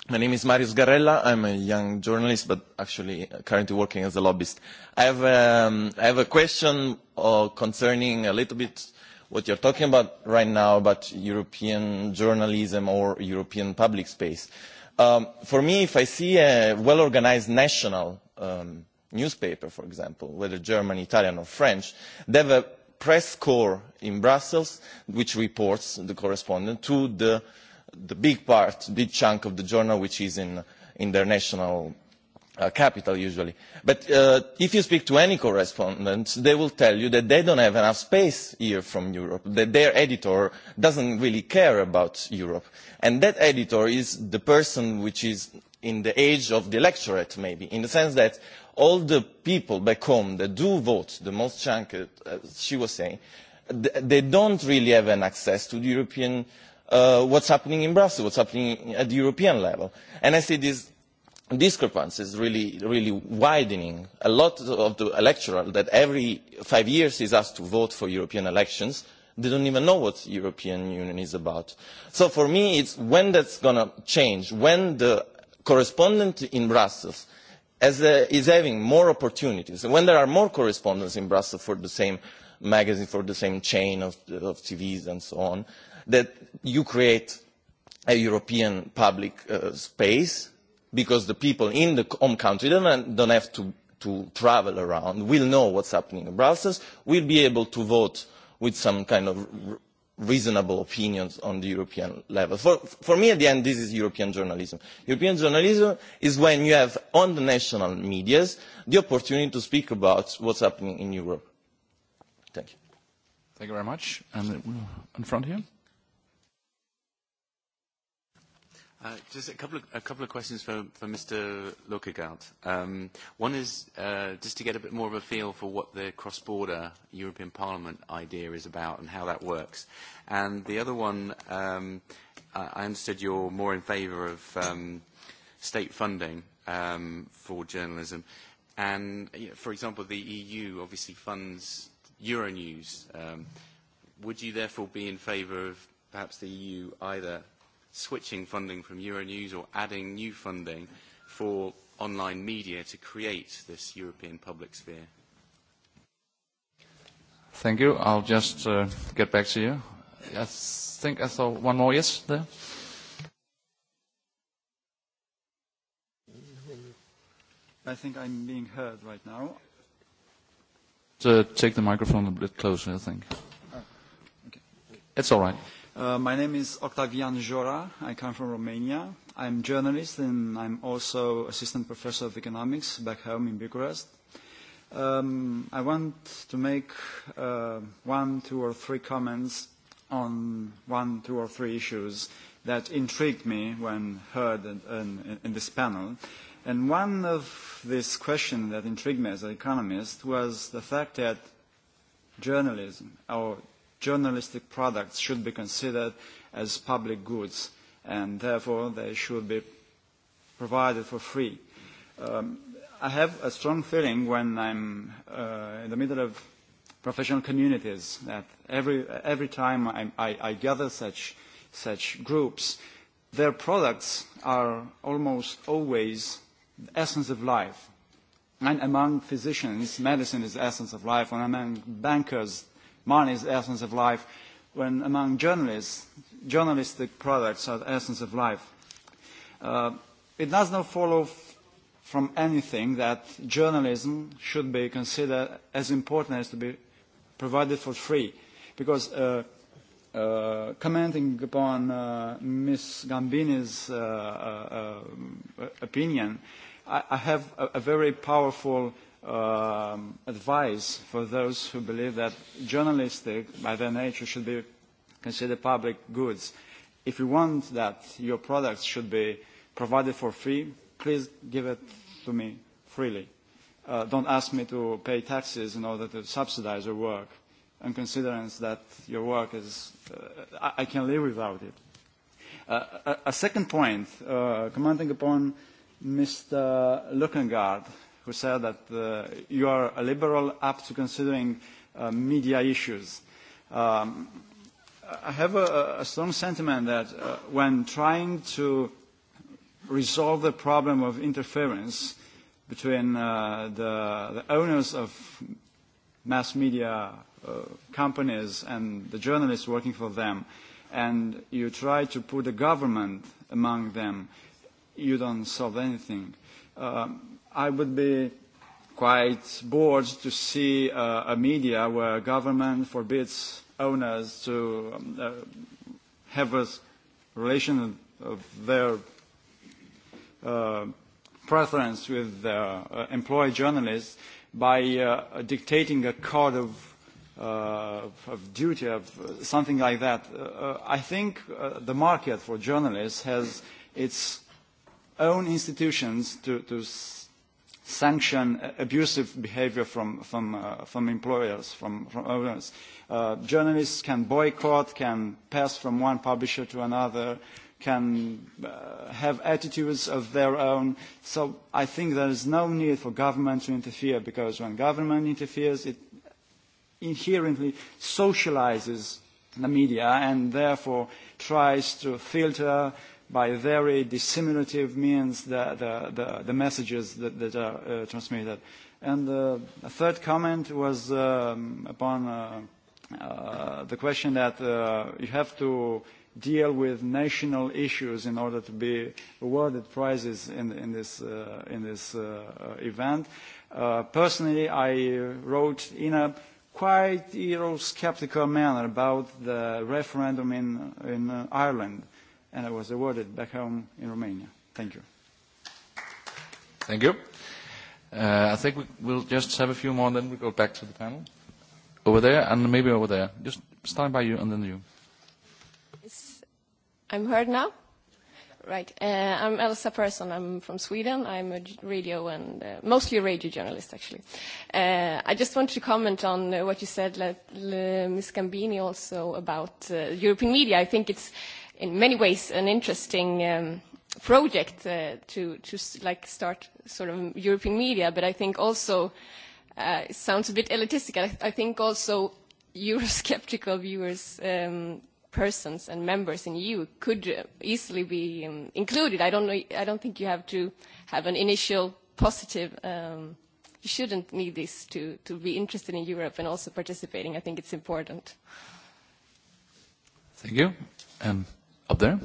my name is Marius Garella. I'm a young journalist, but actually currently working as a lobbyist. I have, um, I have a question uh, concerning a little bit what you're talking about right now about European journalism or European public space. Um, for me, if I see a well-organized national um, newspaper, for example, whether German, Italian or French, they have a press corps in Brussels which reports the correspondent to the the big part, big chunk of the journal, which is in, in their national uh, capital usually. But uh, if you speak to any correspondent, they will tell you that they don't have enough space here from Europe, that their editor doesn't really care about Europe. And that editor is the person which is in the age of the electorate, maybe, in the sense that all the people back home that do vote, the most chunk, uh, she was saying, they don't really have an access to the European uh, uh, what's happening in Brussels, what's happening at the European level. And I see this discrepancy is really, really widening. A lot of the electoral that every five years is asked to vote for European elections, they don't even know what the European Union is about. So for me, it's when that's going to change, when the correspondent in Brussels as a, is having more opportunities, when there are more correspondents in Brussels for the same magazine, for the same chain of, of TVs and so on, that you create a European public uh, space because the people in the home country don't, don't have to, to travel around, will know what's happening in Brussels, will be able to vote with some kind of reasonable opinions on the European level. For, for me, at the end, this is European journalism. European journalism is when you have on the national medias the opportunity to speak about what's happening in Europe. Thank you. Thank you very much. And in front here. Just a couple of a couple of questions for for Mr. Løkkegaard. One is just to get a bit more of a feel for what the cross-border European Parliament idea is about and how that works. And the other one, I understood you're more in favor of state funding for journalism. And, for example, the EU obviously funds Euronews. Would you therefore be in favor of perhaps the EU either switching funding from Euronews or adding new funding for online media to create this European public sphere? Thank you. I'll just uh, get back to you. I think I saw one more yes there. I think I'm being heard right now. To take the microphone a bit closer, I think. Oh, okay. It's all right my name is Octavian Jora. I come from Romania. I'm a journalist and I'm also assistant professor of economics back home in Bucharest. Um, I want to make uh, one, two or three comments on one, two or three issues that intrigued me when heard in, in, in this panel. And one of these questions that intrigued me as an economist was the fact that journalism or journalistic products should be considered as public goods and therefore they should be provided for free. Um, I have a strong feeling when I'm uh, in the middle of professional communities that every, every time I, I, I gather such, such groups, their products are almost always the essence of life. And among physicians, medicine is the essence of life, and among bankers, Money is the essence of life. When among journalists, journalistic products are the essence of life. Uh, it does not follow from anything that journalism should be considered as important as to be provided for free. Because uh, uh, commenting upon uh, Ms. Gambini's uh, uh, opinion, I, I have a, a very powerful um, advice for those who believe that journalistic, by their nature, should be considered public goods. If you want that your products should be provided for free, please give it to me freely. Uh, don't ask me to pay taxes in order to subsidize your work, and considering that your work is, uh, I, I can live without it. Uh, a, a second point, uh, commenting upon Mr. Luckengard, who said that uh you are a liberal up to considering uh media issues. Um I have a, a strong sentiment that uh when trying to resolve the problem of interference between uh, the, the owners of mass media uh, companies and the journalists working for them, and you try to put the government among them, you don't solve anything. Um, I would be quite bored to see uh, a media where government forbids owners to um, have a relation of their uh, preference with their uh, employed journalists by uh, dictating a code of, uh, of duty, of something like that. Uh, I think uh, the market for journalists has its own institutions to, to sanction abusive behavior from, from, uh, from employers, from, from owners. Uh, journalists can boycott, can pass from one publisher to another, can uh, have attitudes of their own. So I think there is no need for government to interfere because when government interferes, it inherently socializes the media and therefore tries to filter by very disseminative means the, the, the, the messages that, that are uh, transmitted. And uh, a third comment was um, upon uh, uh, the question that uh, you have to deal with national issues in order to be awarded prizes in, in this, uh, in this uh, event. Uh, personally, I wrote in a quite know, skeptical manner about the referendum in, in Ireland and I was awarded back home in Romania. Thank you. Thank you. Uh, I think we, we'll just have a few more and then we go back to the panel. Over there and maybe over there. Just start by you and then you. It's, I'm heard now? Right. Uh, I'm Elsa Persson. I'm from Sweden. I'm a radio and uh, mostly a radio journalist, actually. Uh, I just wanted to comment on uh, what you said, like, Ms. Gambini, also about uh, European media. I think it's in many ways an interesting um, project uh, to to like start sort of European media, but I think also uh, it sounds a bit elitistic. I, I think also Eurosceptical viewers. Um, persons and members in EU could easily be um, included. I don't know. I don't think you have to have an initial positive. Um, you shouldn't need this to to be interested in Europe and also participating. I think it's important. Thank you. Um, Up there.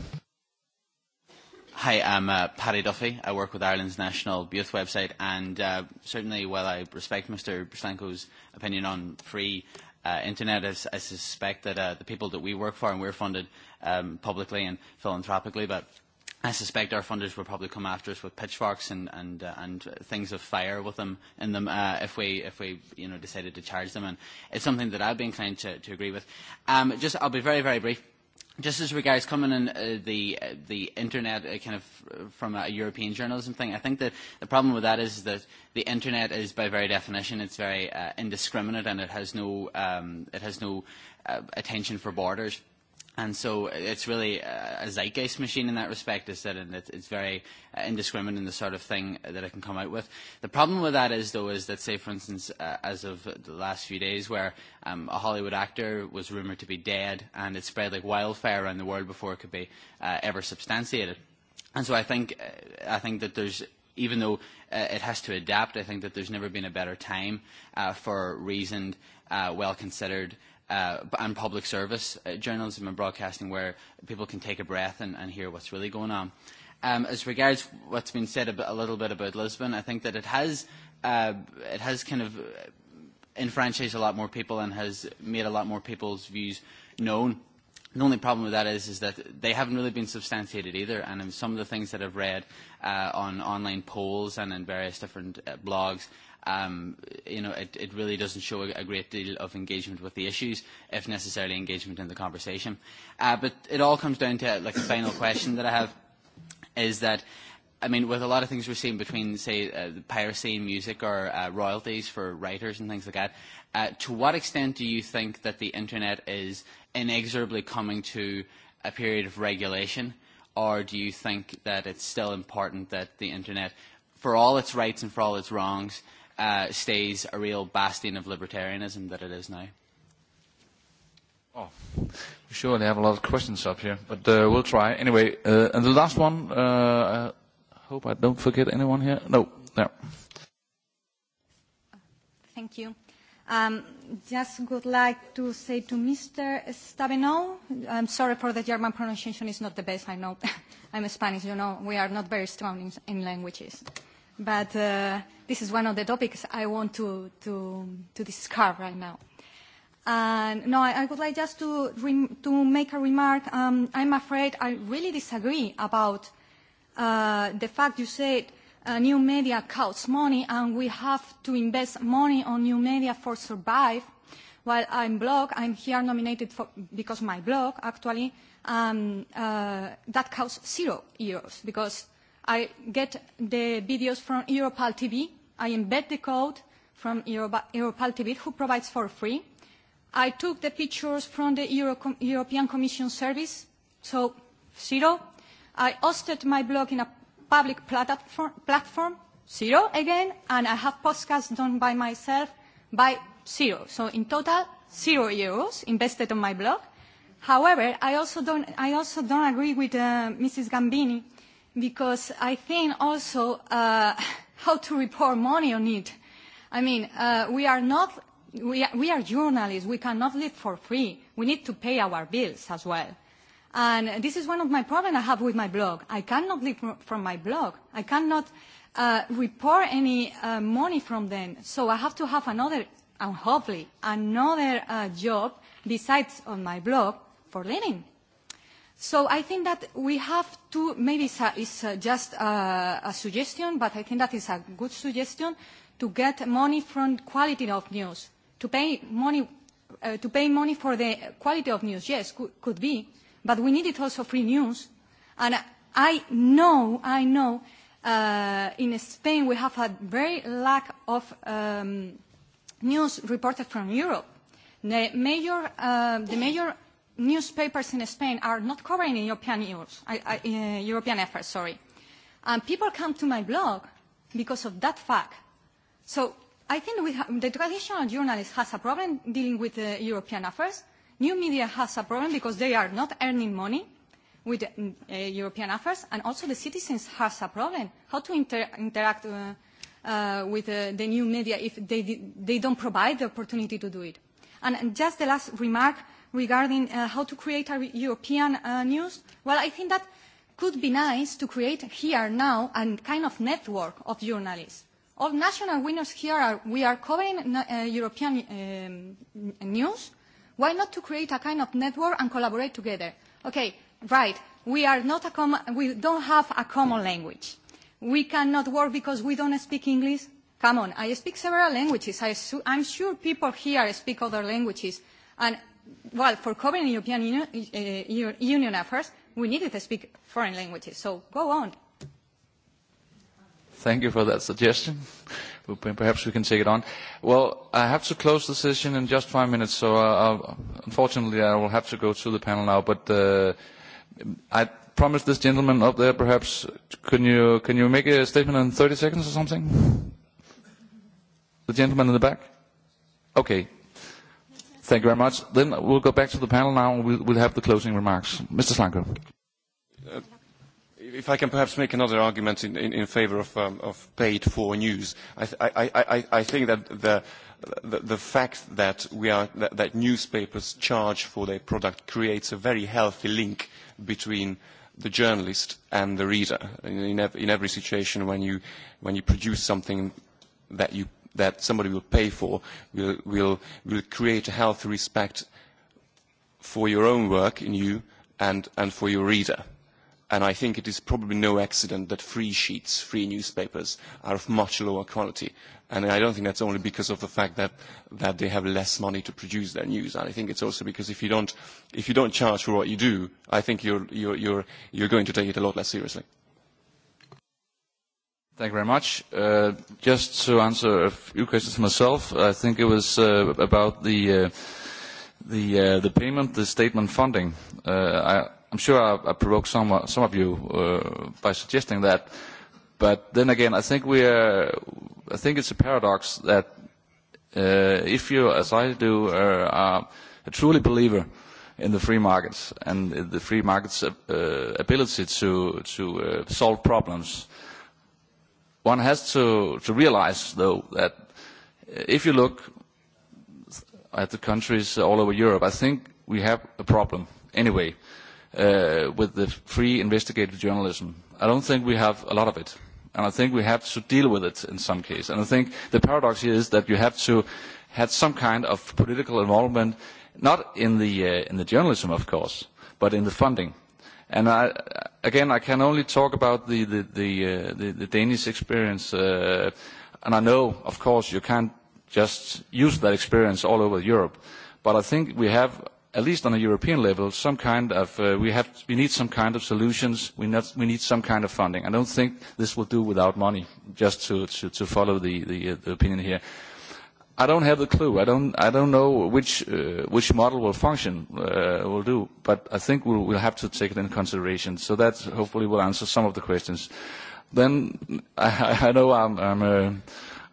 Hi, I'm uh, Paddy Duffy. I work with Ireland's National Youth website, and uh, certainly while I respect Mr. Brislanko's opinion on free uh, internet, I, I suspect that uh, the people that we work for, and we're funded um, publicly and philanthropically, but I suspect our funders will probably come after us with pitchforks and and uh, and things of fire with them in them uh, if we if we you know decided to charge them, and it's something that I'd be inclined to, to agree with. Um, just I'll be very very brief just as regards coming in uh, the uh, the internet uh, kind of from a European journalism thing, I think that the problem with that is that the internet is by very definition it's very uh, indiscriminate and it has no um, it has no uh, attention for borders And so it's really a zeitgeist machine in that respect, is that it's very indiscriminate in the sort of thing that it can come out with. The problem with that is, though, is that, say, for instance, uh, as of the last few days, where um, a Hollywood actor was rumoured to be dead and it spread like wildfire around the world before it could be uh, ever substantiated. And so I think, uh, I think that there's even though uh, it has to adapt, I think that there's never been a better time uh, for reasoned, uh, well-considered uh, and public service uh, journalism and broadcasting where people can take a breath and, and hear what's really going on. Um, as regards what's been said a, a little bit about Lisbon, I think that it has, uh, it has kind of enfranchised a lot more people and has made a lot more people's views known. The only problem with that is, is that they haven't really been substantiated either. And in some of the things that I've read uh, on online polls and in various different uh, blogs, um, you know, it, it really doesn't show a, a great deal of engagement with the issues, if necessarily engagement in the conversation. Uh, but it all comes down to like a final question that I have is that, I mean, with a lot of things we're seeing between, say, uh, piracy, and music, or uh, royalties for writers and things like that, uh, to what extent do you think that the internet is inexorably coming to a period of regulation, or do you think that it's still important that the internet, for all its rights and for all its wrongs, uh, uh, stays a real bastion of libertarianism that it is now? Oh, we surely have a lot of questions up here, but uh, we'll try. Anyway, uh, and the last one, uh, I hope I don't forget anyone here. No, no. Thank you. Um, just would like to say to Mr. Stabenow, I'm sorry for the German pronunciation, it's not the best, I know. I'm a Spanish, you know, we are not very strong in, in languages. But... Uh, this is one of the topics I want to, to, to discuss right now. And no, I, I would like just to, rem- to make a remark. Um, I'm afraid I really disagree about uh, the fact you said uh, new media costs money and we have to invest money on new media for survive. While I'm blog, I'm here nominated for, because my blog, actually, um, uh, that costs zero euros because I get the videos from Europal TV I embed the code from Europal who provides for free. I took the pictures from the European Commission service, so zero. I hosted my blog in a public platform, zero again, and I have podcasts done by myself by zero. So in total, zero euros invested on my blog. However, I also don't, I also don't agree with uh, Mrs. Gambini because I think also uh, how to report money on it. I mean, uh, we are not, we are, we are journalists. We cannot live for free. We need to pay our bills as well. And this is one of my problems I have with my blog. I cannot live from my blog. I cannot uh, report any uh, money from them. So I have to have another, and hopefully another uh, job besides on my blog for living. So I think that we have to, maybe it's, a, it's a just a, a suggestion, but I think that is a good suggestion to get money from quality of news, to pay money, uh, to pay money for the quality of news. Yes, could, could be, but we need it also free news. And I know, I know, uh, in Spain we have a very lack of um, news reported from Europe. The major, uh, the major newspapers in Spain are not covering European, news, I, I, uh, European efforts. Sorry. And people come to my blog because of that fact. So I think we ha- the traditional journalist has a problem dealing with uh, European affairs. New media has a problem because they are not earning money with uh, European affairs, and also the citizens has a problem how to inter- interact uh, uh, with uh, the new media if they, they don't provide the opportunity to do it. And just the last remark, regarding uh, how to create a European uh, news, well, I think that could be nice to create here now a kind of network of journalists. All national winners here are, we are covering uh, European um, news. Why not to create a kind of network and collaborate together? Okay, right, we, are not a com we don't have a common language. We cannot work because we don't speak English. Come on, I speak several languages. I su I'm sure people here speak other languages. And well, for covering European Union, uh, Union affairs, we needed to speak foreign languages. So go on. Thank you for that suggestion. Perhaps we can take it on. Well, I have to close the session in just five minutes, so I'll, unfortunately I will have to go to the panel now. But uh, I promised this gentleman up there, perhaps, can you, can you make a statement in 30 seconds or something? The gentleman in the back? Okay, Thank you very much. Then we'll go back to the panel now, and we'll, have the closing remarks. Mr. Slanker. if I can perhaps make another argument in, in, in favor of, um, of paid-for news, I, th- I, I, I think that the, the, the fact that, we are, that, that newspapers charge for their product creates a very healthy link between the journalist and the reader. In, in, ev- in every situation, when you, when you produce something that you that somebody will pay for will, will, will create a healthy respect for your own work in you and, and for your reader. And I think it is probably no accident that free sheets, free newspapers, are of much lower quality. And I don't think that's only because of the fact that, that they have less money to produce their news. And I think it's also because if you don't, if you don't charge for what you do, I think you're, you're, you're, you're going to take it a lot less seriously. Thank you very much. Uh, just to answer a few questions myself, I think it was uh, about the uh, the uh, the payment, the statement funding. Uh, I, I'm sure I, I provoked some some of you uh, by suggesting that, but then again, I think we are. I think it's a paradox that uh, if you, as I do, are, are a truly believer in the free markets and the free markets' uh, ability to to uh, solve problems One has to, to realize, though, that if you look at the countries all over Europe, I think we have a problem anyway uh, with the free investigative journalism. I don't think we have a lot of it. And I think we have to deal with it in some case. And I think the paradox here is that you have to have some kind of political involvement, not in the, uh, in the journalism, of course, but in the funding And I, again, I can only talk about the the the, uh, the, the Danish experience, uh, and I know, of course, you can't just use that experience all over Europe, but I think we have at least on a European level, some kind of uh, we have we need some kind of solutions. We need we need some kind of funding. I don't think this will do without money. Just to to, to follow the, the the opinion here, I don't have the clue. I don't. I don't know which uh, which model will function uh, will do. But I think we'll, we'll have to take it in consideration. So that hopefully will answer some of the questions. Then I, I know I'm I'm, uh,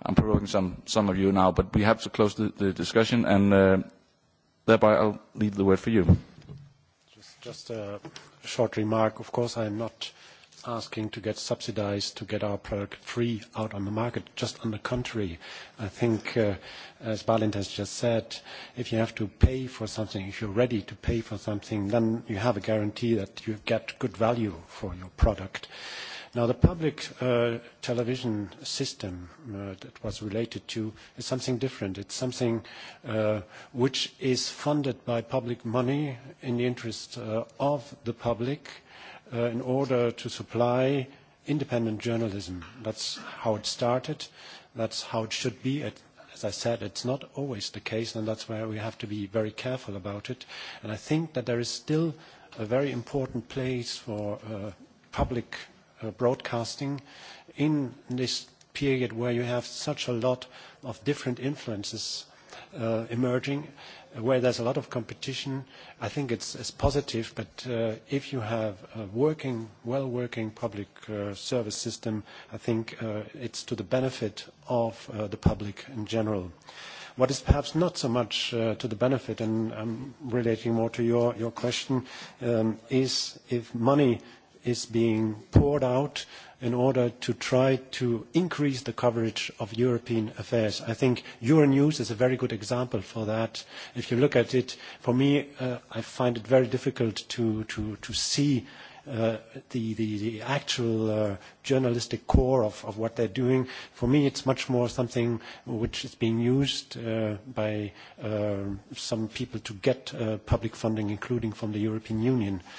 I'm provoking some some of you now, but we have to close the, the discussion, and uh, thereby I'll leave the word for you. Just, just a short remark. Of course, I'm not asking to get subsidized to get our product free out on the market. Just on the contrary, I think, as Balint has just said, if you have to pay for something, if you're ready to pay for something, then you have a guarantee that you get good value for your product. Now, the public television system that was related to is something different. It's something which is funded by public money in the interest of the public – in order to supply independent journalism. That's how it started. That's how it should be. It, as I said, it's not always the case, and that's why we have to be very careful about it. And I think that there is still a very important place for uh, public uh, broadcasting in this period where you have such a lot of different influences uh, emerging where there's a lot of competition, I think it's, positive, but if you have a working, well-working public service system, I think it's to the benefit of the public in general. What is perhaps not so much to the benefit, and I'm relating more to your, question, is if money is being poured out in order to try to increase the coverage of European affairs. I think Euronews is a very good example for that. If you look at it, for me, uh, I find it very difficult to, to, to see the, the, the actual uh, journalistic core of, of what they're doing. For me, it's much more something which is being used uh, by uh, some people to get uh, public funding, including from the European Union. Uh,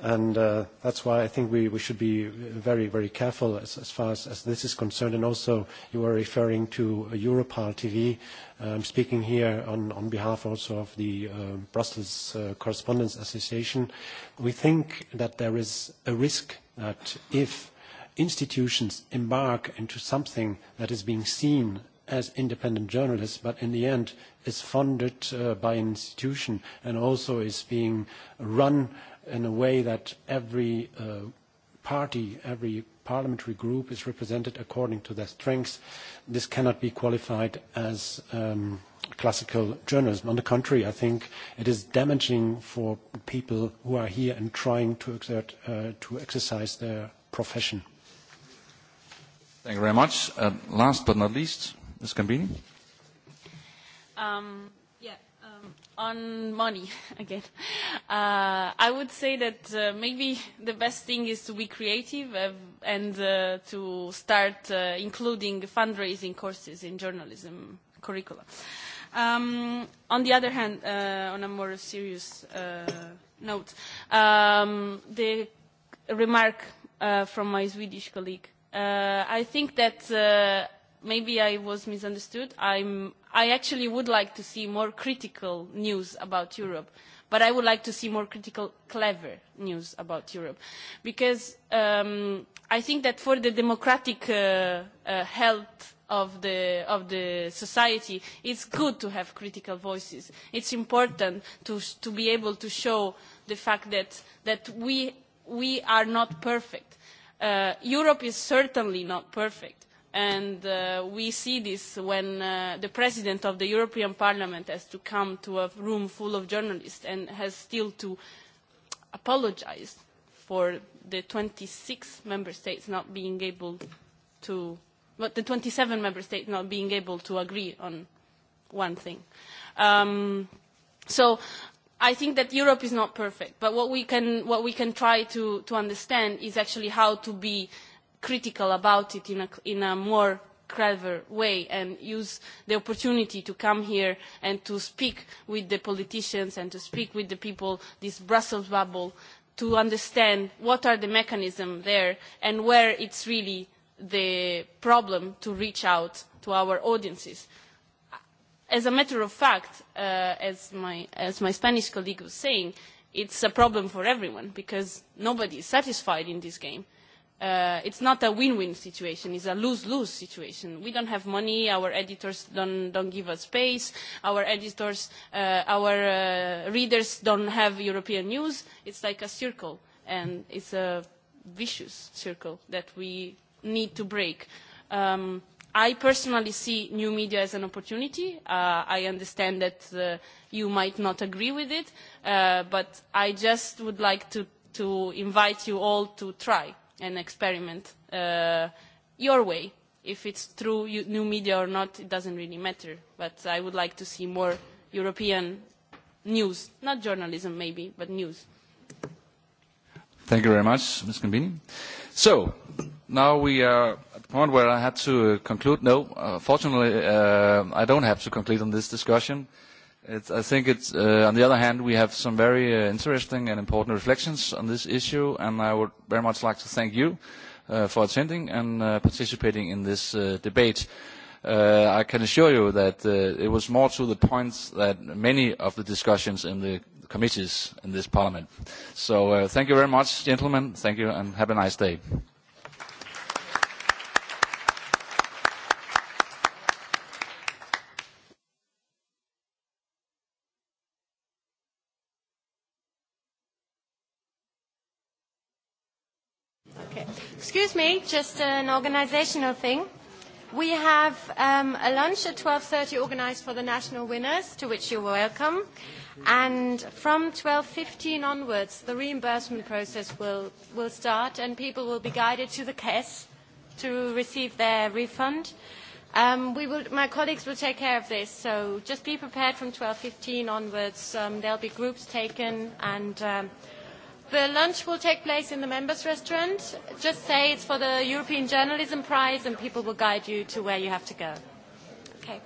And that's why I think we should be very, very careful as far as this is concerned. And also, you are referring to Europal TV. I'm speaking here on behalf also of the Brussels Correspondents Association. We think that there is a risk that if institutions embark into something that is being seen as independent journalists, but in the end is funded by an institution and also is being run in a way that every party, every parliamentary group is represented according to their strengths. This cannot be qualified as classical journalism. On the contrary, I think it is damaging for people who are here and trying to exert, uh, to exercise their profession. Thank you very much. Uh, last but not least, Ms. Gambini. Um, on money again. Uh, I would say that uh, maybe the best thing is to be creative uh, and uh, to start uh, including fundraising courses in journalism curricula. Um, on the other hand, uh, on a more serious uh, note, um, the remark uh, from my Swedish colleague, uh, I think that uh, maybe I was misunderstood. I'm, I actually would like to see more critical news about Europe, but I would like to see more critical, clever news about Europe, because um, I think that for the democratic uh, uh, health of the, of the society, it's good to have critical voices. It's important to, to be able to show the fact that, that we, we are not perfect. Uh, Europe is certainly not perfect and uh, we see this when uh, the president of the European Parliament has to come to a room full of journalists and has still to apologize for the 26 member states not being able to, but the 27 member states not being able to agree on one thing. Um, so I think that Europe is not perfect, but what we can, what we can try to, to understand is actually how to be uh, critical about it in a, in a more clever way and use the opportunity to come here and to speak with the politicians and to speak with the people, this Brussels bubble, to understand what are the mechanisms there and where it's really the problem to reach out to our audiences. As a matter of fact, uh, as, my, as my Spanish colleague was saying, it's a problem for everyone because nobody is satisfied in this game uh, it's not a win-win situation. It's a lose-lose situation. We don't have money. Our editors don't, don't give us space. Our editors, uh, our uh, readers don't have European news. It's like a circle, and it's a vicious circle that we need to break. Um, I personally see new media as an opportunity. Uh, I understand that uh, you might not agree with it, uh, but I just would like to, to invite you all to try and experiment uh, your way. If it's through new media or not, it doesn't really matter. But I would like to see more European news, not journalism maybe, but news. Thank you very much, Ms. Gambini. So now we are at the point where I had to conclude. No, uh, fortunately, uh, I don't have to conclude on this discussion It's, I think it's, uh, on the other hand, we have some very uh, interesting and important reflections on this issue, and I would very much like to thank you uh, for attending and uh, participating in this uh, debate. Uh, I can assure you that uh, it was more to the point that many of the discussions in the committees in this parliament. So uh, thank you very much, gentlemen. Thank you, and have a nice day. excuse me, just an organizational thing. We have um, a lunch at 12.30 organized for the national winners, to which you're welcome. And from 12.15 onwards, the reimbursement process will, will start and people will be guided to the CAS to receive their refund. Um, we will, my colleagues will take care of this, so just be prepared from 12.15 onwards. Um, there'll be groups taken and... Um, The lunch will take place in the members' restaurant. Just say it's for the European Journalism Prize and people will guide you to where you have to go. Okay.